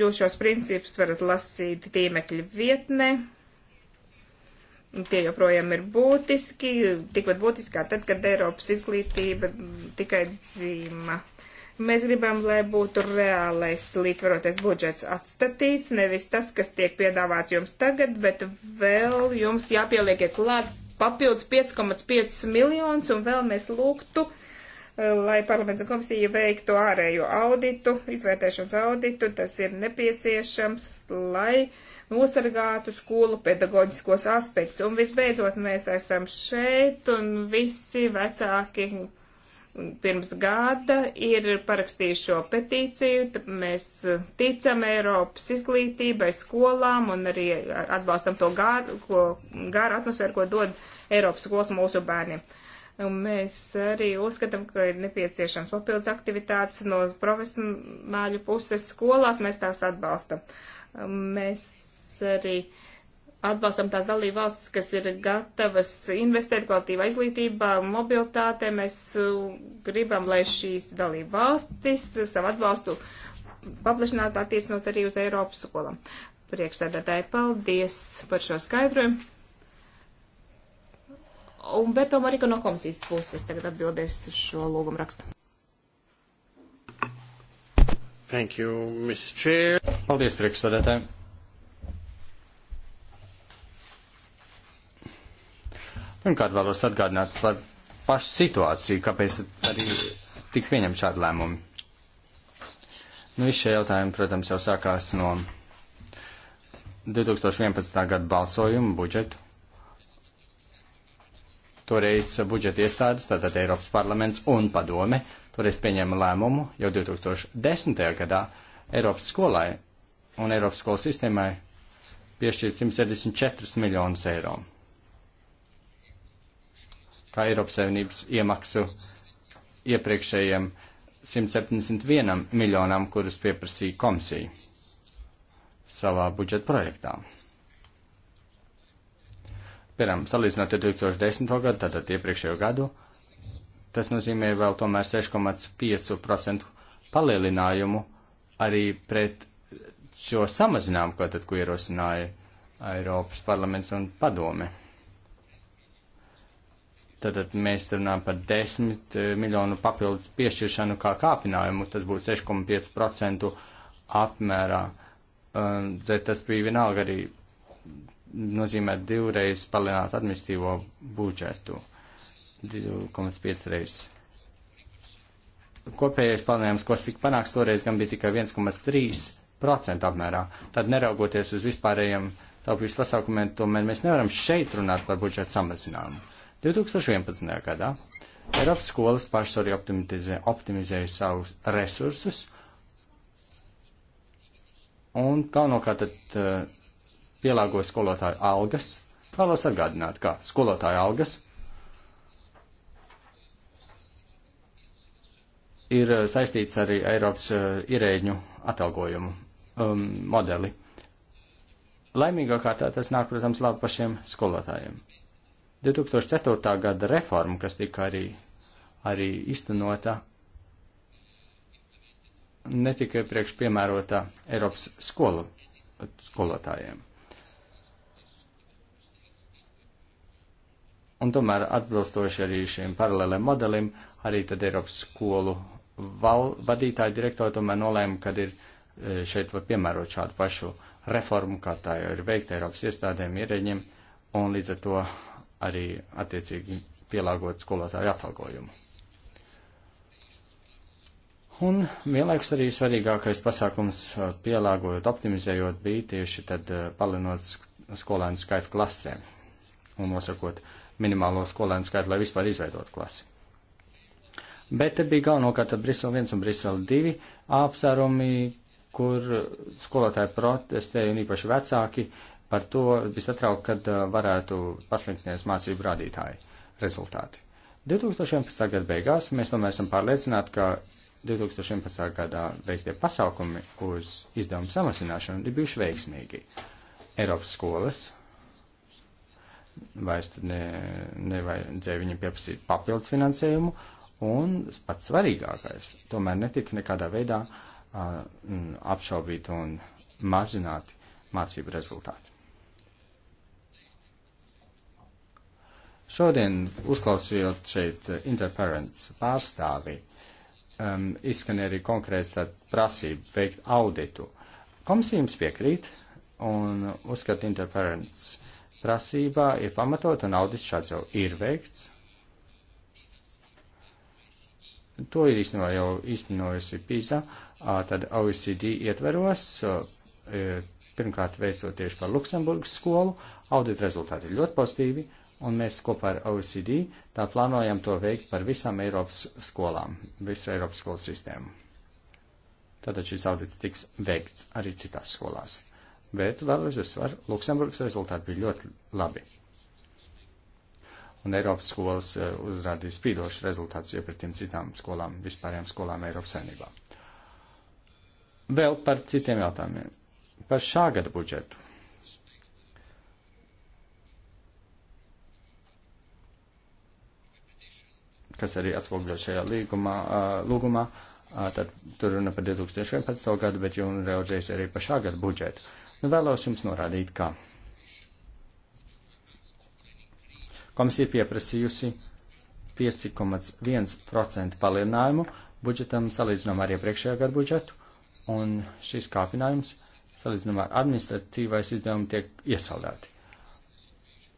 Jūs šos principus varat lasīt tīmekļa vietnē. Tie joprojām ir būtiski, tikpat būtiski kā tad, kad Eiropas izglītība tikai dzīma. Mēs gribam, lai būtu reālais līdzvaroties budžets atstatīts, nevis tas, kas tiek piedāvāts jums tagad, bet vēl jums jāpieliekiet klāt papildus 5,5 miljonus, un vēl mēs lūgtu, eh, lai parlaments un komisija veiktu ārējo auditu, izvērtēšanas auditu, tas ir nepieciešams, lai nosargātu skolu pedagoģiskos aspektus. Un visbeidzot, mēs esam šeit, un visi vecāki pirms gada ir parakstījuši šo petīciju. Mēs ticam Eiropas izglītībai, skolām un arī atbalstam to gāru, ko, gāru atmosfēru, ko dod Eiropas skolas mūsu bērniem. Un mēs arī uzskatām, ka ir nepieciešams papildus aktivitātes no profesionāļu puses skolās. Mēs tās atbalstam. Mēs arī uh, atbalstam tās dalību valstis, kas ir gatavas investēt kvalitīvā izglītībā, mobilitātē. Mēs uh, gribam, lai šīs dalību valstis savu atbalstu paplašinātu attiecinot arī uz Eiropas skolām. Priekšsēdētāji, paldies par šo skaidrojumu. Un Berto Mariko no komisijas puses tagad atbildēs uz šo lūgumu rakstu. Thank you, Mr. Chair. Paldies, priekšsēdētāji. Pirmkārt, vēlos atgādināt par pašu situāciju, kāpēc arī tik pieņem šādu lēmumu. Nu, visi šie jautājumi, protams, jau sākās no 2011. gada balsojuma budžetu. Toreiz budžeta iestādes, tātad Eiropas parlaments un padome, toreiz pieņēma lēmumu jau 2010. gadā Eiropas skolai un Eiropas skolas sistēmai piešķirt 174 miljonus eiro kā Eiropas Savienības iemaksu iepriekšējiem 171 miljonam, kurus pieprasīja komisija savā budžeta projektā. Piemēram, salīdzinot ar 2010. gadu, tātad iepriekšējo gadu, tas nozīmē vēl tomēr 6,5% palielinājumu arī pret šo samazinājumu, ko tad, ko ierosināja Eiropas parlaments un padome. Tātad mēs runājam par 10 eh, miljonu papildus piešķiršanu kā kāpinājumu, tas būtu 6,5% apmērā. Um, tas bija vienalga arī nozīmē divreiz palielināt administīvo budžetu. 2,5 reizes. Kopējais palielinājums, ko tika panāks toreiz, gan bija tikai 1,3% apmērā. Tad neraugoties uz vispārējiem taupības pasākumiem, tomēr mēs nevaram šeit runāt par budžeta samazinājumu. Uh, 2011. gadā Eiropas skolas pašas arī optimizē, optimizēja savus resursus un galvenokārt tad uh, pielāgoja skolotāju algas. Vēlos atgādināt, kā skolotāju algas ir uh, saistīts arī Eiropas uh, ierēģu atalgojumu um, modeli. Laimīgā kārtā tas nāk, protams, labi pašiem skolotājiem. 2004. gada reforma, kas tika arī, arī iztenota, netika priekš piemērota Eiropas skolu, skolotājiem. Un tomēr atbilstoši arī šiem paralēliem modelim, arī tad Eiropas skolu val, vadītāji direktori tomēr nolēma, kad ir e, šeit var piemērot šādu pašu reformu, kā tā jau ir veikta Eiropas iestādēm, ierēģiem, un līdz ar to arī attiecīgi pielāgot skolotāju atalgojumu. Un vienlaikus arī svarīgākais pasākums pielāgojot, optimizējot bija tieši tad palielinot skolēnu skaitu klasē un nosakot minimālo skolēnu skaitu, lai vispār izveidot klasi. Bet te bija galvenokārt Brisele 1 un Brisele 2 apsvērumi, kur skolotāji protestēja un īpaši vecāki Par to visatrauc, kad uh, varētu pasliktināties mācību rādītāji rezultāti. 2011. gada beigās mēs tomēr esam pārliecināti, ka 2011. gadā veiktie pasākumi uz izdevumu samazināšanu ir bijuši veiksmīgi. Eiropas skolas vairs ne, nevajadzēja viņam pieprasīt papildus finansējumu, un pats svarīgākais tomēr netika nekādā veidā uh, apšaubīt un mazināt mācību rezultātu. Šodien, uzklausījot šeit eh, interparents pārstāvi, um, izskan arī konkrēts prasība veikt auditu. Komisija jums piekrīt un uzskata interparents prasībā ir pamatot un audits šāds jau ir veikts. To ir īstenībā jau īstenojusi PISA, tad OECD ietveros, e, pirmkārt veicot tieši par Luksemburgas skolu, audita rezultāti ir ļoti pozitīvi, un mēs kopā ar OECD tā plānojam to veikt par visām Eiropas skolām, visu Eiropas skolu sistēmu. Tātad šis audits tiks veikts arī citās skolās. Bet vēlreiz uzsver, Luksemburgas rezultāti bija ļoti labi. Un Eiropas skolas eh, uzrādīja spīdošus rezultātus iepratiem citām skolām, vispārējām skolām Eiropas saimnībā. Vēl par citiem jautājumiem. Par šā gada budžetu. kas arī atspoguļot šajā līgumā, lūgumā. Tad tur runa par 2011. gadu, bet jau reaģēs arī par šā gada budžetu. Nu, vēlos jums norādīt, kā. Komisija pieprasījusi 5,1% palielinājumu budžetam salīdzinām ar iepriekšējā gada budžetu, un šis kāpinājums salīdzinām ar administratīvais izdevumu tiek iesaldēti.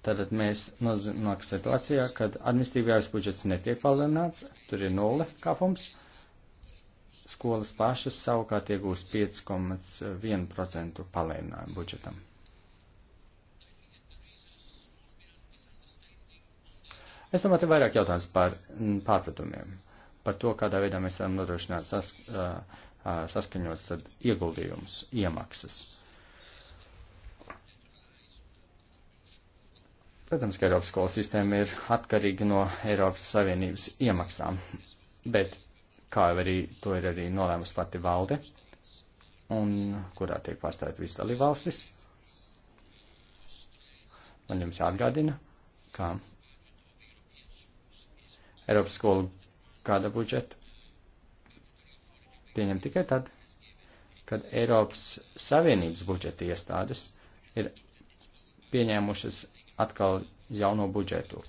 Tātad mēs nonākam situācijā, kad administratīvais budžets netiek palielināts, tur ir nulle kāpums. Skolas pašas savukārt iegūst 5,1% palielinājumu budžetam. Es domāju, te vairāk jautājums par pārpratumiem, par to, kādā veidā mēs varam nodrošināt sask, saskaņot ieguldījumus, iemaksas. Uh, Protams, ka Eiropas skolas sistēma ir atkarīga no Eiropas Savienības iemaksām, bet kā jau arī to ir arī nolēmusi pati valde, un kurā tiek pārstāvēt visas dalībvalstis. Man jums jāatgādina, ka Eiropas skolu gada budžetu pieņem tikai tad, kad Eiropas Savienības budžeta iestādes ir pieņēmušas atkal jauno budžetu.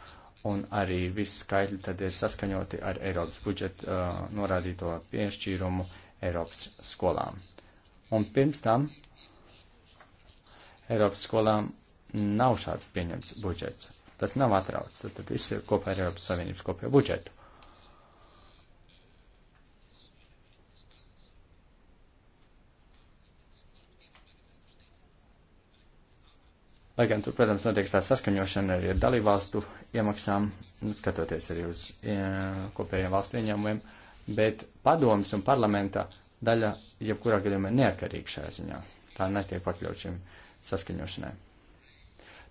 Un arī viss skaitļi tad ir saskaņoti ar Eiropas budžetu uh, norādīto piešķīrumu Eiropas skolām. Un pirms tam Eiropas skolām nav šāds pieņemts budžets. Tas nav atrauts, tad, tad viss ir kopā ar Eiropas Savienības kopējo budžetu. Lai gan tur, protams, notiek tā saskaņošana arī ar dalībvalstu iemaksām, nu, skatoties arī uz e, kopējiem valstu ieņēmumiem, bet padomas un parlamenta daļa jebkurā gadījumā ir neatkarīga šajā ziņā. Tā netiek pakļaut šim saskaņošanai.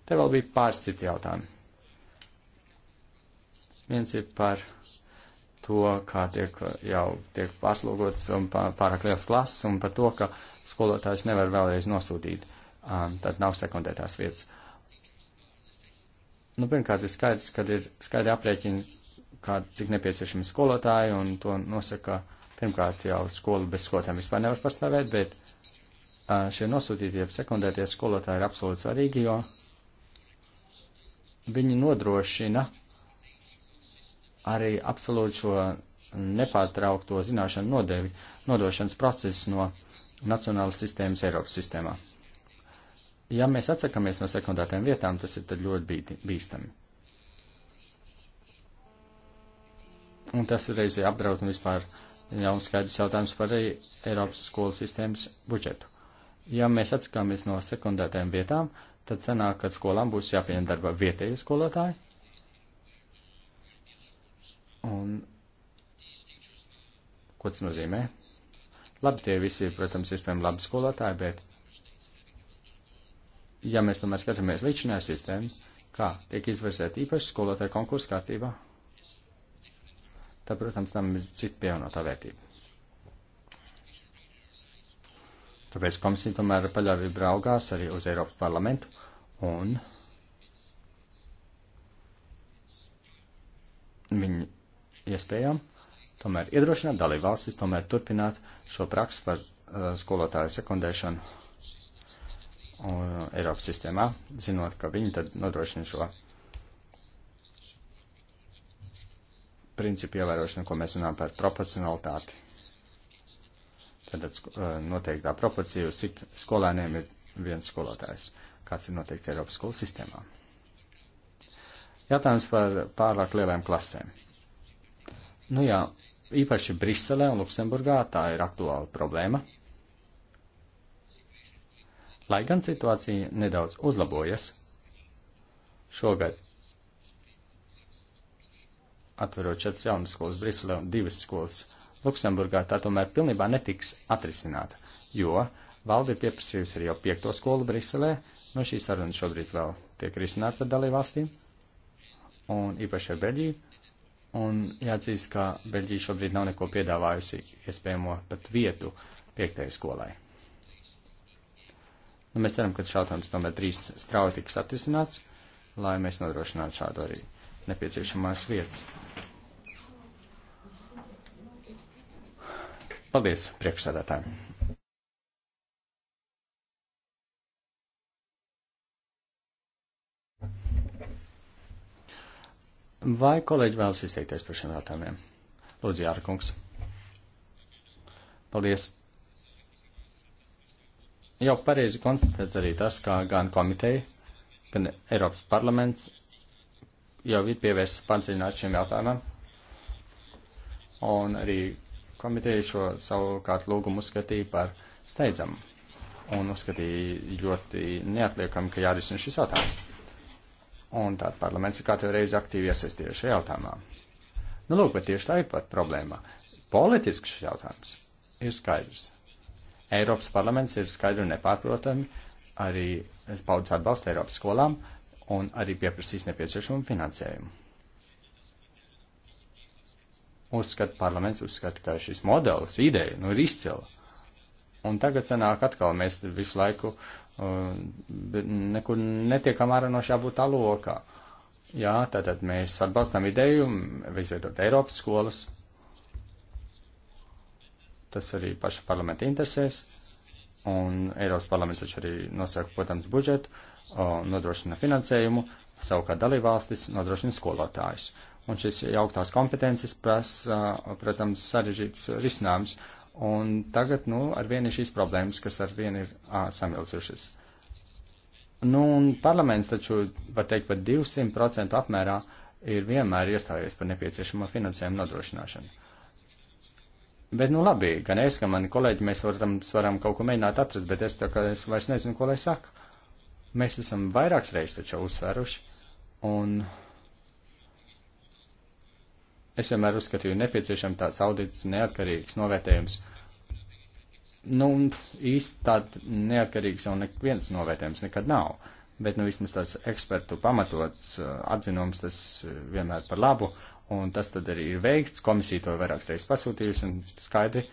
Te vēl bija pāris citi jautājumi. Viens ir par to, kā tiek jau tiek pārslogots un pārāk liels klases un par to, ka skolotājs nevar vēlreiz nosūtīt. Uh, um, tad nav sekundētās vietas. Nu, pirmkārt, ir skaidrs, kad ir skaidri aprēķini, kā, cik nepieciešami skolotāji, un to nosaka, pirmkārt, jau skolu bez skolotājiem vispār nevar pastāvēt, bet uh, šie nosūtītie sekundētie skolotāji ir absolūti svarīgi, jo viņi nodrošina arī absolūti šo nepārtraukto zināšanu nodevi, nodošanas procesu no nacionālas sistēmas Eiropas sistēmā ja mēs atsakamies no sekundētām vietām, tas ir tad ļoti bīti, bīstami. Un tas reiz ir apdraud un vispār jau skaidrs jautājums par Eiropas skolu sistēmas budžetu. Ja mēs atsakāmies no sekundētām vietām, tad sanāk, ka skolām būs jāpieņem darba vietējie skolotāji. Un ko tas nozīmē? Labi, tie visi, protams, iespējami labi skolotāji, bet ja mēs tomēr skatāmies līdzinājā sistēmu, kā tiek izvērsēta īpaši skolotāja konkursa kārtībā, tad, protams, tam ir cita pievienotā vērtība. Tāpēc komisija tomēr paļāvība raugās arī uz Eiropas parlamentu un viņu iespējām tomēr iedrošināt dalībvalstis tomēr turpināt šo praksu par uh, skolotāju sekundēšanu un uh, Eiropas sistēmā, zinot, ka viņi tad nodrošina šo principu ievērošanu, ko mēs runājam par proporcionalitāti. Tad uh, noteiktā proporcija, uz cik skolēniem ir viens skolotājs, kāds ir noteikts Eiropas skolas sistēmā. Jautājums par pārāk lielām klasēm. Nu jā, īpaši Briselē un Luksemburgā tā ir aktuāla problēma. Lai gan situācija nedaudz uzlabojas, šogad atverot četras jaunas skolas Briselē un divas skolas Luksemburgā, tā tomēr pilnībā netiks atrisināta, jo valde ir pieprasījusi arī jau piekto skolu Briselē, no šīs sarunas šobrīd vēl tiek risināts ar dalībvalstīm, un īpaši ar Beļģiju, un jāatzīst, ka Beļģija šobrīd nav neko piedāvājusi iespējamo pat vietu piektajai skolai. Nu, mēs ceram, ka šāds tomēr drīz strauji tiks atrisināts, lai mēs nodrošinātu šādu arī nepieciešamās vietas. Paldies, priekšsēdētāji! Vai kolēģi vēlas izteikties par šiem jautājumiem? Lūdzu, Jārkungs. Paldies! jau pareizi konstatēts arī tas, kā gan komiteja, gan Eiropas parlaments jau ir pievērsts padziļināt šiem jautājumam. Un arī komiteja šo savukārt lūgumu uzskatīja par steidzamu un uzskatīja ļoti neatliekami, ka jārisina šis jautājums. Un tātad parlaments ir katru reizi aktīvi iesaistījies šajā jautājumā. Nu, lūk, bet tieši tā ir pat problēma. Politisks šis jautājums ir skaidrs. Eiropas parlaments ir skaidri un nepārprotami arī paudzes atbalstu Eiropas skolām un arī pieprasīs nepieciešamu finansējumu. Uzskat, parlaments uzskata, ka šis modelis, ideja, nu ir izcila. Un tagad sanāk atkal, mēs visu laiku uh, nekur netiekam ārā no šā būtā lokā. Jā, tātad mēs atbalstam ideju, veidot Eiropas skolas, Tas arī paša parlamenta interesēs, un Eiropas parlaments taču arī nosaka, protams, budžetu, nodrošina finansējumu, savukārt dalībvalstis nodrošina skolotājus. Un šis jauktās kompetences prasa, protams, sarežģīts risinājums, un tagad, nu, ar vienu ir šīs problēmas, kas ar vienu ir ā, samilzušas. Nu, un parlaments taču, var teikt, pat 200% apmērā ir vienmēr iestājies par nepieciešamo finansējumu nodrošināšanu. Bet, nu labi, gan es, gan mani kolēģi, mēs varam, varam kaut ko mēģināt atrast, bet es tā kā es vairs nezinu, ko lai saku. Mēs esam vairākas reizes taču uzsveruši, un es vienmēr uzskatīju nepieciešam tāds audits, neatkarīgs novērtējums. Nu, īsti tāds neatkarīgs jau neviens novērtējums nekad nav, bet, nu, vismaz tāds ekspertu pamatots uh, atzinums, tas uh, vienmēr par labu. Uh, Un tas tad arī ir veikts, komisija to ir vairākas reizes pasūtījusi un skaidri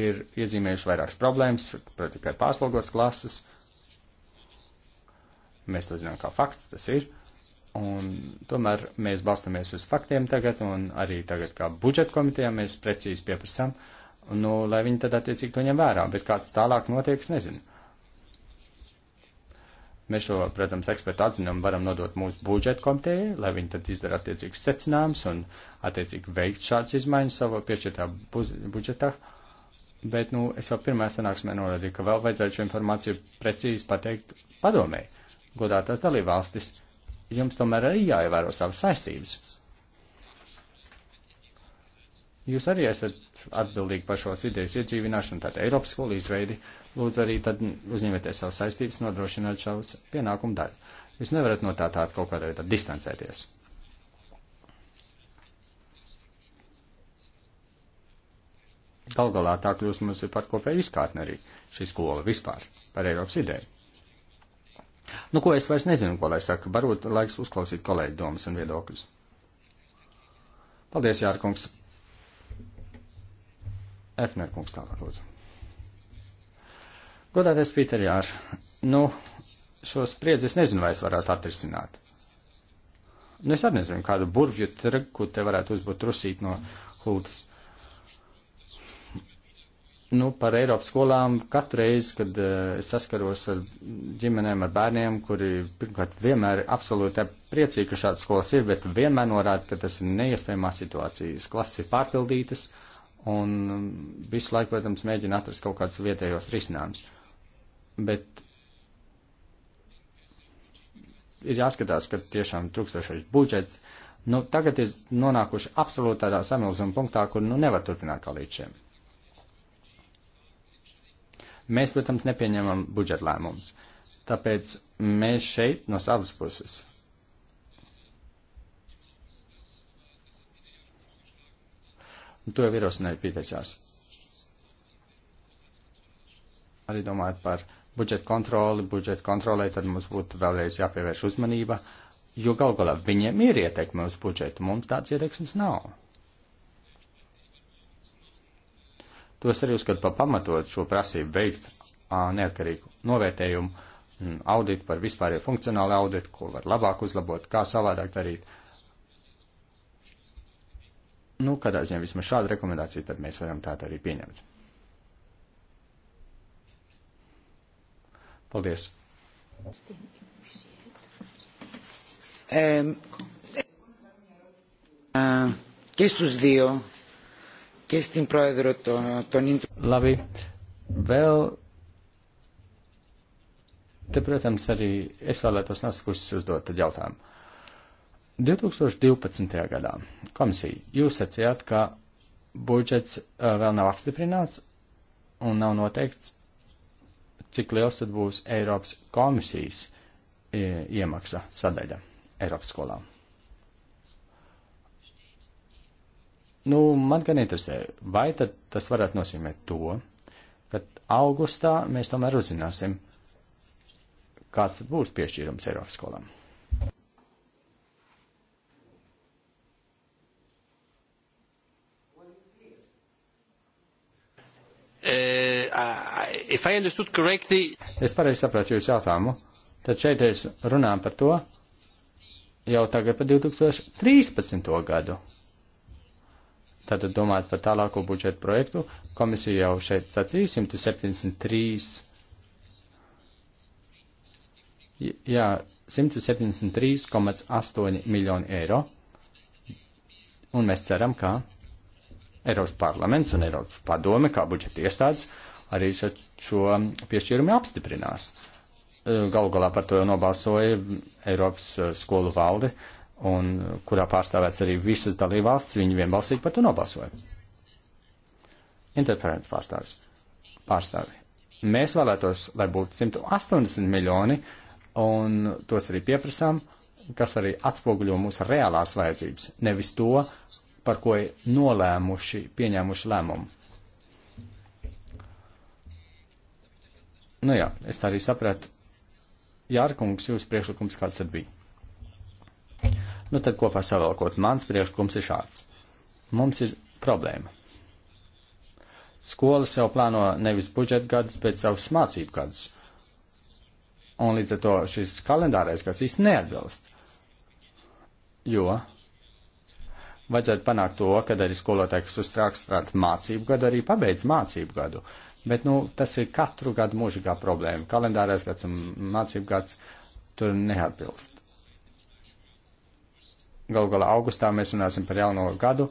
ir iezīmējuši vairākas problēmas, proti, ka ir pārslogots klases. Mēs to zinām kā fakts, tas ir. Un tomēr mēs balstamies uz faktiem tagad, un arī tagad kā budžeta komitejā mēs precīzi pieprasām, nu, lai viņi tad attiecīgi to ņem vērā, bet kāds tālāk notiek, es nezinu. Mēs šo, protams, ekspertu atzinumu varam nodot mūsu budžeta komitejai, lai viņi tad izdara attiecīgus secinājumus un attiecīgi veikt šādas izmaiņas savā piešķirtā budžetā. Bet, nu, es jau pirmā sanāksmē norādīju, ka vēl vajadzētu šo informāciju precīzi pateikt padomēji. Godātās dalībvalstis, jums tomēr arī jāievēro savas saistības. Jūs arī esat atbildīgi par šos idejas iedzīvināšanu, tātad Eiropas skolu izveidi, uh, lūdzu arī tad uzņemieties savas saistības, nodrošinot savas pienākumu daļu. Jūs nevarat no tā tāda kaut kādā veidā distancēties. Gal galā tā kļūst mums ir pat kopēja izkārtne arī šī skola vispār par Eiropas ideju. Nu, ko es vairs nezinu, ko lai saka, varbūt laiks uzklausīt kolēģi domas un viedokļus. Paldies, Jārkungs. Efner kungs tālāk, lūdzu. Godātais Pīter Jār, nu, šo spriedzi es nezinu, vai es varētu atrisināt. Nu, es arī nezinu, kādu burvju trku te varētu uzbūt rusīt no hūtas. Nu, par Eiropas skolām katru reizi, kad uh, es saskaros ar ģimenēm, ar bērniem, kuri pirmkārt vienmēr ir absolūti priecīgi, ka šādas skolas ir, bet vienmēr norāda, ka tas ir neiespējamā situācijas. Klases ir pārpildītas un mm, visu laiku, protams, mēģina atrast kaut kādus vietējos risinājumus bet ir jāskatās, ka tiešām trūkstošais budžets, nu, tagad ir nonākuši absolūti tādā samilzuma punktā, kur, nu, nevar turpināt kā līdz šiem. Mēs, protams, nepieņemam budžeta lēmumus, tāpēc mēs šeit no savas puses Un to jau ierosināja pieteicās. Arī domājot par budžeta kontroli, budžeta kontrolē, tad mums būtu vēlreiz jāpievērš uzmanība, jo gal galā viņiem ir ietekme uz budžetu, mums tāds ieteiksmes nav. To es arī uzskatu par pamatot šo prasību veikt a, neatkarīgu novērtējumu, m, mm, auditu par vispārēju funkcionālu auditu, ko var labāk uzlabot, kā savādāk darīt. Nu, kādā ziņā vismaz šādu rekomendāciju tad mēs varam tātad arī pieņemt. Paldies! Ε, και στους δύο και στην πρόεδρο των, των Labi, vēl te, protams, arī es vēlētos neskusis uzdot jautājumu. 2012. gadā komisija, jūs sacījāt, ka budžets vēl nav apstiprināts un nav noteikts, cik liels tad būs Eiropas komisijas e, iemaksa sadaļa Eiropas skolām. Nu, man gan interesē, vai tad tas varētu nozīmēt to, ka augustā mēs tomēr uzzināsim, kāds būs piešķīrums Eiropas skolām. Uh, uh, if I understood correctly. Es pareizi sapratu jūsu jautājumu. Tad šeit es runāju par to jau tagad par 2013. gadu. Tātad domājot par tālāko budžetu projektu, komisija jau šeit sacīja 173. Jā, 173,8 miljoni eiro. Un mēs ceram, ka Eiropas parlaments un Eiropas padome, kā budžeta iestādes, arī šo piešķīrumu apstiprinās. E, galu galā par to jau nobalsoja Eiropas e, skolu valde, un e, kurā pārstāvēts arī visas dalībvalstis, viņi vienbalsīgi par to nobalsoja. Interferents pārstāvis. Pārstāvi. Mēs vēlētos, lai būtu 180 miljoni, un tos arī pieprasām, kas arī atspoguļo mūsu reālās vajadzības, nevis to, par ko ir nolēmuši, pieņēmuši lēmumu. Nu jā, es tā arī sapratu. Jārkungs, jūs priekšlikums kāds tad bija? Nu tad kopā savēlkot, mans priekšlikums ir šāds. Mums ir problēma. Skolas jau plāno nevis budžeta gadus, bet savus mācību gadus. Un līdz ar to šis kalendārais gads īsti neatbilst. Jo vajadzētu panākt to, kad arī skolotāji, kas uzstrāks strādāt mācību gadu, arī pabeidz mācību gadu. Uh, Bet nu, tas ir katru gadu mūžīgā problēma. Kalendārais gads un mācību gads tur neatbilst. Galu galā augustā mēs runāsim par jauno gadu,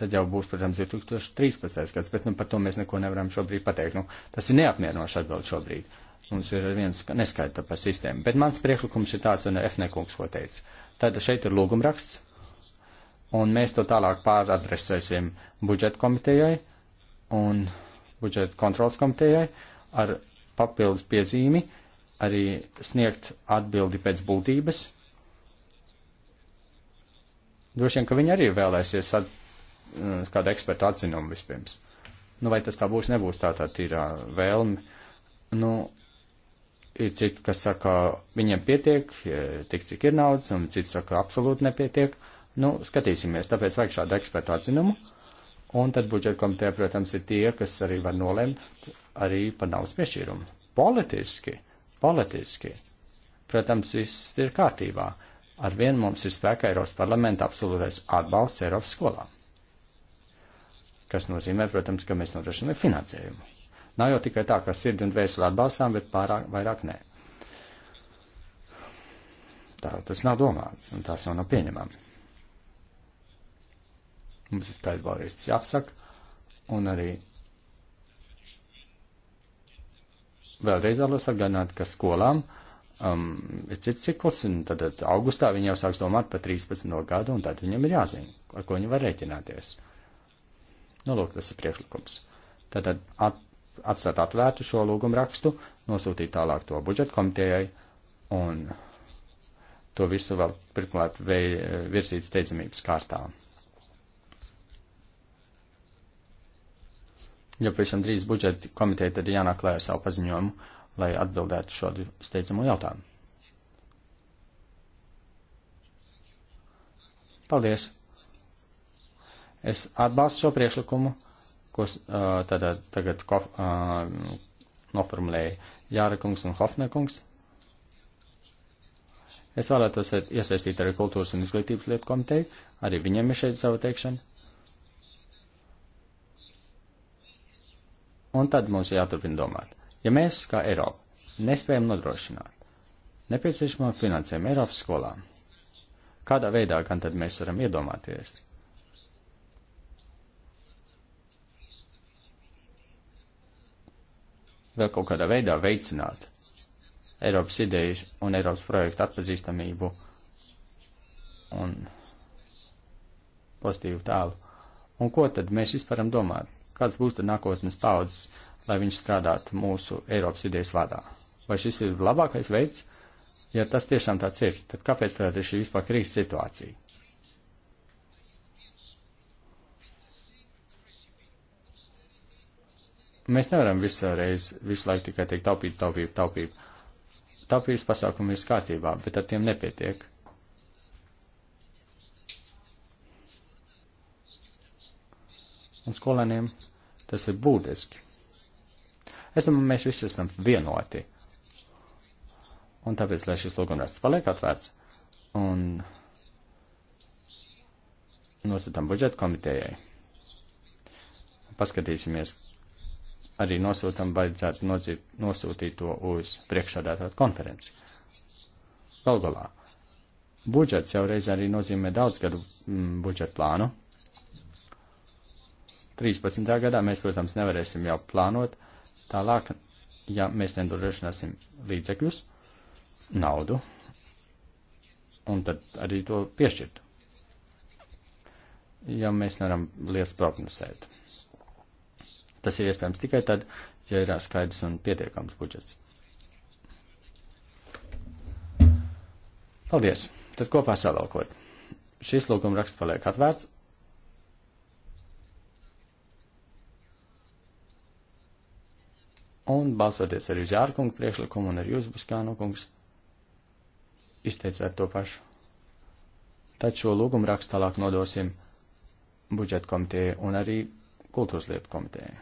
tad jau būs, protams, 2013. gads, bet nu, par to mēs neko nevaram šobrīd pateikt. Nu, tas ir neapmierinoši atbild šobrīd. Mums ir viens neskaita par sistēmu. Bet mans priekšlikums ir tāds, un Efnekungs ko teica. Tad šeit ir lūgumraksts, un mēs to tālāk pāradresēsim budžeta komitejai, un budžeta kontrols komitejai ar papildus piezīmi arī sniegt atbildi pēc būtības. Droši vien, ka viņi arī vēlēsies at, mm, kādu ekspertu atzinumu vispirms. Nu, vai tas tā būs, nebūs tā tā tīrā vēlme. Nu, ir citi, kas saka, viņiem pietiek, e, tik cik ir naudas, un citi saka, absolūti nepietiek. Nu, skatīsimies, tāpēc vajag šādu ekspertu atzinumu. Uh, Un tad budžeta komiteja, protams, ir tie, kas arī var nolemt arī par naudas piešķīrumu. Politiski, politiski, protams, viss ir kārtībā. Arvien mums ir spēkā Eiropas parlamenta absolūtais atbalsts Eiropas skolām. Kas nozīmē, protams, ka mēs nodrošinām finansējumu. Nav jau tikai tā, ka sirdi un dvēseli atbalstām, bet pārāk, vairāk nē. Tā tas nav domāts, un tās jau nav pieņemami. Mums tas tā ir vēlreiz jāapsaka. Un arī vēlreiz vēlos atgādināt, ka skolām um, ir cits cikls, un tad augustā viņi jau sāks domāt par 13. gadu, un tad viņam ir jāzina, ar ko viņi var rēķināties. Nu, lūk, tas ir priekšlikums. Tad at, atstāt atvērtu šo lūgumu rakstu, nosūtīt tālāk to budžeta komitejai, un to visu vēl, pirmkārt, virsīt steidzamības kārtām. jo pavisam drīz budžeta komiteja tad jānāk klāja ar savu paziņojumu, lai atbildētu šo steidzamo jautājumu. Paldies! Es atbalstu šo priekšlikumu, ko uh, tādā, tagad kof, uh, noformulēja Jārakungs un Hofnekungs. Es vēlētos iesaistīt arī kultūras un izglītības lietu komiteju, arī viņiem ir šeit sava teikšana. Un tad mums jāturpina domāt. Ja mēs, kā Eiropa, nespējam nodrošināt nepieciešamo finansējumu Eiropas skolām, kādā veidā gan tad mēs varam iedomāties? Vēl kaut kādā veidā veicināt Eiropas idejas un Eiropas projektu atpazīstamību un pozitīvu tālu. Un ko tad mēs vispār varam domāt? kāds būs tad nākotnes paudzes, lai viņš strādātu mūsu Eiropas idejas vārdā. Vai šis ir labākais veids? Ja tas tiešām tāds ir, tad kāpēc tad ir šī vispār krīzes situācija? Mēs nevaram visu reizi, visu laiku tikai teikt taupīt, taupīt, taupīt. Taupības pasākumi ir kārtībā, bet ar tiem nepietiek. Un skolēniem Tas ir būtiski. Es domāju, mēs visi esam vienoti. Un tāpēc, lai šis lūgumraksts paliek atvērts un nosūtām budžeta komitejai, paskatīsimies, arī nosūtām vajadzētu nozīt, nosūtīt to uz priekšādātātu konferenci. Galgalā. Budžets jau reiz arī nozīmē daudz gadu mm, budžeta plānu, 13. gadā mēs, protams, nevarēsim jau plānot tālāk, ja mēs nedrošināsim līdzekļus, naudu, un tad arī to piešķirt, ja mēs nevaram lietas prognozēt. Tas ir iespējams tikai tad, ja ir skaidrs un pietiekams budžets. Paldies! Tad kopā salokot. Šis lūguma raksts paliek atvērts Un balsoties arī uz Jārkungu priekšlikumu un arī uz Buskānu kungs izteicāt to pašu. Tad šo lūgumu rakstu tālāk nodosim budžeta komitejai un arī kultūras lietu komitejai.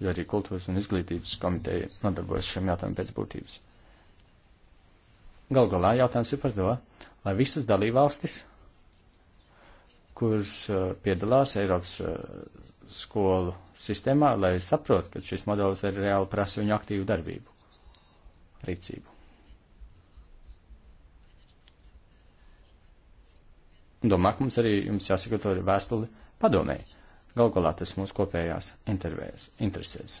Jo arī kultūras un izglītības komiteja nodarbojas šiem jautājumiem pēc būtības. Gal galā jautājums ir par to, lai visas dalībvalstis, kuras uh, piedalās Eiropas uh, skolu sistēmā, lai saprotu, ka šis modelis ir reāli prasa viņu aktīvu darbību, rīcību. Domāju, ka mums arī jums jāsagatavo vēstuli padomēji. Galu galā tas mūsu kopējās interesēs,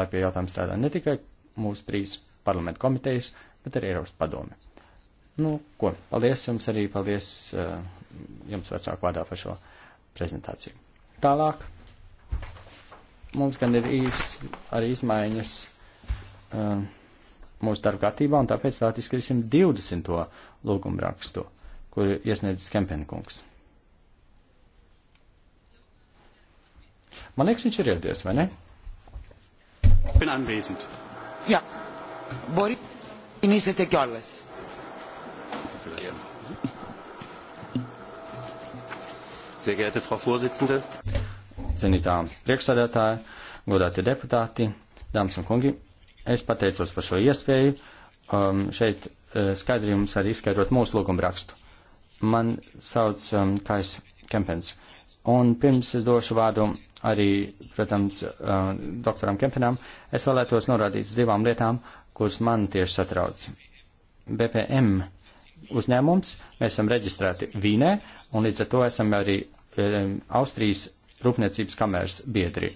lai pie jautājuma strādā ne tikai mūsu trīs parlamentu komitejas, bet arī Eiropas padome. Nu, ko, paldies jums arī, paldies uh, jums vecāku vārdā par šo prezentāciju. Tālāk mums gan ir īs, arī izmaiņas um, mūsu darba gatībā, un tāpēc tā izskatīsim 20. lūgumu rakstu, kur iesniedzis Kempenkungs. Man liekas, viņš ir ieradies, vai ne? Bin anwesend. Jā. Boris, iniciate kjolas. Sehr geehrte Frau Vorsitzende cienītā priekšsādātāja, godātie deputāti, dāmas un kungi. Es pateicos par šo iespēju um, šeit uh, skaidri jums arī izskaidrot mūsu lūgumu rakstu. Man sauc um, Kais Kempens. Un pirms es došu vārdu arī, protams, uh, doktoram Kempenam, es vēlētos norādīt uz divām lietām, kuras man tieši satrauc. BPM uzņēmums, mēs esam reģistrēti Vīnē, un līdz ar to esam arī um, Austrijas Rūpniecības kameras biedri.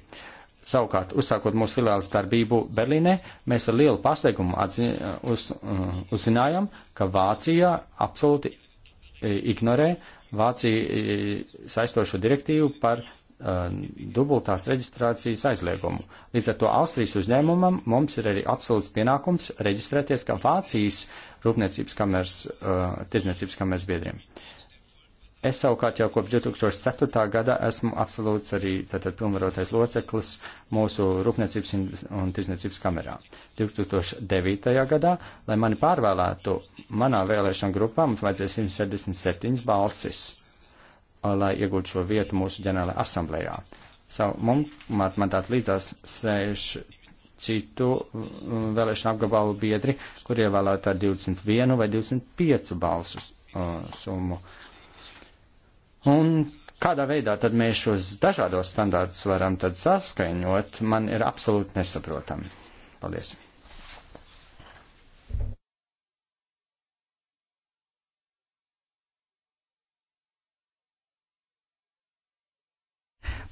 Savukārt, uzsākot mūsu filiāles darbību Berlīnē, mēs ar lielu pārsteigumu atzi, uz, uh, uzzinājām, ka Vācija absolūti e, ignorē Vācija e, saistošo direktīvu par uh, dubultās reģistrācijas aizliegumu. Līdz ar to Austrijas uzņēmumam mums ir arī absolūts pienākums reģistrēties kā Vācijas rūpniecības kameras, uh, tirzniecības kameras biedriem. Uh, Es savukārt jau kopš 2004. gada esmu absolūts arī tātad pilnvarotais loceklis mūsu Rūpniecības un Tirzniecības kamerā. 2009. gadā, lai mani pārvēlētu, manā vēlēšana grupā mums vajadzēja 167 balsis, lai iegūtu šo vietu mūsu ģenerālajā asamblējā. Savu mums mandātu līdzās sēž citu mm, vēlēšanu apgabalu biedri, kur ievēlētu ar 21 vai 25 balsu uh, summu. Uh, Un kādā veidā tad mēs šos dažādos standārtus varam tad saskaņot, man ir absolūti nesaprotami. Paldies!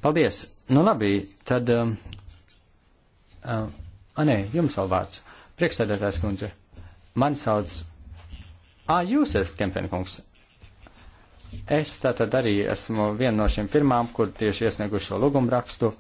Paldies! Nu labi, tad. Um, uh, a, ah, nē, jums vēl vārds. Priekšstādātājs kundze. Man sauc. Ā, ah, jūs esat Kempenkungs. Es tātad arī esmu viena no šīm firmām, kur tieši iesnieguši šo lūgumu rakstu,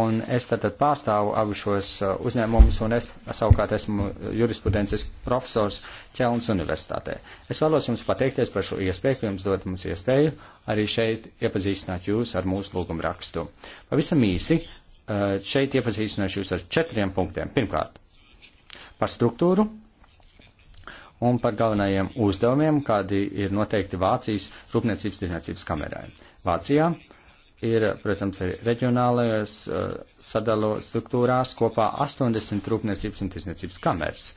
un es tātad pārstāvu abu šos uh, uzņēmumus, un es savukārt esmu jurisprudences profesors Ķelns universitātē. Es vēlos jums pateikties par šo iespēju, ka jums dod mums iespēju arī šeit iepazīstināt jūs ar mūsu lūgumu rakstu. Pavisam īsi, uh, šeit iepazīstināšu jūs ar četriem punktiem. Pirmkārt, par struktūru un par galvenajiem uzdevumiem, kādi ir noteikti Vācijas Rūpniecības tirzniecības kamerai. Vācijā ir, protams, arī reģionālajās uh, sadalo struktūrās kopā 80 rūpniecības un tirzniecības kameras.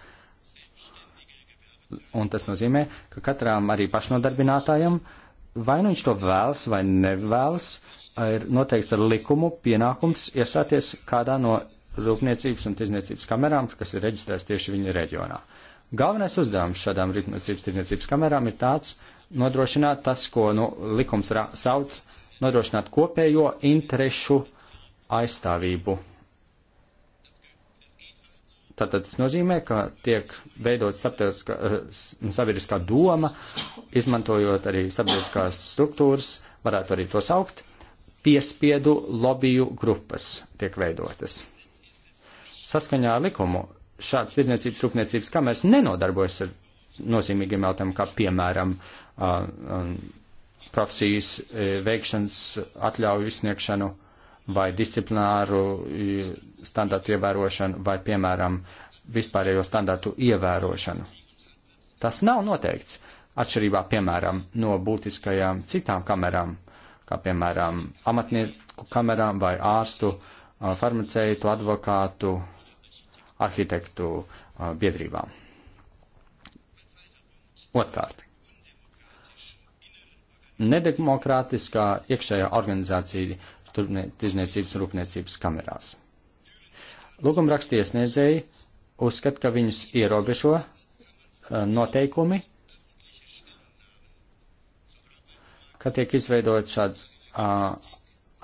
Un tas nozīmē, ka katram arī pašnodarbinātājam, vai nu viņš to vēlas vai nevēlas, ir noteikts ar likumu pienākums iestāties kādā no rūpniecības un tirzniecības kamerām, kas ir reģistrēts tieši viņa reģionā. Uh, Galvenais uzdevums šādām rīpniecības tirdzniecības kamerām ir tāds nodrošināt tas, ko nu, likums sauc, nodrošināt kopējo interešu aizstāvību. Tātad tas nozīmē, ka tiek veidot eh, sabiedriskā doma, izmantojot arī sabiedriskās struktūras, varētu arī to saukt, piespiedu lobiju grupas tiek veidotas. Saskaņā ar likumu šāds tirdzniecības rūpniecības kameras nenodarbojas ar nozīmīgiem jautājumiem, kā piemēram profesijas e, veikšanas atļauju izsniegšanu vai disciplināru standartu ievērošanu vai, piemēram, vispārējo standartu ievērošanu. Tas nav noteikts atšķirībā, piemēram, no būtiskajām citām kamerām, kā piemēram amatnieku kamerām vai ārstu, farmaceitu, advokātu arhitektu uh, biedrībām. Otkārt, nedemokrātiskā iekšējā organizācija tirzniecības un rūpniecības kamerās. Lūguma rakstiesniedzēji uzskat, ka viņus ierobežo uh, noteikumi, ka tiek izveidot šāds uh,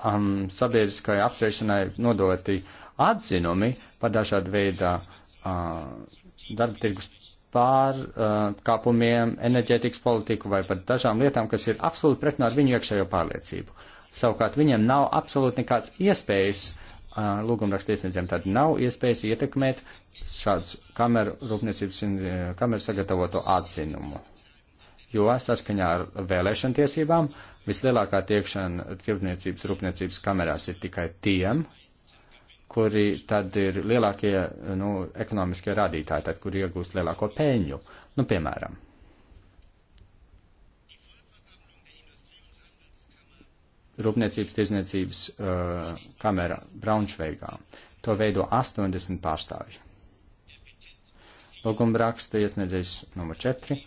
um, sabiedriskai apspriešanai nodoti atzinumi par dažādu veidu uh, darba tirgus pārkāpumiem, uh, enerģētikas politiku vai par dažām lietām, kas ir absolūti pretinā ar viņu iekšējo pārliecību. Savukārt viņiem nav absolūti nekāds iespējas uh, lūgumrakstu iesniedzējiem, tad nav iespējas ietekmēt šāds kameru rūpniecības uh, kameru sagatavoto atzinumu. Jo saskaņā ar vēlēšana tiesībām uh, Vislielākā tiekšana tirdzniecības rūpniecības kamerās ir tikai tiem, kuri tad ir lielākie nu, ekonomiskie rādītāji, tad, kur iegūst lielāko peļņu. Nu, piemēram, Rūpniecības tirzniecības uh, kamera Braunšveigā. To veido 80 pārstāvji. Lūguma raksta iesniedzējs numur 4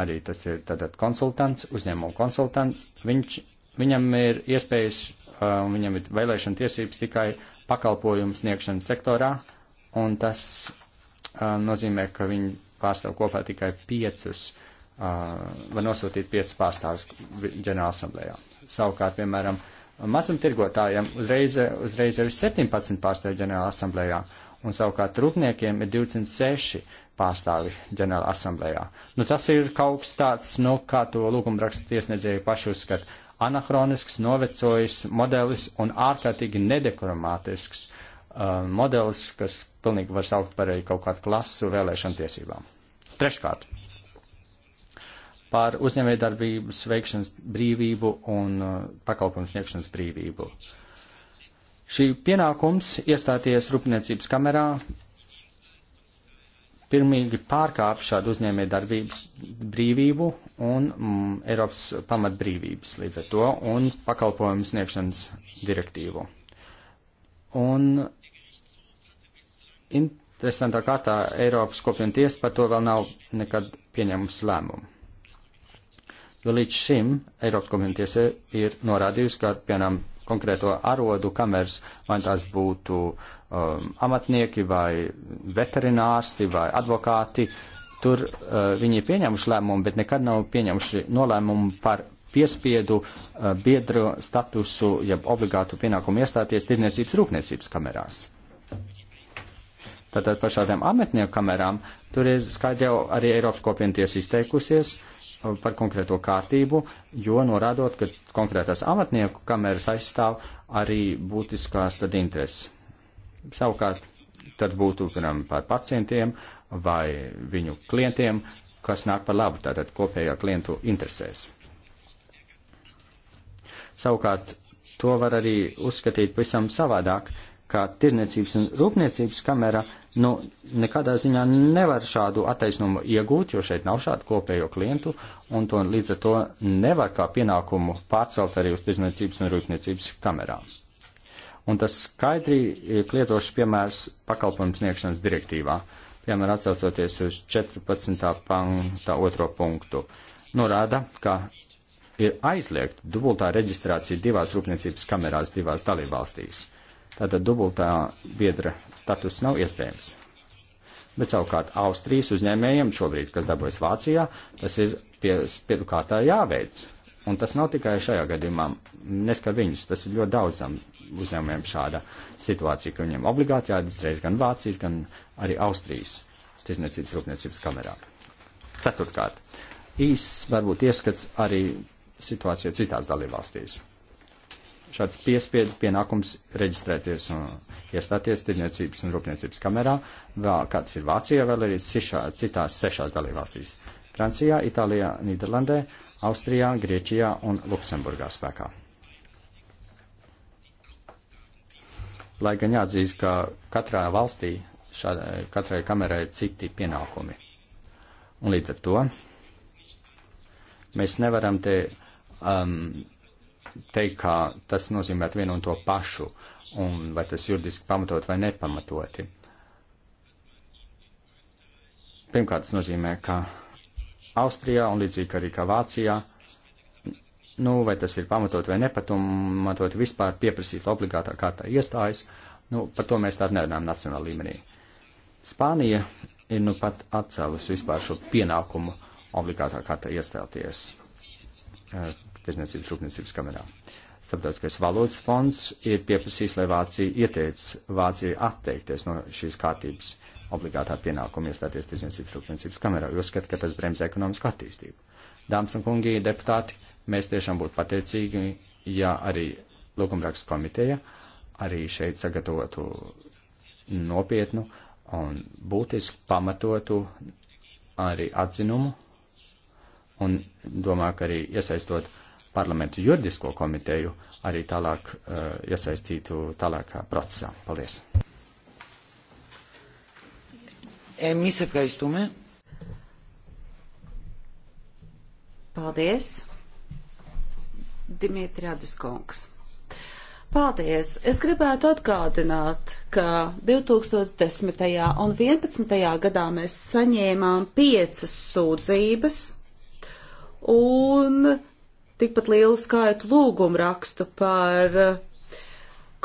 arī tas ir tātad konsultants, uzņēmuma konsultants, viņš, viņam ir iespējas, uh, viņam ir vēlēšana tiesības tikai pakalpojumu sniegšanas sektorā, un tas uh, nozīmē, ka viņi pārstāv kopā tikai piecus, uh, var nosūtīt piecus pārstāvus ģenerāla asamblējā. Savukārt, piemēram, mazumtirgotājiem uzreiz, uzreiz ir 17 pārstāvju ģenerāla asamblējā, un savukārt rūpniekiem ir 206 pārstāvi ģenerāla asamblējā. Nu, tas ir kaut kas tāds, nu, kā to lūguma raksta tiesnedzēju paši uzskat, anahronisks, novecojis modelis un ārkārtīgi nedekoromātisks uh, modelis, kas pilnīgi var saukt par kaut kādu klasu vēlēšanu tiesībām. Treškārt, par uzņēmējdarbības veikšanas brīvību un uh, pakalpojumu sniegšanas brīvību. Uh, Šī pienākums iestāties rūpniecības kamerā pirmīgi pārkāp šādu uzņēmē darbības brīvību un mm, Eiropas pamatbrīvības līdz ar to un pakalpojumu sniegšanas direktīvu. Un interesantā kārtā Eiropas kopienu tiesa par to vēl nav nekad pieņēmusi lēmumu. Jo līdz šim Eiropas kopienu tiesa ir norādījusi, ka, piemēram, konkrēto arodu, kameras, vai tās būtu um, amatnieki vai veterinārsti vai advokāti. Tur uh, viņi ir pieņēmuši lēmumu, bet nekad nav pieņēmuši nolēmumu par piespiedu uh, biedru statusu, jeb obligātu pienākumu iestāties tirniecības rūpniecības kamerās. Tātad par šādām amatnieku kamerām tur ir skaidri jau arī Eiropas kopiena tiesa izteikusies, uh, par konkrēto kārtību, jo norādot, ka konkrētās amatnieku kameras aizstāv arī būtiskās tad intereses. Savukārt, tad būtu, piemēram, par pacientiem vai viņu klientiem, kas nāk par labu tātad kopējā klientu interesēs. Savukārt, to var arī uzskatīt pavisam savādāk, kā tirniecības un rūpniecības kamera uh, Nu, nekādā ziņā nevar šādu attaisnumu iegūt, jo šeit nav šādu kopējo klientu, un to līdz ar to nevar kā pienākumu pārcelt arī uz tirzniecības un rūpniecības kamerām. Un tas skaidri klietošs piemērs pakalpojums sniegšanas direktīvā, piemēram, atsaucoties uz 14. panta otro punktu, norāda, ka ir aizliegt dubultā reģistrācija divās rūpniecības kamerās divās dalībvalstīs. valstīs Tātad dubultā biedra status nav iespējams. Bet savukārt Austrijas uzņēmējiem šobrīd, kas darbojas Vācijā, tas ir pie, spiedu kārtā jāveic. Un tas nav tikai šajā gadījumā, neskar viņus, tas ir ļoti daudzam uzņēmumiem šāda situācija, ka viņiem obligāti jāatdreiz gan Vācijas, gan arī Austrijas tiesniecības rūpniecības kamerā. Ceturtkārt, īsts varbūt ieskats arī situācija citās dalībvalstīs šāds piespiedu pienākums reģistrēties un iestāties tirniecības un rūpniecības kamerā, vēl kāds ir Vācijā, vēl arī cišā, citās sešās dalībvalstīs - Francijā, Itālijā, Nīderlandē, Austrijā, Grieķijā un Luksemburgā spēkā. Lai gan jāatzīst, ka katrā valstī šādai, katrai kamerai ir citi pienākumi. Un līdz ar to mēs nevaram te um, teikt, ka tas nozīmē vienu un to pašu, un vai tas juridiski pamatot vai nepamatoti. Pirmkārt, tas nozīmē, ka Austrijā un līdzīgi arī kā Vācijā, nu, vai tas ir pamatot vai nepamatot vispār pieprasīt obligātā kārtā iestājas, nu, par to mēs tādu nerunājam nacionāla līmenī. Spānija ir nu pat atcēlus vispār šo pienākumu obligātā kārtā iestāties eh, Tirzniecības rūpniecības kamerā. Starptautiskais valodas fonds ir pieprasījis, lai Vācija ieteic Vāciju atteikties no šīs kārtības obligātā pienākuma iestāties Tirzniecības rūpniecības kamerā, jo skat, ka tas bremzē ekonomisku attīstību. Dāmas un kungi, deputāti, mēs tiešām būtu pateicīgi, ja arī lūgumrakstu komiteja arī šeit sagatavotu nopietnu un būtiski pamatotu arī atzinumu un domāju, ka arī iesaistot parlamentu juridisko komiteju arī tālāk uh, iesaistītu tālākā procesā. Paldies! Εμείς e, ευχαριστούμε. Paldies, Dimitriādis Kungs. Paldies! Es gribētu atgādināt, ka 2010. un 2011. gadā mēs saņēmām piecas sūdzības, un tikpat lielu skaitu lūgumu rakstu par eh,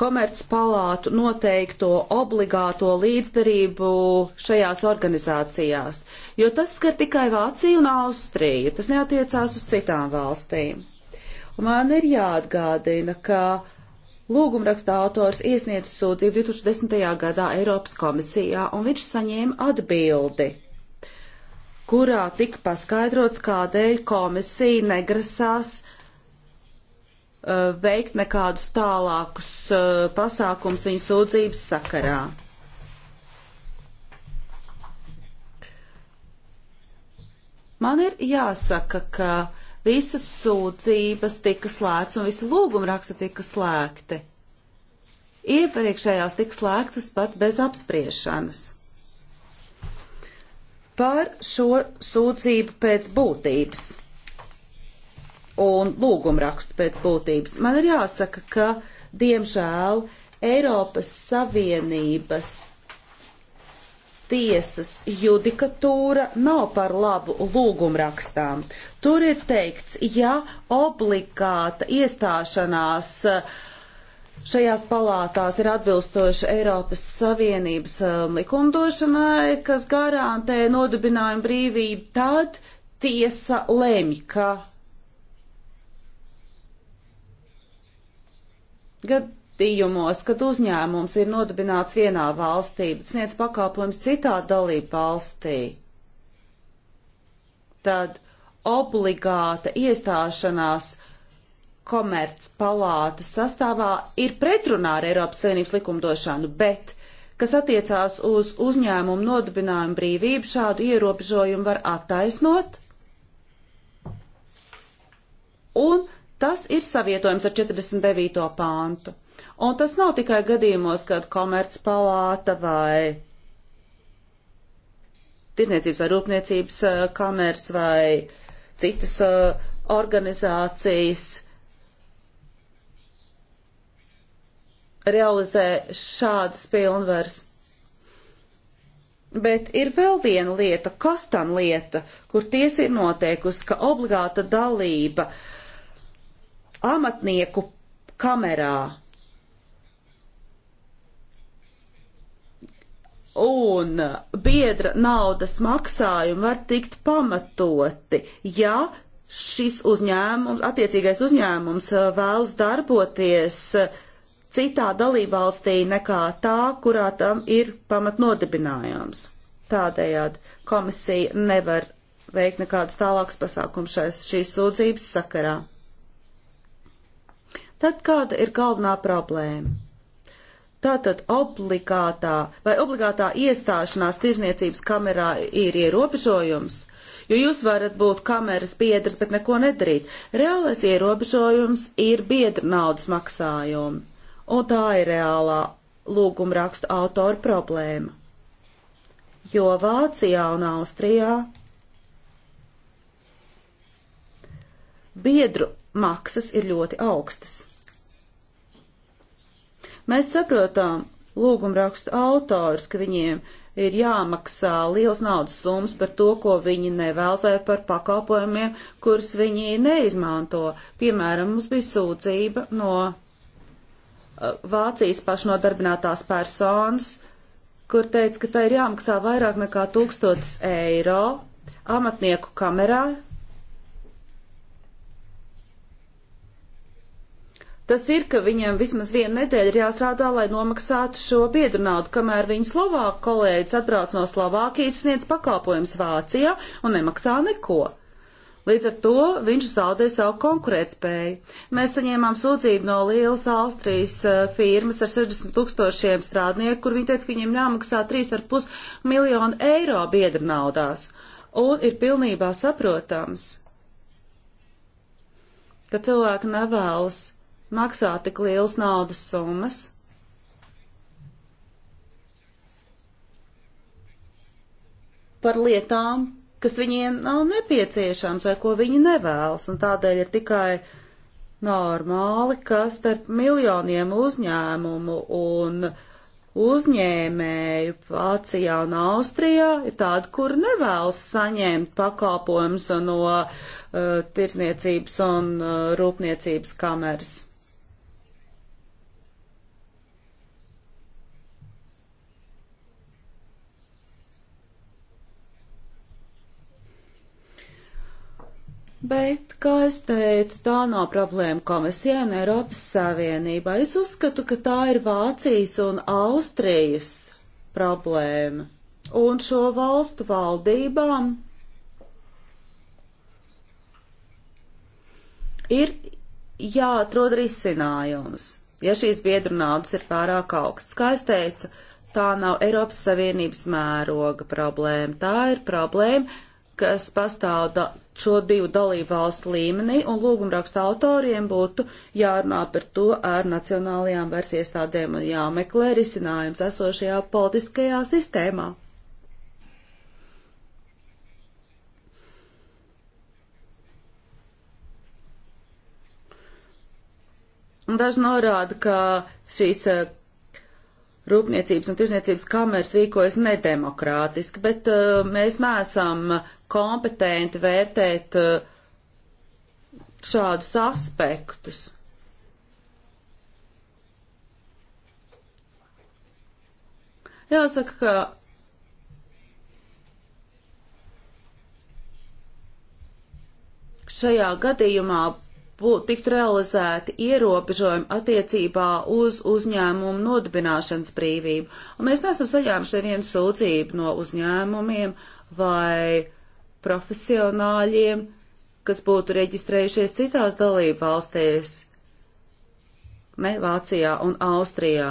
komercpalātu noteikto obligāto līdzdarību šajās organizācijās, jo tas skar tikai Vāciju un Austriju, tas neatiecās uz citām valstīm. Un man ir jāatgādina, ka Lūgumraksta autors iesniedz sūdzību 2010. gadā Eiropas komisijā, un viņš saņēma atbildi kurā tika paskaidrots, kādēļ komisija negrasās uh, veikt nekādus tālākus uh, pasākums viņa sūdzības sakarā. Man ir jāsaka, ka visas sūdzības tika slēgts un visi lūgumraksti tika slēgti. Iepriekšējās tika slēgtas pat bez apspriešanas par šo sūdzību pēc būtības un lūgumrakstu pēc būtības. Man ir jāsaka, ka, diemžēl, Eiropas Savienības tiesas judikatūra nav par labu lūgumrakstām. Tur ir teikts, ja obligāta iestāšanās uh, Šajās palātās ir atbilstoši Eiropas Savienības um, likumdošanai, kas garantē nodibinājumu brīvību tad tiesa lemj, ka gadījumos, kad uzņēmums ir nodibināts vienā valstī, bet sniedz pakalpojums citā dalību valstī, tad obligāta iestāšanās komercpalātas sastāvā ir pretrunā ar Eiropas Savienības likumdošanu, bet, kas attiecās uz uzņēmumu nodibinājumu brīvību, šādu ierobežojumu var attaisnot. Un tas ir savietojams ar 49. pāntu. Un tas nav tikai gadījumos, kad komercpalāta vai tirniecības vai rūpniecības eh, kameras vai citas eh, organizācijas realizē šādas pilnvaras. Bet ir vēl viena lieta, kostan lieta, kur tiesa ir noteikusi, ka obligāta dalība amatnieku kamerā un biedra naudas maksājumi var tikt pamatoti, ja šis uzņēmums, attiecīgais uzņēmums uh, vēlas darboties uh, citā dalībvalstī nekā tā, kurā tam ir pamatnodibinājums. Tādējādi komisija nevar veikt nekādus tālākus pasākumus šīs sūdzības sakarā. Tad kāda ir galvenā problēma? Tātad obligātā vai obligātā iestāšanās tirzniecības kamerā ir ierobežojums, jo jūs varat būt kameras biedrs, bet neko nedarīt. Reālais ierobežojums ir biedra naudas maksājumi un tā ir reālā lūguma rakstu autora problēma. Jo Vācijā un Austrijā biedru maksas ir ļoti augstas. Mēs saprotam lūgumrakstu autors, ka viņiem ir jāmaksā liels naudas summas par to, ko viņi nevēlas vai par pakalpojumiem, kurus viņi neizmanto. Piemēram, mums bija sūdzība no Eh, Vācijas pašnodarbinātās personas, kur teica, ka tai ir jāmaksā vairāk nekā 1000 eiro amatnieku kamerā. Tas ir, ka viņiem vismaz vienu nedēļu ir jāstrādā, lai nomaksātu šo biedru naudu, kamēr viņa Slovāku kolēģis atbrauc no Slovākijas, sniedz pakalpojums Vācijā un nemaksā neko. Uh, Līdz ar to viņš zaudē savu konkurētspēju. Mēs saņēmām sūdzību no lielas Austrijas eh, firmas ar 60 tūkstošiem strādnieku, kur viņi teica, ka viņiem jāmaksā 3,5 miljonu eiro biedra naudās. Un ir pilnībā saprotams, ka cilvēki nevēlas maksāt tik lielas naudas summas. Par lietām, kas viņiem nav nepieciešams vai ko viņi nevēlas, un tādēļ ir tikai normāli, ka starp miljoniem uzņēmumu un uzņēmēju Vācijā un Austrijā ir tādi, kur nevēlas saņemt pakalpojumus no uh, tirsniecības un uh, rūpniecības kameras. Bet, kā es teicu, tā nav problēma komisijai un Eiropas Savienībā. Es uzskatu, ka tā ir Vācijas un Austrijas problēma. Un šo valstu valdībām ir jāatrod risinājums, ja šīs biedru naudas ir pārāk augsts. Kā es teicu, tā nav Eiropas Savienības mēroga problēma, tā ir problēma, kas pastāv da, šo divu dalību valstu līmenī, un lūgumraksta autoriem būtu jārunā par to ar nacionālajām vairs iestādēm un jāmeklē risinājums esošajā politiskajā sistēmā. Daži norāda, ka šīs eh, rūpniecības un tirzniecības kameras rīkojas nedemokrātiski, bet uh, mēs neesam kompetenti vērtēt eh, šādus aspektus. Jāsaka, ka šajā gadījumā tiktu realizēti ierobežojumi attiecībā uz uzņēmumu nodibināšanas brīvību. Un mēs nesam saņēmuši nevienu sūdzību no uzņēmumiem vai profesionāļiem, kas būtu reģistrējušies citās dalību valstīs, ne Vācijā un Austrijā,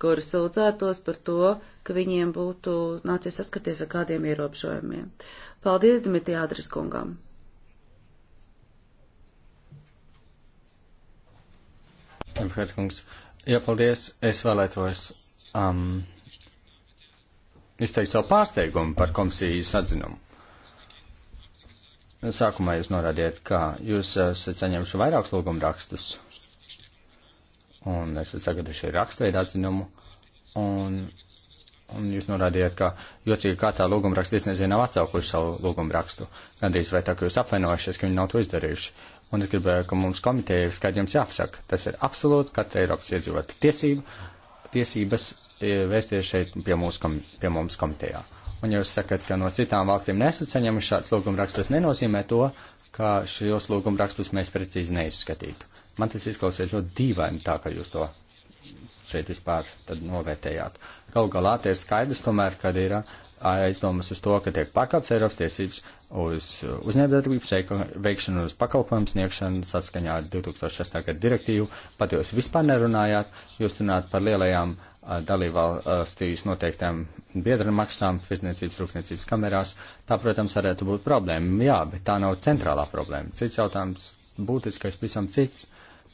kuri sūdzētos par to, ka viņiem būtu nācies saskaties ar kādiem ierobežojumiem. Paldies Dimitriādris kungam! Emhērt kungs, jā, paldies. Es vēlētos um, izteikt savu pārsteigumu par komisijas atzinumu. Sākumā jūs norādījāt, ka jūs esat saņēmuši vairākus lūgumu rakstus, un esat sagaduši rakstveidu atzinumu, un, un jūs norādījāt, ka jocīgi kā tā lūgumu raksta iesniedzēja nav atsaukuši savu lūgumu rakstu. Gandrīz vai tā, ka jūs apvainojušies, ka viņi nav to izdarījuši. Un es gribēju, ka mums komiteja ir skaidrums jāapsaka. Tas ir absolūti katra Eiropas iedzīvota tiesība, tiesības e, vērsties šeit pie, mūsu, pie mums komitejā. Uh, un jūs sakat, ka no citām valstīm nesaceņemuši šāds lūgumrakstus, nenozīmē to, ka šos lūgumrakstus mēs precīzi neizskatītu. Man tas izklausās ļoti dīvaini tā, ka jūs to šeit vispār tad novērtējāt. Galu galā tie ir skaidrs tomēr, kad ir aizdomas uz to, ka tiek pakāpts Eiropas tiesības uz uh, uzņēmējdarbības veikšanu uz pakalpojumu sniegšanu saskaņā ar 2006. gadu direktīvu. Pat jūs vispār nerunājāt, jūs runājāt par lielajām uh, dalībvalstīs noteiktām biedru maksām tirzniecības rūpniecības kamerās. Tā, protams, varētu būt problēma, jā, bet tā nav centrālā problēma. Cits jautājums būtiskais visam cits.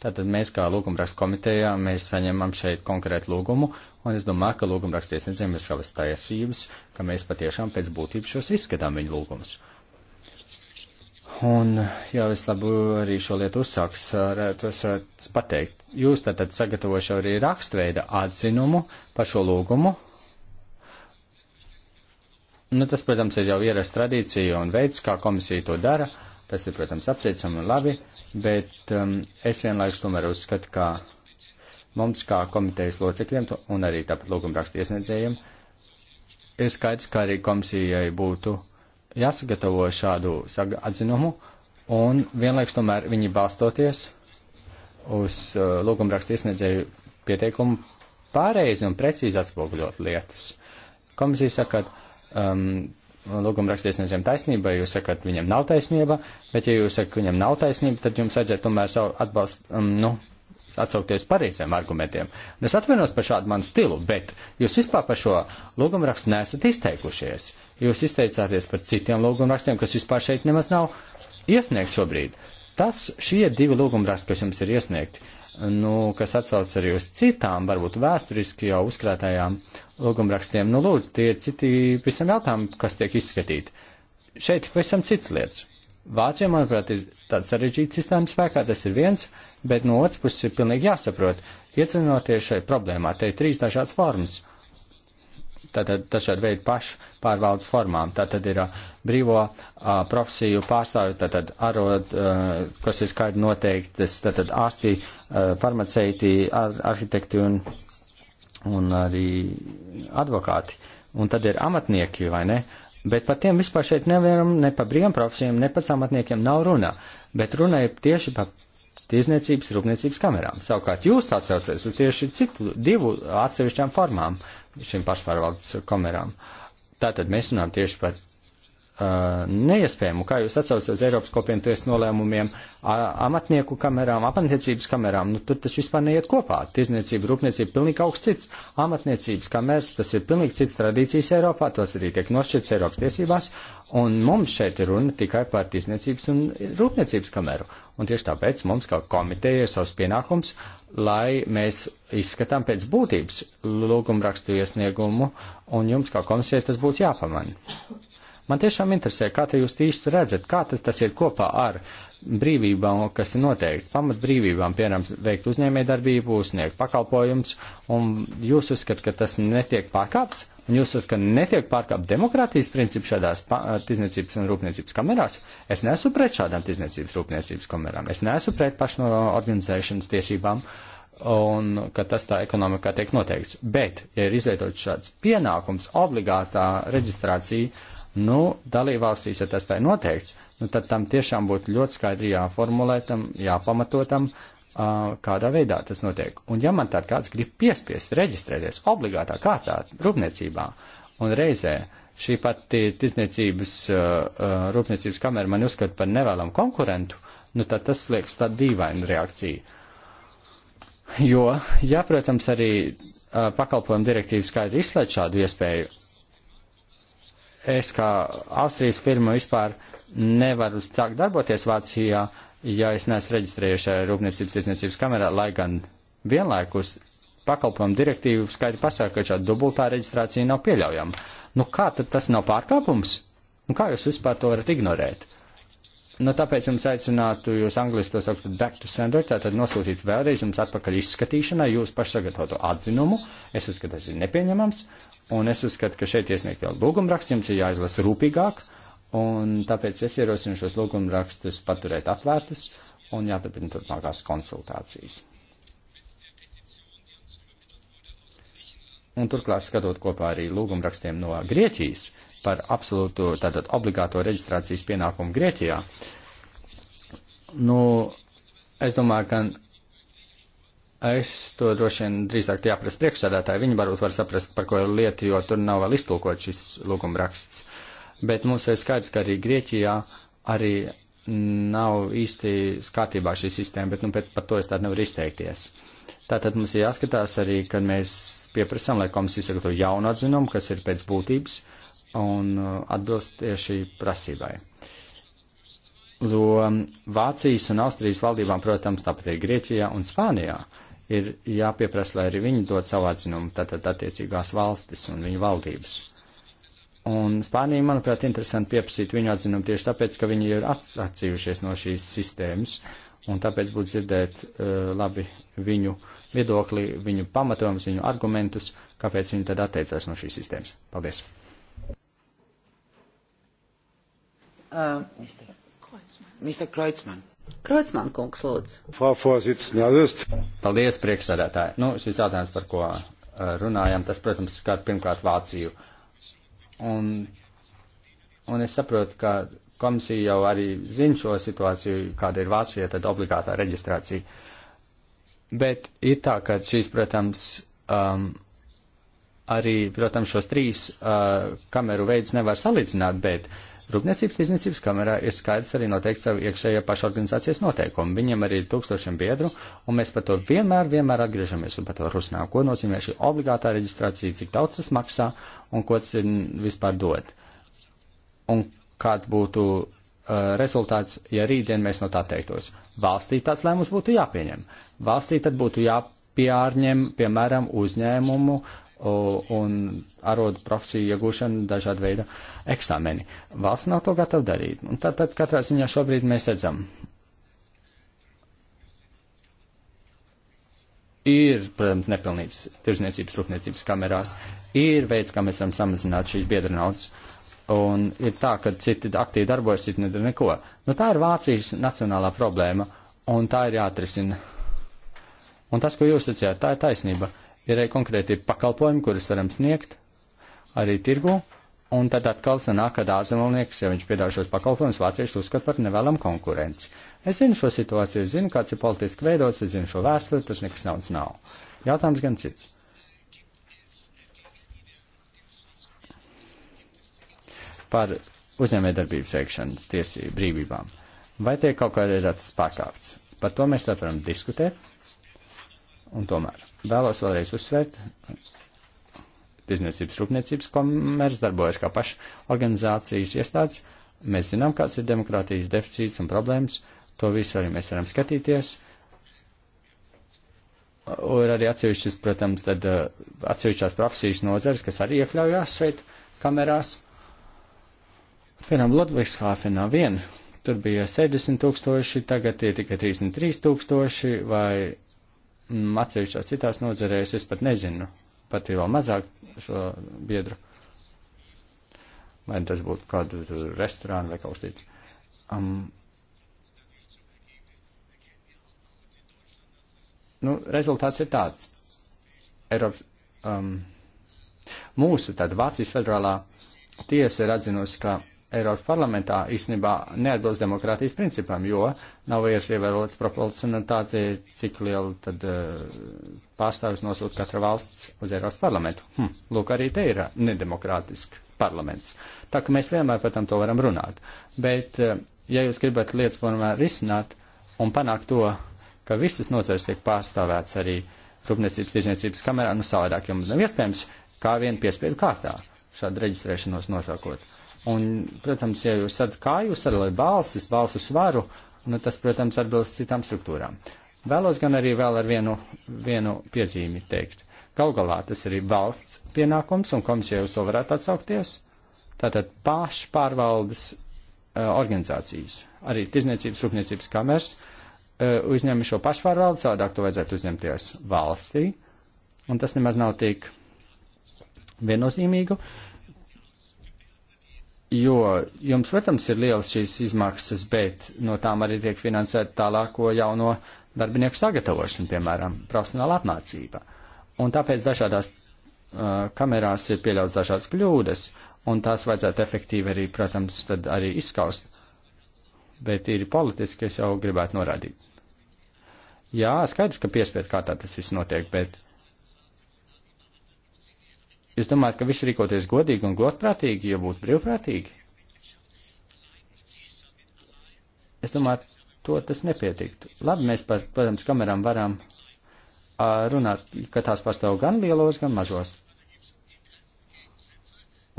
Tātad mēs kā lūgumrakstu komitejā, mēs saņemam šeit konkrētu lūgumu, un es domāju, ka lūgumrakstiesniedzējiem ir savas tiesības, ka mēs patiešām pēc būtības šos izskatām viņu lūgumus. Un jau es labu arī šo lietu uzsāks, to es varētu pateikt. Jūs tātad sagatavošu arī rakstveida atzinumu par šo lūgumu. Nu, tas, protams, ir jau ierasta tradīcija un veids, kā komisija to dara. Tas ir, protams, apsveicami un labi, bet um, es vienlaikus tomēr uzskatu, ka mums kā komitejas locekļiem un arī tāpat lūgumrakstu iesniedzējiem ir skaidrs, ka arī komisijai būtu uh, jāsagatavo šādu atzinumu, un vienlaiks tomēr viņi balstoties uz uh, lūgumrakstu iesniedzēju pieteikumu pareizi un precīzi atspoguļot lietas. Komisija saka, ka um, lūgumrakstu iesniedzējiem taisnība, jūs sakat, viņam nav taisnība, bet ja jūs sakat, ka viņam nav taisnība, tad jums vajadzētu tomēr savu atbalstu, um, nu, atsaukties pareiziem argumentiem. Un es atvainos par šādu manu stilu, bet jūs vispār par šo lūgumrakstu nesat izteikušies. Jūs izteicāties par citiem lūgumrakstiem, kas vispār šeit nemaz nav iesniegt šobrīd. Tas šie divi lūgumraksti, kas jums ir iesniegti, nu, kas atsauc arī uz citām, varbūt vēsturiski jau uzkrātajām lūgumrakstiem, nu lūdzu, tie ir citi visam jautājumi, kas tiek izskatīti. Šeit pavisam cits lietas. Vācijā, manuprāt, ir tāds sarežģīts sistēmas spēkā, tas ir viens, uh, bet no otras puses ir pilnīgi jāsaprot, iecinoties šai problēmā, te ir trīs dažādas formas. Tātad dažādi veidi pašu pārvaldes formām. Tātad ir uh, brīvo uh, profesiju pārstāvju, tātad arod, uh, kas ir skaidri noteiktas, tātad ārstī, uh, farmaceiti, ar, arhitekti un, un arī advokāti. Un tad ir amatnieki, vai ne? Bet par tiem vispār šeit nevaram, ne par brīviem profesijiem, ne par amatniekiem nav runa. Bet runa ir tieši par tiesniecības rūpniecības kamerām. Savukārt jūs atsaucaties uz tieši citu divu atsevišķām formām šīm pašpārvaldes kamerām. Tātad mēs runājam tieši par Uh, neiespējamu, kā jūs atsaucat uz Eiropas kopienu tiesu nolēmumiem, amatnieku kamerām, amatniecības kamerām, nu tur tas vispār neiet kopā. Tirzniecība, rūpniecība, pilnīgi kaut kas cits. Amatniecības kameras, tas ir pilnīgi cits tradīcijas Eiropā, tas arī tiek nošķirts Eiropas tiesībās, un mums šeit ir runa tikai par tirzniecības un rūpniecības kameru. Un tieši tāpēc mums kā komiteja ir savs pienākums, lai mēs izskatām pēc būtības lūgumrakstu iesniegumu, un jums kā komisijai tas būtu jāpamana. Man tiešām interesē, kā te jūs īsti redzat, kā tas, tas ir kopā ar brīvībām, kas ir noteikts, pamatbrīvībām, piemēram, veikt uzņēmējdarbību, sniegt pakalpojums, un jūs uzskat, ka tas netiek pārkāpts, un jūs uzskat, ka netiek pārkāpt demokrātijas principi šādās tirzniecības un rūpniecības kamerās. Es nesu pret šādām tirzniecības rūpniecības kamerām, es nesu pret pašnoorganizēšanas tiesībām. Uh, un ka tas tā ekonomikā tiek noteikts. Bet, ja ir izveidots šāds pienākums, obligātā reģistrācija Nu, dalībvalstīs, ja tas tā ir noteikts, nu, tad tam tiešām būtu ļoti skaidri jāformulētam, jāpamatotam, uh, kādā veidā tas notiek. Un ja man tāds kāds grib piespiest reģistrēties obligātā kārtā rūpniecībā un reizē šī pati tirzniecības uh, rūpniecības kamera man uzskata par nevēlamu konkurentu, nu, tad tas liekas tāda dīvaina reakcija. Jo, ja, protams, arī uh, pakalpojumu direktīva skaidri izslēdz šādu iespēju, es kā Austrijas firma vispār nevaru sākt darboties Vācijā, ja es neesmu reģistrējušā Rūpniecības tirdzniecības kamerā, lai gan vienlaikus pakalpojumu direktīvu skaidri pasaka, ka šāda dubultā reģistrācija nav pieļaujama. Nu kā tad tas nav pārkāpums? Nu kā jūs vispār to varat ignorēt? Nu, tāpēc jums aicinātu, jūs angliski to saukt back to sender, tātad nosūtīt vēlreiz jums atpakaļ izskatīšanai jūs pašsagatavotu atzinumu. Es uzskatu, tas ir nepieņemams. Uh, Un es uzskatu, ka šeit iesniegtie lūgumraksti jums ir jāizlasa rūpīgāk, un tāpēc es ierosinu šos lūgumrakstus paturēt atvērtus un jāturpina turpmākās konsultācijas. Un turklāt skatot kopā arī lūgumrakstiem no Grieķijas par absolūtu tātad obligāto reģistrācijas pienākumu Grieķijā, nu, es domāju, ka Es to droši vien drīzāk jāprasa priekšsēdētāji. Viņi varbūt var saprast, par ko lieta, jo tur nav vēl iztulkot šis lūgumraksts. Bet mums ir skaidrs, ka arī Grieķijā arī nav īsti skatībā šī sistēma, bet nu, bet par to es tādu nevaru izteikties. Tātad mums ir jāskatās arī, kad mēs pieprasām, lai komisija sagatavo jaunu atzinumu, kas ir pēc būtības un uh, atbilst tieši prasībai. Lo Vācijas un Austrijas valdībām, protams, tāpat ir Grieķijā un Spānijā. Uh, ir jāpieprasa, lai arī viņi dod savu atzinumu, tātad attiecīgās valstis un viņu valdības. Un Spānija, manuprāt, interesanti pieprasīt viņu atzinumu tieši tāpēc, ka viņi ir atcījušies no šīs sistēmas, un tāpēc būtu dzirdēt uh, labi viņu viedokli, viņu pamatojumus, viņu argumentus, kāpēc viņi tad atteicās no šīs sistēmas. Paldies! Uh, Mr. Kreutzmann. Kreutzmann kungs, lūdzu. Paldies, priekšsēdētāji. Nu, šis jautājums, par ko uh, runājam, tas, protams, skar pirmkārt Vāciju. Un, un es saprotu, ka komisija jau arī zina šo situāciju, kāda ir Vācija, tad obligātā reģistrācija. Bet ir tā, ka šīs, protams, um, arī, protams, šos trīs uh, kameru veids nevar salīdzināt, bet uh, Rūpniecības tirdzniecības kamerā ir skaidrs arī noteikti savu iekšējā pašorganizācijas noteikumu. Viņiem arī ir tūkstošiem biedru, un mēs par to vienmēr, vienmēr atgriežamies un par to runājam, ko nozīmē šī obligātā reģistrācija, cik daudz tas maksā un ko tas ir vispār dod. Un kāds būtu uh, rezultāts, ja rītdien mēs no tā teiktos. Valstī tāds lēmums būtu jāpieņem. Valstī tad būtu jāpārņem, piemēram, uzņēmumu un arodu profesiju iegūšanu dažādu veidu eksāmeni. Valsts nav to gatava darīt. Un tad, tad katrā ziņā šobrīd mēs redzam. Ir, protams, nepilnības tirzniecības rūpniecības kamerās, ir veids, kā mēs varam samazināt šīs biedra naudas, un ir tā, ka citi aktīvi darbojas, citi nedara neko. Nu, tā ir Vācijas nacionālā problēma, un tā ir jāatrisina. Un tas, ko jūs teicāt, tā ir taisnība. Uh, Ir arī konkrēti pakalpojumi, kurus varam sniegt arī tirgu, un tad atkal sanāk, ka ārzemnieks, ja viņš piedāvā šos pakalpojumus, vācieši uzskata par nevēlam konkurenci. Es zinu šo situāciju, zinu, kāds ir politiski veidots, es zinu šo vēsturi, tas nekas naudas nav. Jautājums gan cits. Par uzņēmējdarbības veikšanas tiesību brīvībām. Vai tiek kaut kādā veidā tas pārkāpts? Par to mēs varam diskutēt, un tomēr Vēlos vēlreiz uzsvērt, Tirzniecības rūpniecības komers darbojas kā pašorganizācijas iestādes. Mēs zinām, kāds ir demokrātijas deficīts un problēmas. To visu arī mēs varam skatīties. Ir arī atsevišķas, protams, tad uh, atsevišķās profesijas nozares, kas arī iekļaujās šeit kamerās. Piemēram, Ludvigshāfenā vien. Tur bija 60 tūkstoši, tagad ir tikai 33 tūkstoši vai Mm, atsevišķās citās nozarēs es pat nezinu, pat vēl mazāk šo biedru. Vai tas būtu kādu restorānu vai kaut kas cits. Um, nu, rezultāts ir tāds. Eiropas, um, mūsu tad Vācijas federālā tiesa ir atzinusi, ka Eiropas parlamentā īstenībā neatbilst demokrātijas principam, jo nav vairs ievērots proporcionalitāte, cik lielu tad uh, pārstāvis nosūta katra valsts uz Eiropas parlamentu. Hm, lūk, arī te ir nedemokrātiski parlaments. Tā ka mēs vienmēr par tam to varam runāt. Bet, uh, ja jūs gribat lietas formā risināt un panākt to, ka visas nozares tiek pārstāvēts arī rūpniecības tirzniecības kamerā, nu savādāk jums nav iespējams, kā vien piespiedu kārtā šādu reģistrēšanos nosākot. Uh, Un, protams, ja jūs sadat kāju, sadalāt balsis, balsu svaru, nu tas, protams, atbilst citām struktūrām. Vēlos gan arī vēl ar vienu, vienu piezīmi teikt. Gal galā tas ir valsts pienākums, un komisija uz to varētu atsaukties. Tātad pašpārvaldes uh, organizācijas, arī tirzniecības, rūpniecības kameras uh, e, uzņem šo pašpārvaldu, savādāk to vajadzētu uzņemties valstī, un tas nemaz nav tik viennozīmīgu. Uh, jo jums, protams, ir lielas šīs izmaksas, bet no tām arī tiek finansēta tālāko jauno darbinieku sagatavošana, piemēram, profesionāla apmācība. Un tāpēc dažādās uh, kamerās ir pieļauts dažādas kļūdas, un tās vajadzētu efektīvi arī, protams, tad arī izskaust. Bet ir politiski, es jau gribētu norādīt. Jā, skaidrs, ka piespiedu kārtā tas viss notiek, bet Jūs domājat, ka viss rīkoties godīgi un godprātīgi, ja būtu brīvprātīgi? Es domāju, to tas nepietiktu. Labi, mēs, par, protams, kamerām varam uh, runāt, ka tās pastāv gan lielos, gan mažos.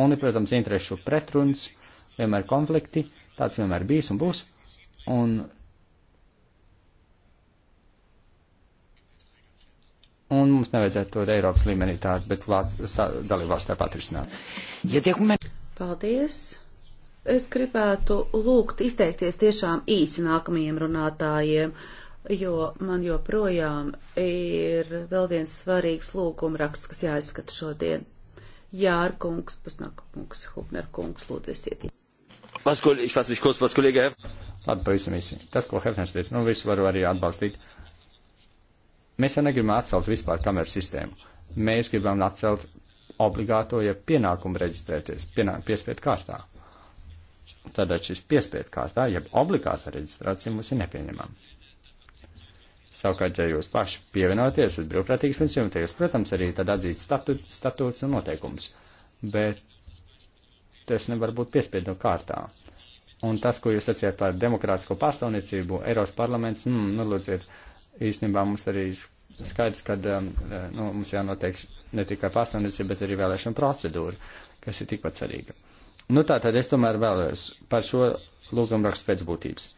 Un ir, protams, interešu pretruns, vienmēr konflikti, tāds vienmēr bijis un būs. Un un mums nevajadzētu to Eiropas līmenī tādu, bet dalībvalsts tāpat risināt. Paldies! Es gribētu lūgt izteikties tiešām īsi nākamajiem runātājiem, jo man joprojām ir vēl viens svarīgs lūguma raksts, kas jāizskata šodien. Jārkungs, Pasnakapungs, Hubnerkungs, lūdzu esiet. Paskoli, ich fasse mich kurz, was Kollege Heft. Labi, pavisam īsi. Tas, ko Hefners teica, nu visu varu arī atbalstīt. Uh, Mēs jau negribam atcelt vispār kameru sistēmu. Mēs gribam atcelt obligāto, ja pienākumu reģistrēties pienā, piespiedu kārtā. Tādēļ šis piespiedu kārtā, ja obligāta reģistrācija mums ir nepieņemama. Savukārt, ja jūs paši pievienoties uz brīvprātīgas pensijām, tad jūs, protams, arī tad atzīt statut, statūts un noteikums. Bet tas nevar būt piespiedu kārtā. Un tas, ko jūs sacījāt par demokrātisko pastāvniecību, Eiropas parlaments, mm, nu, lūdziet, uh, īstenībā mums arī skaidrs, ka um, eh, nu, mums jānotiek ne tikai pārstāvniecība, bet arī vēlēšana procedūra, kas ir tikpat svarīga. Nu tā tad es tomēr vēlos par šo lūgumrakstu pēc būtības.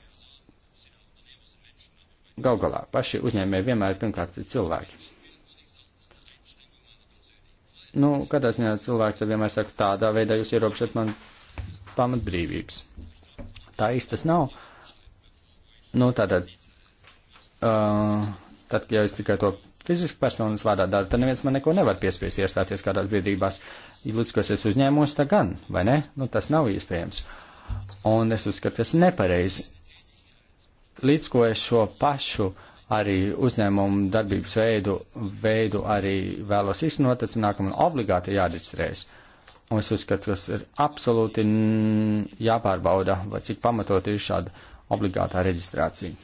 Gal galā paši uzņēmēji vienmēr pirmkārt ir cilvēki. Nu, kādā ziņā cilvēki tad vienmēr saka, tādā veidā jūs ierobežat man pamatbrīvības. Tā īsti tas nav. Nu, tātad uh, tad, ja es tikai to fiziski personas vārdā daru, tad neviens man neko nevar piespiest iestāties kādās biedrībās. Līdz, ko es uzņēmos, tā gan, vai ne? Nu, tas nav iespējams. Un es uzskatu, tas nepareizi. Līdz, ko es šo pašu arī uzņēmumu darbības veidu, veidu arī vēlos iznot, tad nākamā obligāti jāreģistrējas. Un es uzskatu, tas ir absolūti jāpārbauda, vai cik pamatot ir šāda obligātā reģistrācija.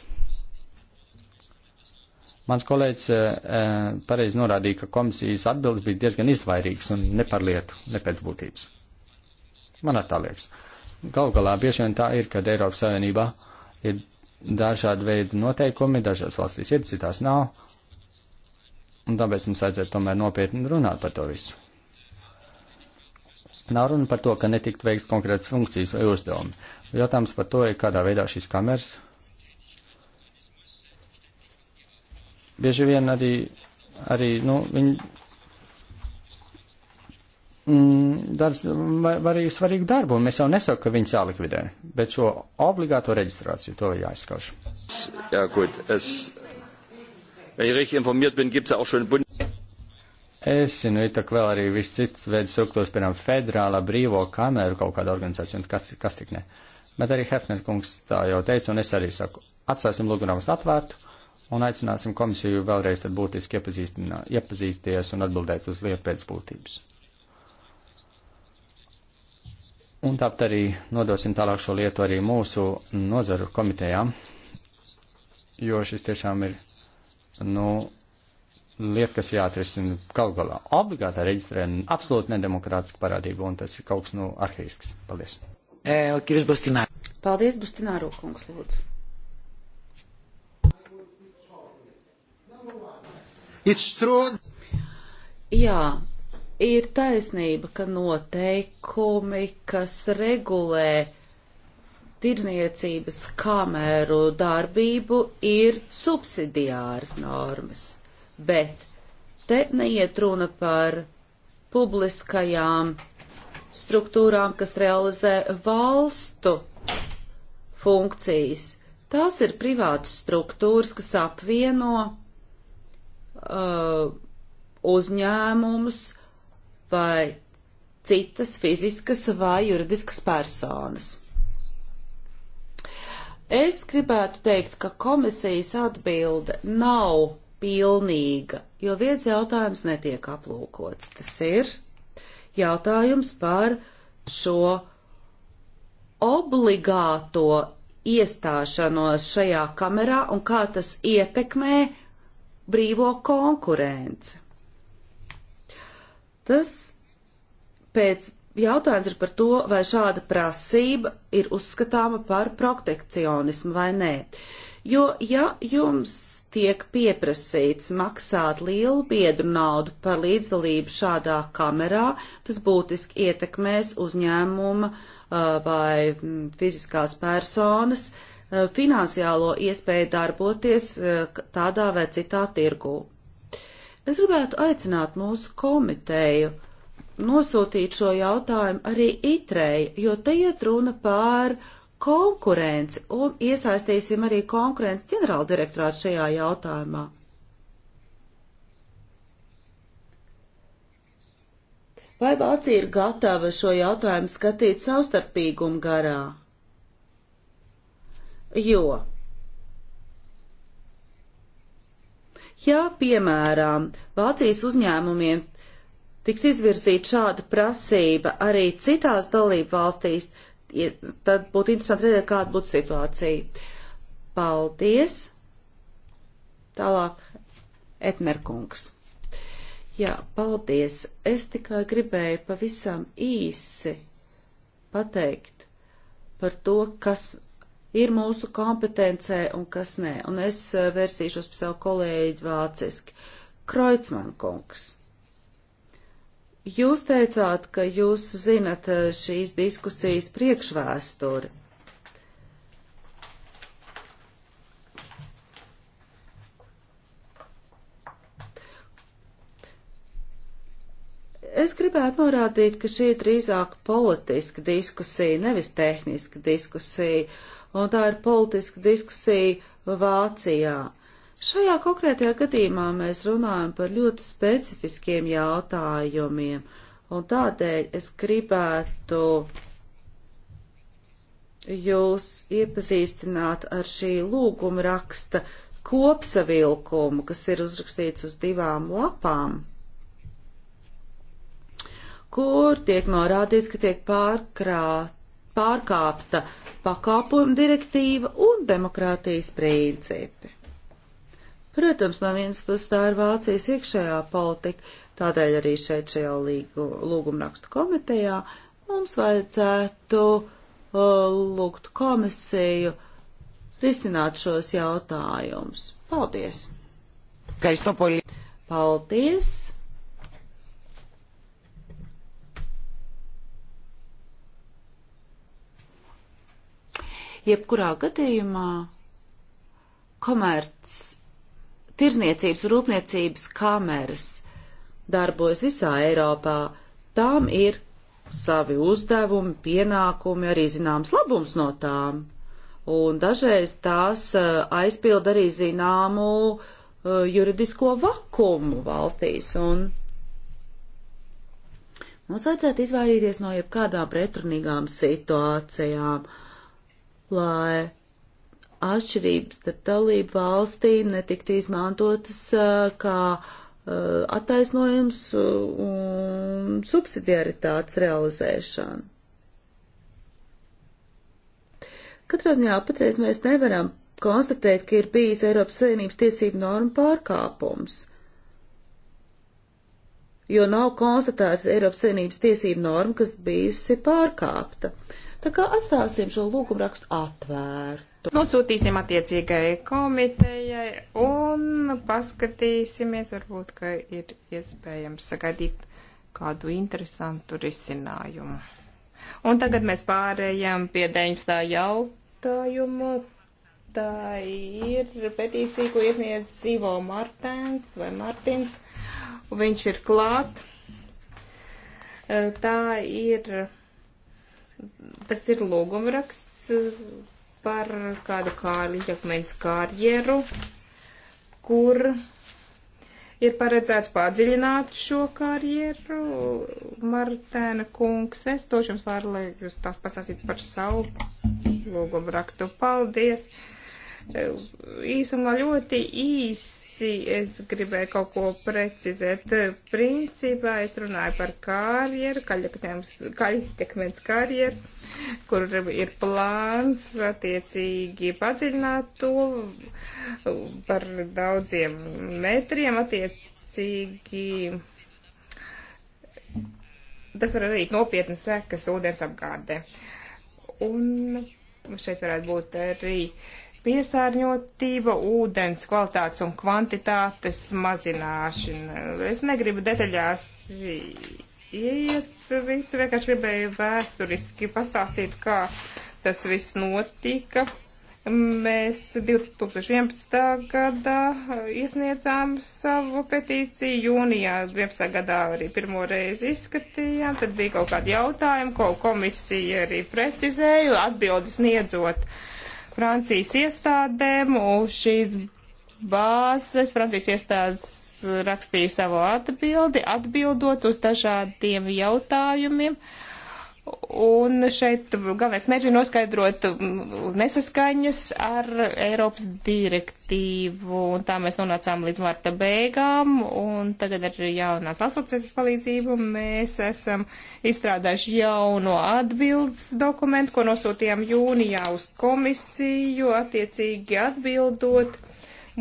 Mans kolēģis e, pareizi norādīja, ka komisijas atbildes bija diezgan izvairīgas un ne par lietu, ne pēc būtības. Man tā liekas. Gal galā bieži vien tā ir, kad Eiropas Savienībā ir dažādi veidi noteikumi, dažās valstīs ir, citās nav. Un tāpēc mums vajadzētu tomēr nopietni runāt par to visu. Nav runa par to, ka netikt veikts konkrētas funkcijas vai uzdevumi. Jautājums par to ir, kādā veidā šīs kameras bieži vien arī, arī nu, viņi mm, dara var, arī svarīgu darbu, un mēs jau nesakām, ka viņas jālikvidē, bet šo obligāto reģistrāciju to jāizskauž. Jā, gut, es, wenn ich richtig informiert bin, gibt's auch schon Bund. Es zinu, ir tak vēl arī viss cits veids struktūras, piemēram, federālā brīvo kameru kaut kāda organizācija, un kas, kas tik ne. Bet arī Hefner kungs tā jau teica, un es arī saku, atstāsim lūgunamas atvērtu, un aicināsim komisiju vēlreiz tad būtiski iepazīsties un atbildēt uz lietu pēc būtības. Un tāpat arī nodosim tālāk šo lietu arī mūsu nozaru komitejām, jo šis tiešām ir, nu, lieta, kas jāatrisina kaut galā. Obligātā reģistrē absolūti nedemokrātiska parādība, un tas ir kaut kas, nu, arhīsks. Paldies. Eh, Paldies, Bustināro kungs, lūdzu. Jā, ir taisnība, ka noteikumi, kas regulē tirdzniecības kameru darbību, ir subsidiāras normas, bet te neiet runa par publiskajām struktūrām, kas realizē valstu funkcijas. Tās ir privātas struktūras, kas apvieno uh, uzņēmumus vai citas fiziskas vai juridiskas personas. Es gribētu teikt, ka komisijas atbilde nav pilnīga, jo viens jautājums netiek aplūkots. Tas ir jautājums par šo obligāto iestāšanos šajā kamerā un kā tas iepekmē brīvo konkurence. Tas pēc jautājums ir par to, vai šāda prasība ir uzskatāma par protekcionismu vai nē. Jo, ja jums tiek pieprasīts maksāt lielu biedru naudu par līdzdalību šādā kamerā, tas būtiski ietekmēs uzņēmuma uh, vai mm, fiziskās personas uh, Eh, finansiālo iespēju darboties eh, tādā vai citā tirgū. Es gribētu aicināt mūsu komiteju nosūtīt šo jautājumu arī itrei, jo te iet runa pār konkurenci un iesaistīsim arī konkurences ģenerāldirektorātu šajā jautājumā. Vai Vācija ir gatava šo jautājumu skatīt savstarpīgumu garā? jo, ja, piemēram, Vācijas uzņēmumiem tiks izvirzīta šāda prasība arī citās dalību valstīs, tad būtu interesanti redzēt, kāda būtu situācija. Paldies! Tālāk, Etmerkungs. Jā, paldies. Es tikai gribēju pavisam īsi pateikt par to, kas ir mūsu kompetencē un kas nē. Un es eh, versīšos pie savu kolēģi vāciski. Kreutzmann kungs. Jūs teicāt, ka jūs zinat eh, šīs diskusijas priekšvēsturi. es gribētu norādīt, ka šī ir drīzāk politiska diskusija, nevis tehniska diskusija, un tā ir politiska diskusija Vācijā. Šajā konkrētajā gadījumā mēs runājam par ļoti specifiskiem jautājumiem, un tādēļ es gribētu jūs iepazīstināt ar šī lūguma raksta kopsavilkumu, kas ir uzrakstīts uz divām lapām kur tiek norādīts, ka tiek pārkrāt pārkāpta pakāpojuma direktīva un demokrātijas principi. Protams, no vienas puses tā ir Vācijas iekšējā politika, tādēļ arī šeit šajā līgu, lūgumrakstu komitejā mums vajadzētu uh, lūgt komisiju risināt šos jautājumus. Paldies! Paldies! Jebkurā gadījumā komerc tirzniecības rūpniecības kameras darbojas visā Eiropā. Tām ir savi uzdevumi, pienākumi, arī zināms labums no tām. Un dažreiz tās eh, aizpild arī zināmu eh, juridisko vakumu valstīs. Un mums vajadzētu izvairīties no jebkādām pretrunīgām situācijām. Uh, lai atšķirības starp dalību valstīm netiktu izmantotas uh, kā uh, attaisnojums uh, un subsidiaritātes realizēšana. Katrā ziņā patreiz mēs nevaram konstatēt, ka ir bijis Eiropas Savienības tiesību norma pārkāpums, jo nav konstatēta Eiropas Savienības tiesību norma, kas bijusi pārkāpta. Uh, Tā kā atstāsim šo lūgumrakstu atvērtu. Nosūtīsim attiecīgai komitejai un paskatīsimies, varbūt, ka ir iespējams sagaidīt kādu interesantu risinājumu. Un tagad mēs pārējām pie 19. jautājumu. Tā ir petīcija, ko iesniedz Ivo Martens vai Martins. Viņš ir klāt. Tā ir Tas ir lūgumraksts eh, par kādu Kārļakmens karjeru, kur ir paredzēts padziļināt šo karjeru. Martēna kungs, es došu jums vārdu, lai jūs tās pastāstītu par savu lūgumu rakstu. Paldies! Eh, Īsumā ļoti īsi komisiju es gribēju kaut ko precizēt. Principā es runāju par karjeru, kaļķekmens karjeru, kur ir plāns attiecīgi padziļināt to par daudziem metriem attiecīgi. Tas var radīt nopietnas sekas ūdens apgādē. Un šeit varētu būt arī uh, piesārņotība, ūdens kvalitātes un kvantitātes mazināšana. Es negribu detaļās iet visu, vienkārši gribēju vēsturiski pastāstīt, kā tas viss notika. Mēs 2011. gadā iesniedzām savu petīciju, jūnijā 12. gadā arī pirmo reizi izskatījām, tad bija kaut kādi jautājumi, ko komisija arī precizēja, atbildes sniedzot. Uh, Francijas iestādēm, un šīs bāzes Francijas iestādes rakstīja savu atbildi, atbildot uz dažādiem jautājumiem. Uh, Un šeit galvenais mērķis ir noskaidrot mm, nesaskaņas ar Eiropas direktīvu, un tā mēs nonācām līdz marta beigām, un tagad ar jaunās asociācijas palīdzību mēs esam izstrādājuši jauno atbildes dokumentu, ko nosūtījām jūnijā uz komisiju, attiecīgi atbildot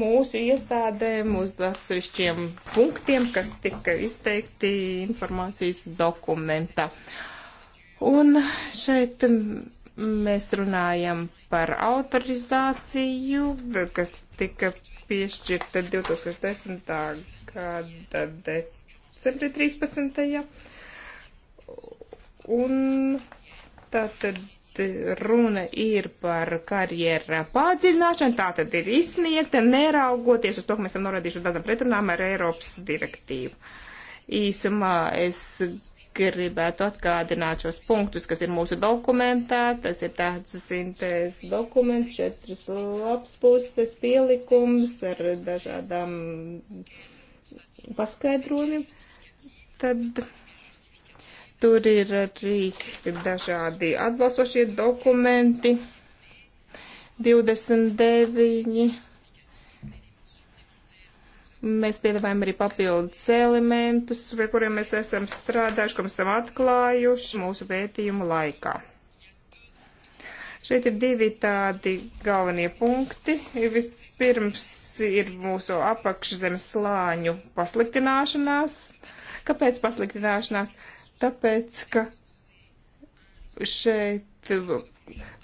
mūsu iestādēm uz atsevišķiem punktiem, kas tika izteikti informācijas dokumenta. Uh, Un šeit mēs runājam par autorizāciju, kas tika piešķirta 2010. gada decembrī 13. Un tātad runa ir par karjera pārdziļināšanu, tā tad ir izsniegta, neraugoties uz to, ka mēs esam norādījuši daudzām pretrunām ar Eiropas direktīvu. Īsumā es gribētu atgādināt šos punktus, kas ir mūsu dokumentā. Tas ir tāds sintēzes dokuments, četras labs puses pielikums ar dažādām paskaidrojumiem. Tad tur ir arī dažādi atbalstošie dokumenti. 29 Mēs piedāvājam arī papildus elementus, pie kuriem mēs esam strādājuši, ko mēs esam atklājuši mūsu pētījumu laikā. Šeit ir divi tādi galvenie punkti. Vispirms ir mūsu apakšzemes slāņu pasliktināšanās. Kāpēc pasliktināšanās? Tāpēc, ka šeit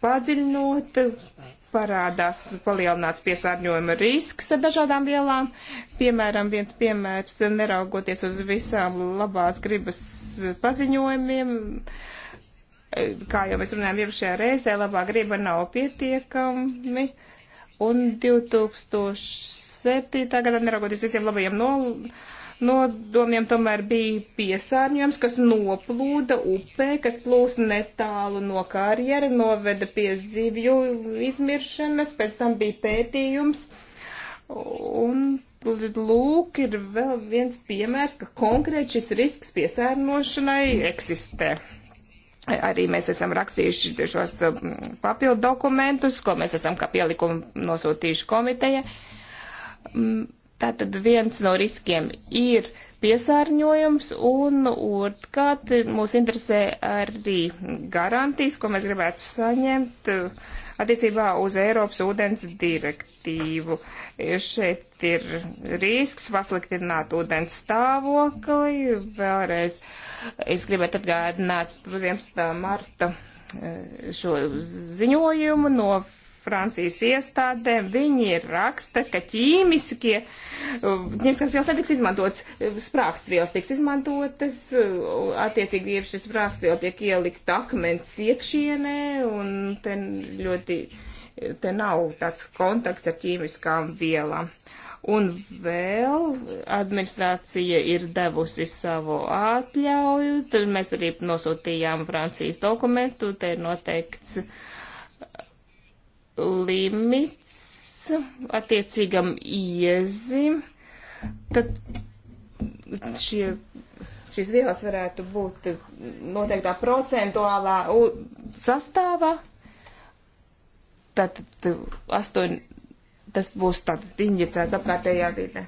padziļinot parādās palielināts piesārņojuma risks ar dažādām vielām. Piemēram, viens piemērs, neraugoties uz visām labās gribas paziņojumiem, kā jau mēs runājām iepriekšējā reizē, labā griba nav pietiekami. Un 2007. gadā, neraugoties visiem labajiem nolūkiem, nodomiem tomēr bija piesārņojums, kas noplūda upē, kas plūs netālu no karjera, noveda pie zivju izmiršanas, pēc tam bija pētījums. Un lūk, ir vēl viens piemērs, ka konkrēti šis risks piesārņošanai eksistē. Arī mēs esam rakstījuši šos um, papildu dokumentus, ko mēs esam kā pielikumu nosūtījuši komiteja mm, Tātad viens no riskiem ir piesārņojums, un otrkārt mūs interesē arī garantijas, ko mēs gribētu saņemt uh, attiecībā uz Eiropas ūdens direktīvu. Šeit ir risks pasliktināt ūdens stāvokli. Vēlreiz es gribētu atgādināt 11. marta uh, šo ziņojumu no Francijas iestādēm, viņi raksta, ka ķīmiskie, uh, ķīmiskās vielas netiks izmantotas, uh, sprākstvielas tiks izmantotas, uh, attiecīgi ir šis sprākstviela tiek ielikt akmens iekšienē, un te ļoti, te nav tāds kontakts ar ķīmiskām vielām. Un vēl administrācija ir devusi savu atļauju, tad mēs arī nosūtījām Francijas dokumentu, te ir noteikts uh, limits attiecīgam iezim, tad šie, šīs vielas varētu būt noteiktā procentuālā sastāvā. Tātad astoņi, tas būs tātad injicēts apkārtējā vidē.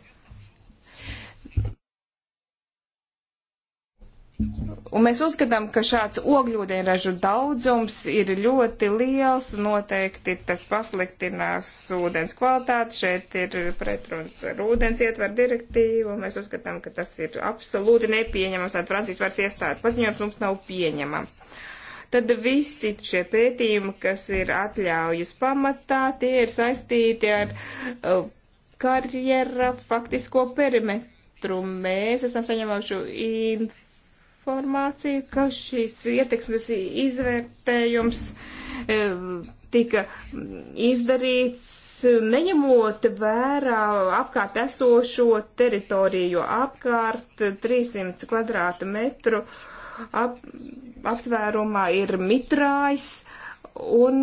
Un mēs uzskatām, ka šāds ogļūdeņražu daudzums ir ļoti liels, noteikti tas pasliktinās ūdens kvalitāti, šeit ir pretruns ar ūdens ietver direktīvu, mēs uzskatām, ka tas ir absolūti nepieņemams, tātad Francijas varas iestāde paziņojums mums nav pieņemams. Tad visi šie pētījumi, kas ir atļaujas pamatā, tie ir saistīti ar uh, karjera faktisko perimetru. Mēs esam saņēmuši informāciju informāciju, ka šīs ietekmes izvērtējums e, tika izdarīts neņemot vērā apkārt esošo teritoriju, apkārt 300 kvadrātmetru ap, aptvērumā ir mitrājs, un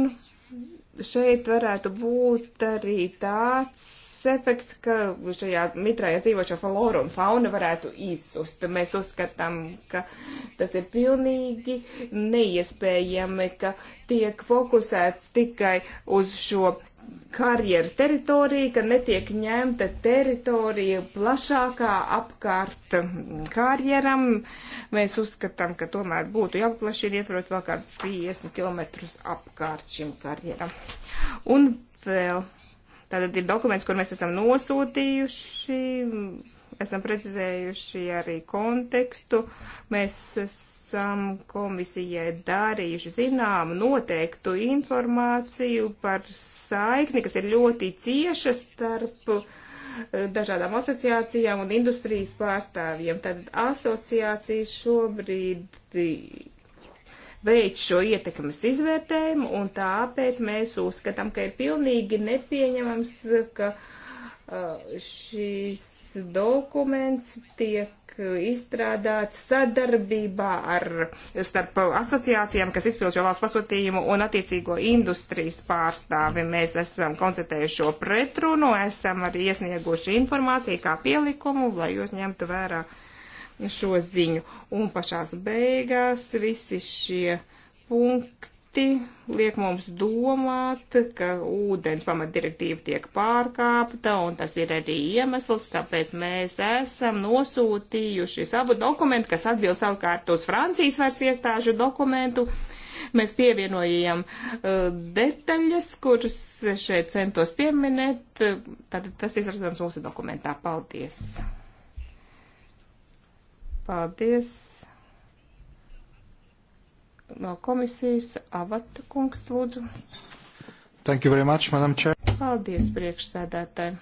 šeit varētu būt arī tāds efekts, ka šajā mitrājā dzīvošo flora un fauna varētu izsust. Mēs uzskatām, ka tas ir pilnīgi neiespējami, ka tiek fokusēts tikai uz šo karjeru teritoriju, ka netiek ņemta teritorija plašākā apkārt karjeram. Mēs uzskatām, ka tomēr būtu jāpaplašina ietverot vēl kādas 50 km apkārt šim karjeram. Un vēl Tātad ir dokuments, kur mēs esam nosūtījuši, esam precizējuši arī kontekstu, mēs esam komisijai darījuši zinām noteiktu informāciju par saikni, kas ir ļoti cieša starp eh, dažādām asociācijām un industrijas pārstāvjiem. Tad asociācijas šobrīd veic šo ietekmes izvērtējumu, un tāpēc mēs uzskatām, ka ir pilnīgi nepieņemams, ka uh, šīs dokuments tiek izstrādāts sadarbībā ar starp asociācijām, kas izpild šo valsts pasūtījumu un attiecīgo industrijas pārstāvi. Mēs esam koncentrējuši šo pretrunu, esam arī iesnieguši informāciju kā pielikumu, lai jūs ņemtu vērā uh, šo ziņu. Un pašās beigās visi šie punkti liek mums domāt, ka ūdens pamatdirektīva tiek pārkāpta, un tas ir arī iemesls, kāpēc mēs esam nosūtījuši savu dokumentu, kas atbild savukārt uz Francijas vairs iestāžu dokumentu. Mēs pievienojam uh, detaļas, kuras šeit centos pieminēt, tad tas izredzams mūsu dokumentā. Paldies! Paldies. No komisijas Avata kungs lūdzu. Thank you very much, Madam Chair. Paldies, priekšsēdētāji.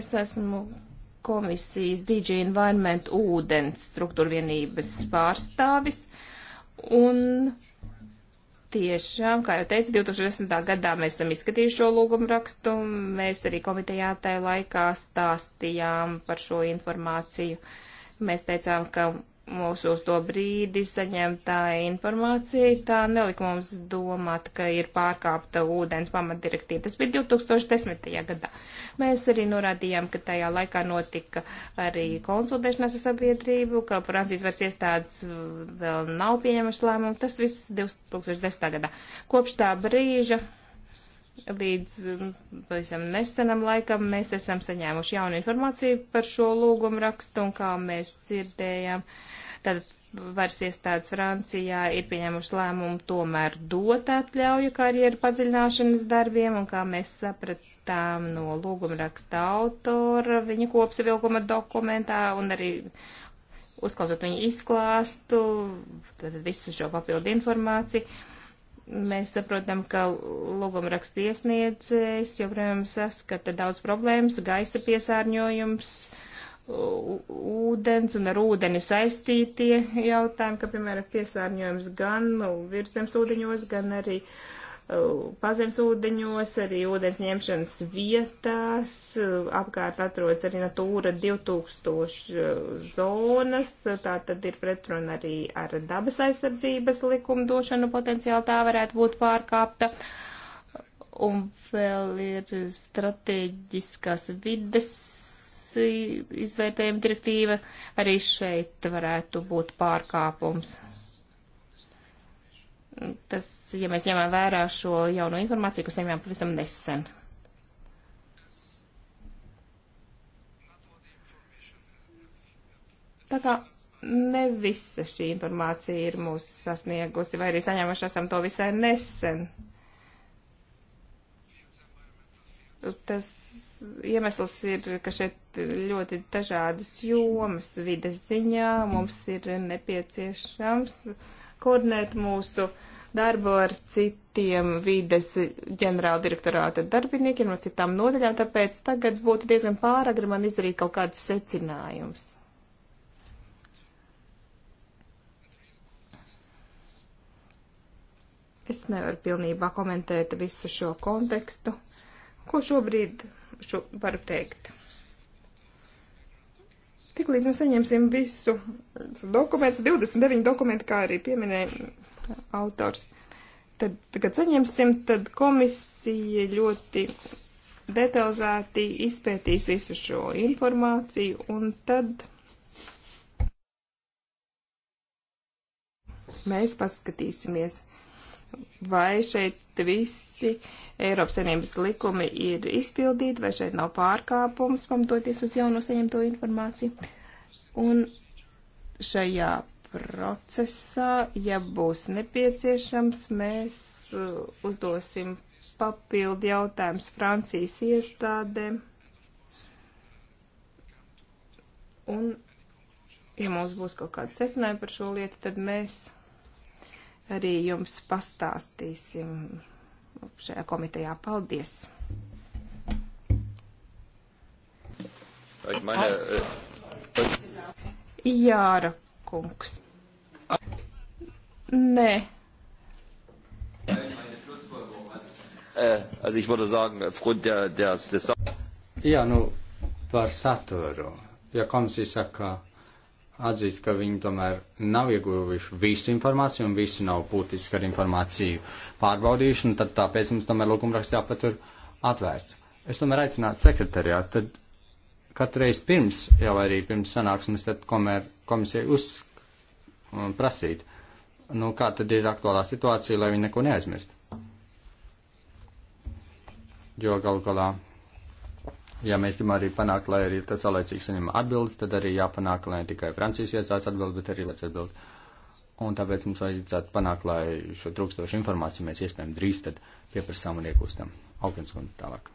Es esmu komisijas DJ Environment ūdens struktūrvienības pārstāvis, un tiešām, kā jau teicu, 2010. gadā mēs esam izskatījuši šo lūgumu rakstu. Mēs arī komitejā tajā laikā stāstījām par šo informāciju. Mēs teicām, ka mūsu uz to brīdi saņemtā informācija, tā nelika mums domāt, ka ir pārkāpta ūdens pamatdirektīva. Tas bija 2010. gadā. Mēs arī norādījām, ka tajā laikā notika arī konsultēšanās ar sabiedrību, ka Francijas varas iestādes vēl nav pieņemušas lēmumu. Tas viss 2010. gadā. Kopš tā brīža Līdz mm, pavisam nesenam laikam mēs esam saņēmuši jaunu informāciju par šo lūgumu rakstu un kā mēs dzirdējām, tad varas iestādes Francijā ir pieņēmuši lēmumu tomēr dot atļauju karjeru padziļināšanas darbiem un kā mēs sapratām no lūguma raksta autora viņa kopsavilkuma dokumentā un arī uzklausot viņu izklāstu, tad visu šo papildu informāciju Mēs saprotam, ka lūgumraksta iesniedzējs joprojām saskata daudz problēmas, gaisa piesārņojums, ūdens un ar ūdeni saistītie jautājumi, ka, piemēram, piesārņojums gan nu, virsmas ūdeņos, gan arī uh, pazemes ūdeņos, arī ūdens ņemšanas vietās, apkārt atrodas arī Natūra 2000 uh, zonas, tā tad ir pretruna arī ar dabas aizsardzības likumdošanu, potenciāli tā varētu būt pārkāpta. Un vēl ir strateģiskās vides izvērtējuma direktīva, arī šeit varētu būt pārkāpums. Tas, ja mēs ņemam vērā šo jauno informāciju, ko saņēmām pavisam nesen. Tā kā ne visa šī informācija ir mūs sasniegusi, vai arī saņēmuši esam to visai nesen. Tas iemesls ir, ka šeit ļoti dažādas jomas vides ziņā mums ir nepieciešams. Uh, koordinēt mūsu darbu ar citiem vides ģenerāla direktorāta darbiniekiem no citām nodaļām, tāpēc tagad būtu diezgan pāragri man izdarīt kaut kādas secinājumus. Es nevaru pilnībā komentēt visu šo kontekstu, ko šobrīd šo varu teikt. Tik līdz mēs saņemsim visu dokumentus, 29 dokumenti, kā arī pieminēja autors. Tad, kad saņemsim, tad komisija ļoti detalizēti izpētīs visu šo informāciju un tad mēs paskatīsimies, vai šeit visi uh, Eiropas Savienības likumi ir izpildīti, vai šeit nav pārkāpums pamatoties uz jauno saņemto informāciju. Un šajā procesā, ja būs nepieciešams, mēs uh, uzdosim papildu jautājums Francijas iestādēm. Un, ja mums būs kaut kāda secinājuma par šo lietu, tad mēs arī jums pastāstīsim šajā komitejā. Paldies! Eh, Jāra kungs. Nē. Eh, also ich würde sagen, aufgrund der, der, des Jā, nu, par saturu. Ja komisija saka, atzīst, ka viņi tomēr nav ieguvuši visu informāciju un visi nav būtiski ar informāciju pārbaudījuši, un tad tāpēc mums tomēr lūgumraksts jāpatur atvērts. Es tomēr aicinātu sekretariātu, tad katru reizi pirms, jau arī pirms sanāksmes, tad komēr, komisija uz um, prasīt, nu kā tad ir aktuālā situācija, lai viņi neko neaizmirst. Jo galu galā ja mēs gribam arī panākt, lai arī tas saulēcīgi saņem atbildes, tad arī jāpanāk, lai ne tikai Francijas iestādes atbild, bet arī Latvijas atbild. Un tāpēc mums vajadzētu panākt, lai šo trūkstošu informāciju mēs iespējami drīz tad pieprasām un iegūstam. Augins kundze tālāk.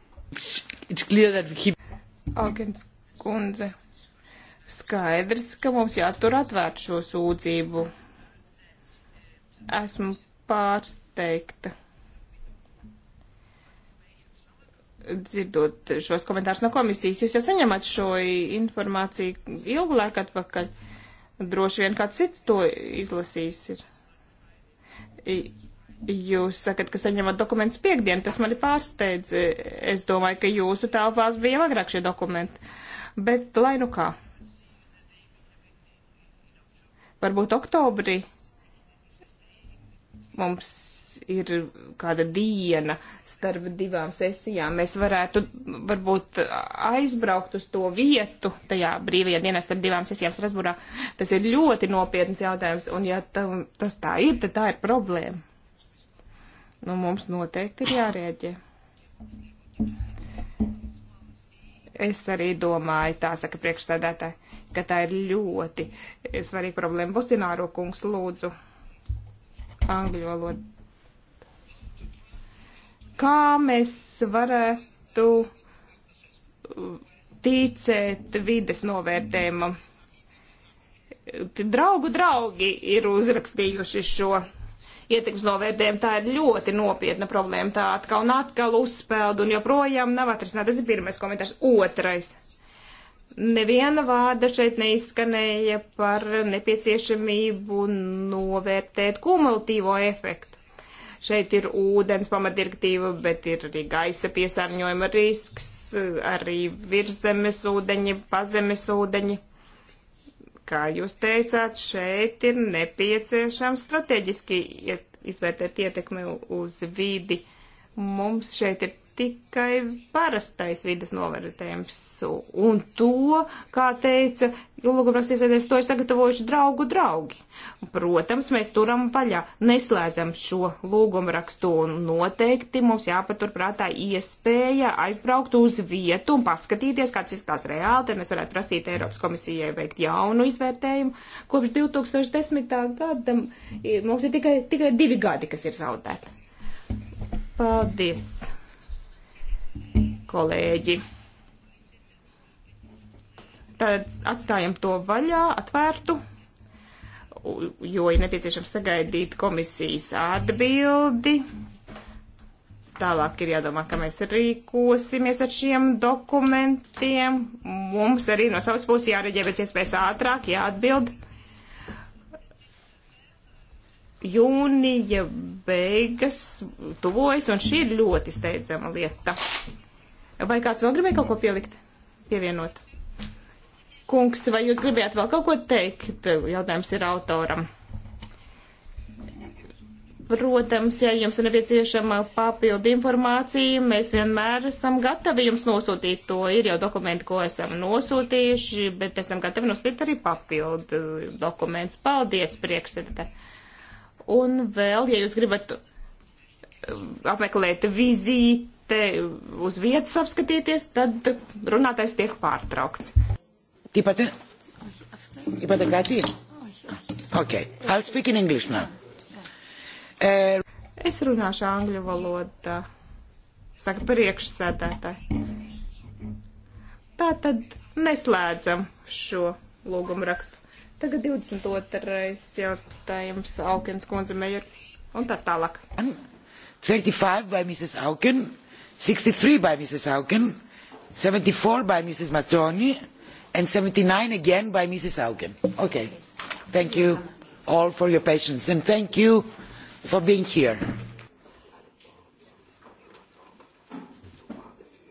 Augins kundze. Skaidrs, ka mums jātur atvērt šo sūdzību. Esmu pārsteigta dzirdot šos komentārus no komisijas, jūs jau saņemat šo informāciju ilgu laiku atpakaļ. Droši vien kāds cits to izlasīs ir. Jūs sakat, ka saņemat dokumentus piekdien, tas mani pārsteidz. Es domāju, ka jūsu telpās bija agrāk šie dokumenti. Bet lai nu kā. Varbūt oktobrī mums ir kāda diena starp divām sesijām, mēs varētu varbūt aizbraukt uz to vietu tajā brīvajā dienā starp divām sesijām Strasburā. Tas ir ļoti nopietns jautājums, un ja tam, tas tā ir, tad tā ir problēma. Nu, mums noteikti ir jārēģē. Es arī domāju, tā saka priekšsēdētāji, ka tā ir ļoti svarīga problēma. Bustināro kungs lūdzu angļu valodu. Kā mēs varētu ticēt vides novērtējumam? Draugu draugi ir uzrakstījuši šo ietekmes novērtējumu. Tā ir ļoti nopietna problēma. Tā atkal un atkal uzspēld un joprojām nav atrisināta. Tas ir pirmais komentārs. Otrais. Neviena vārda šeit neizskanēja par nepieciešamību novērtēt kumulatīvo efektu. Šeit ir ūdens pamatdirektīva, bet ir arī gaisa piesārņojuma risks, arī virzemes ūdeņi, pazemes ūdeņi. Kā jūs teicāt, šeit ir nepieciešams strateģiski izvērtēt ietekmi uz vidi. Mums šeit ir tikai parastais vidas novērtējums. Un to, kā teica lūgumrakstīsēdēs, to ir sagatavojuši draugu draugi. Protams, mēs turam paļā, neslēdzam šo lūgumrakstu un noteikti mums jāpaturprātā iespēja aizbraukt uz vietu un paskatīties, kāds izskatās reāli, tad mēs varētu prasīt Eiropas komisijai veikt jaunu izvērtējumu. Kopš 2010. gada mums ir tikai, tikai divi gadi, kas ir zaudēti. Paldies! kolēģi. Tad atstājam to vaļā, atvērtu, jo ir nepieciešams sagaidīt komisijas atbildi. Tālāk ir jādomā, kā mēs rīkosimies ar šiem dokumentiem. Mums arī no savas puses jāreģē pēc iespējas ātrāk, jāatbild. Ja jūnija beigas tuvojas, un šī ir ļoti steidzama lieta. Vai kāds vēl gribēja kaut ko pielikt, pievienot? Kungs, vai jūs gribējāt vēl kaut ko teikt? Jautājums ir autoram. Protams, ja jums ir nepieciešama papildu informācija, mēs vienmēr esam gatavi jums nosūtīt to. Ir jau dokumenti, ko esam nosūtījuši, bet esam gatavi nosūtīt arī papildu dokumentus. Paldies, priekšsēdētāji! Un vēl, ja jūs gribat um, apmeklēt vizīte uz vietas apskatīties, tad runātais tiek pārtraukts. Tipate? Tipate gati? Ok. I'll speak in English now. Uh... Es runāšu angļu valodā. Saka priekšsēdētāji. Tā tad neslēdzam šo lūgumu rakstu. Tagad 22. jautājums Aukens kundze Mejer un tā tālāk. 35 by Mrs. Auken, 63 by Mrs. Auken, 74 by Mrs. Mazzoni and 79 again by Mrs. Auken. Okay. Thank you all for your patience and thank you for being here.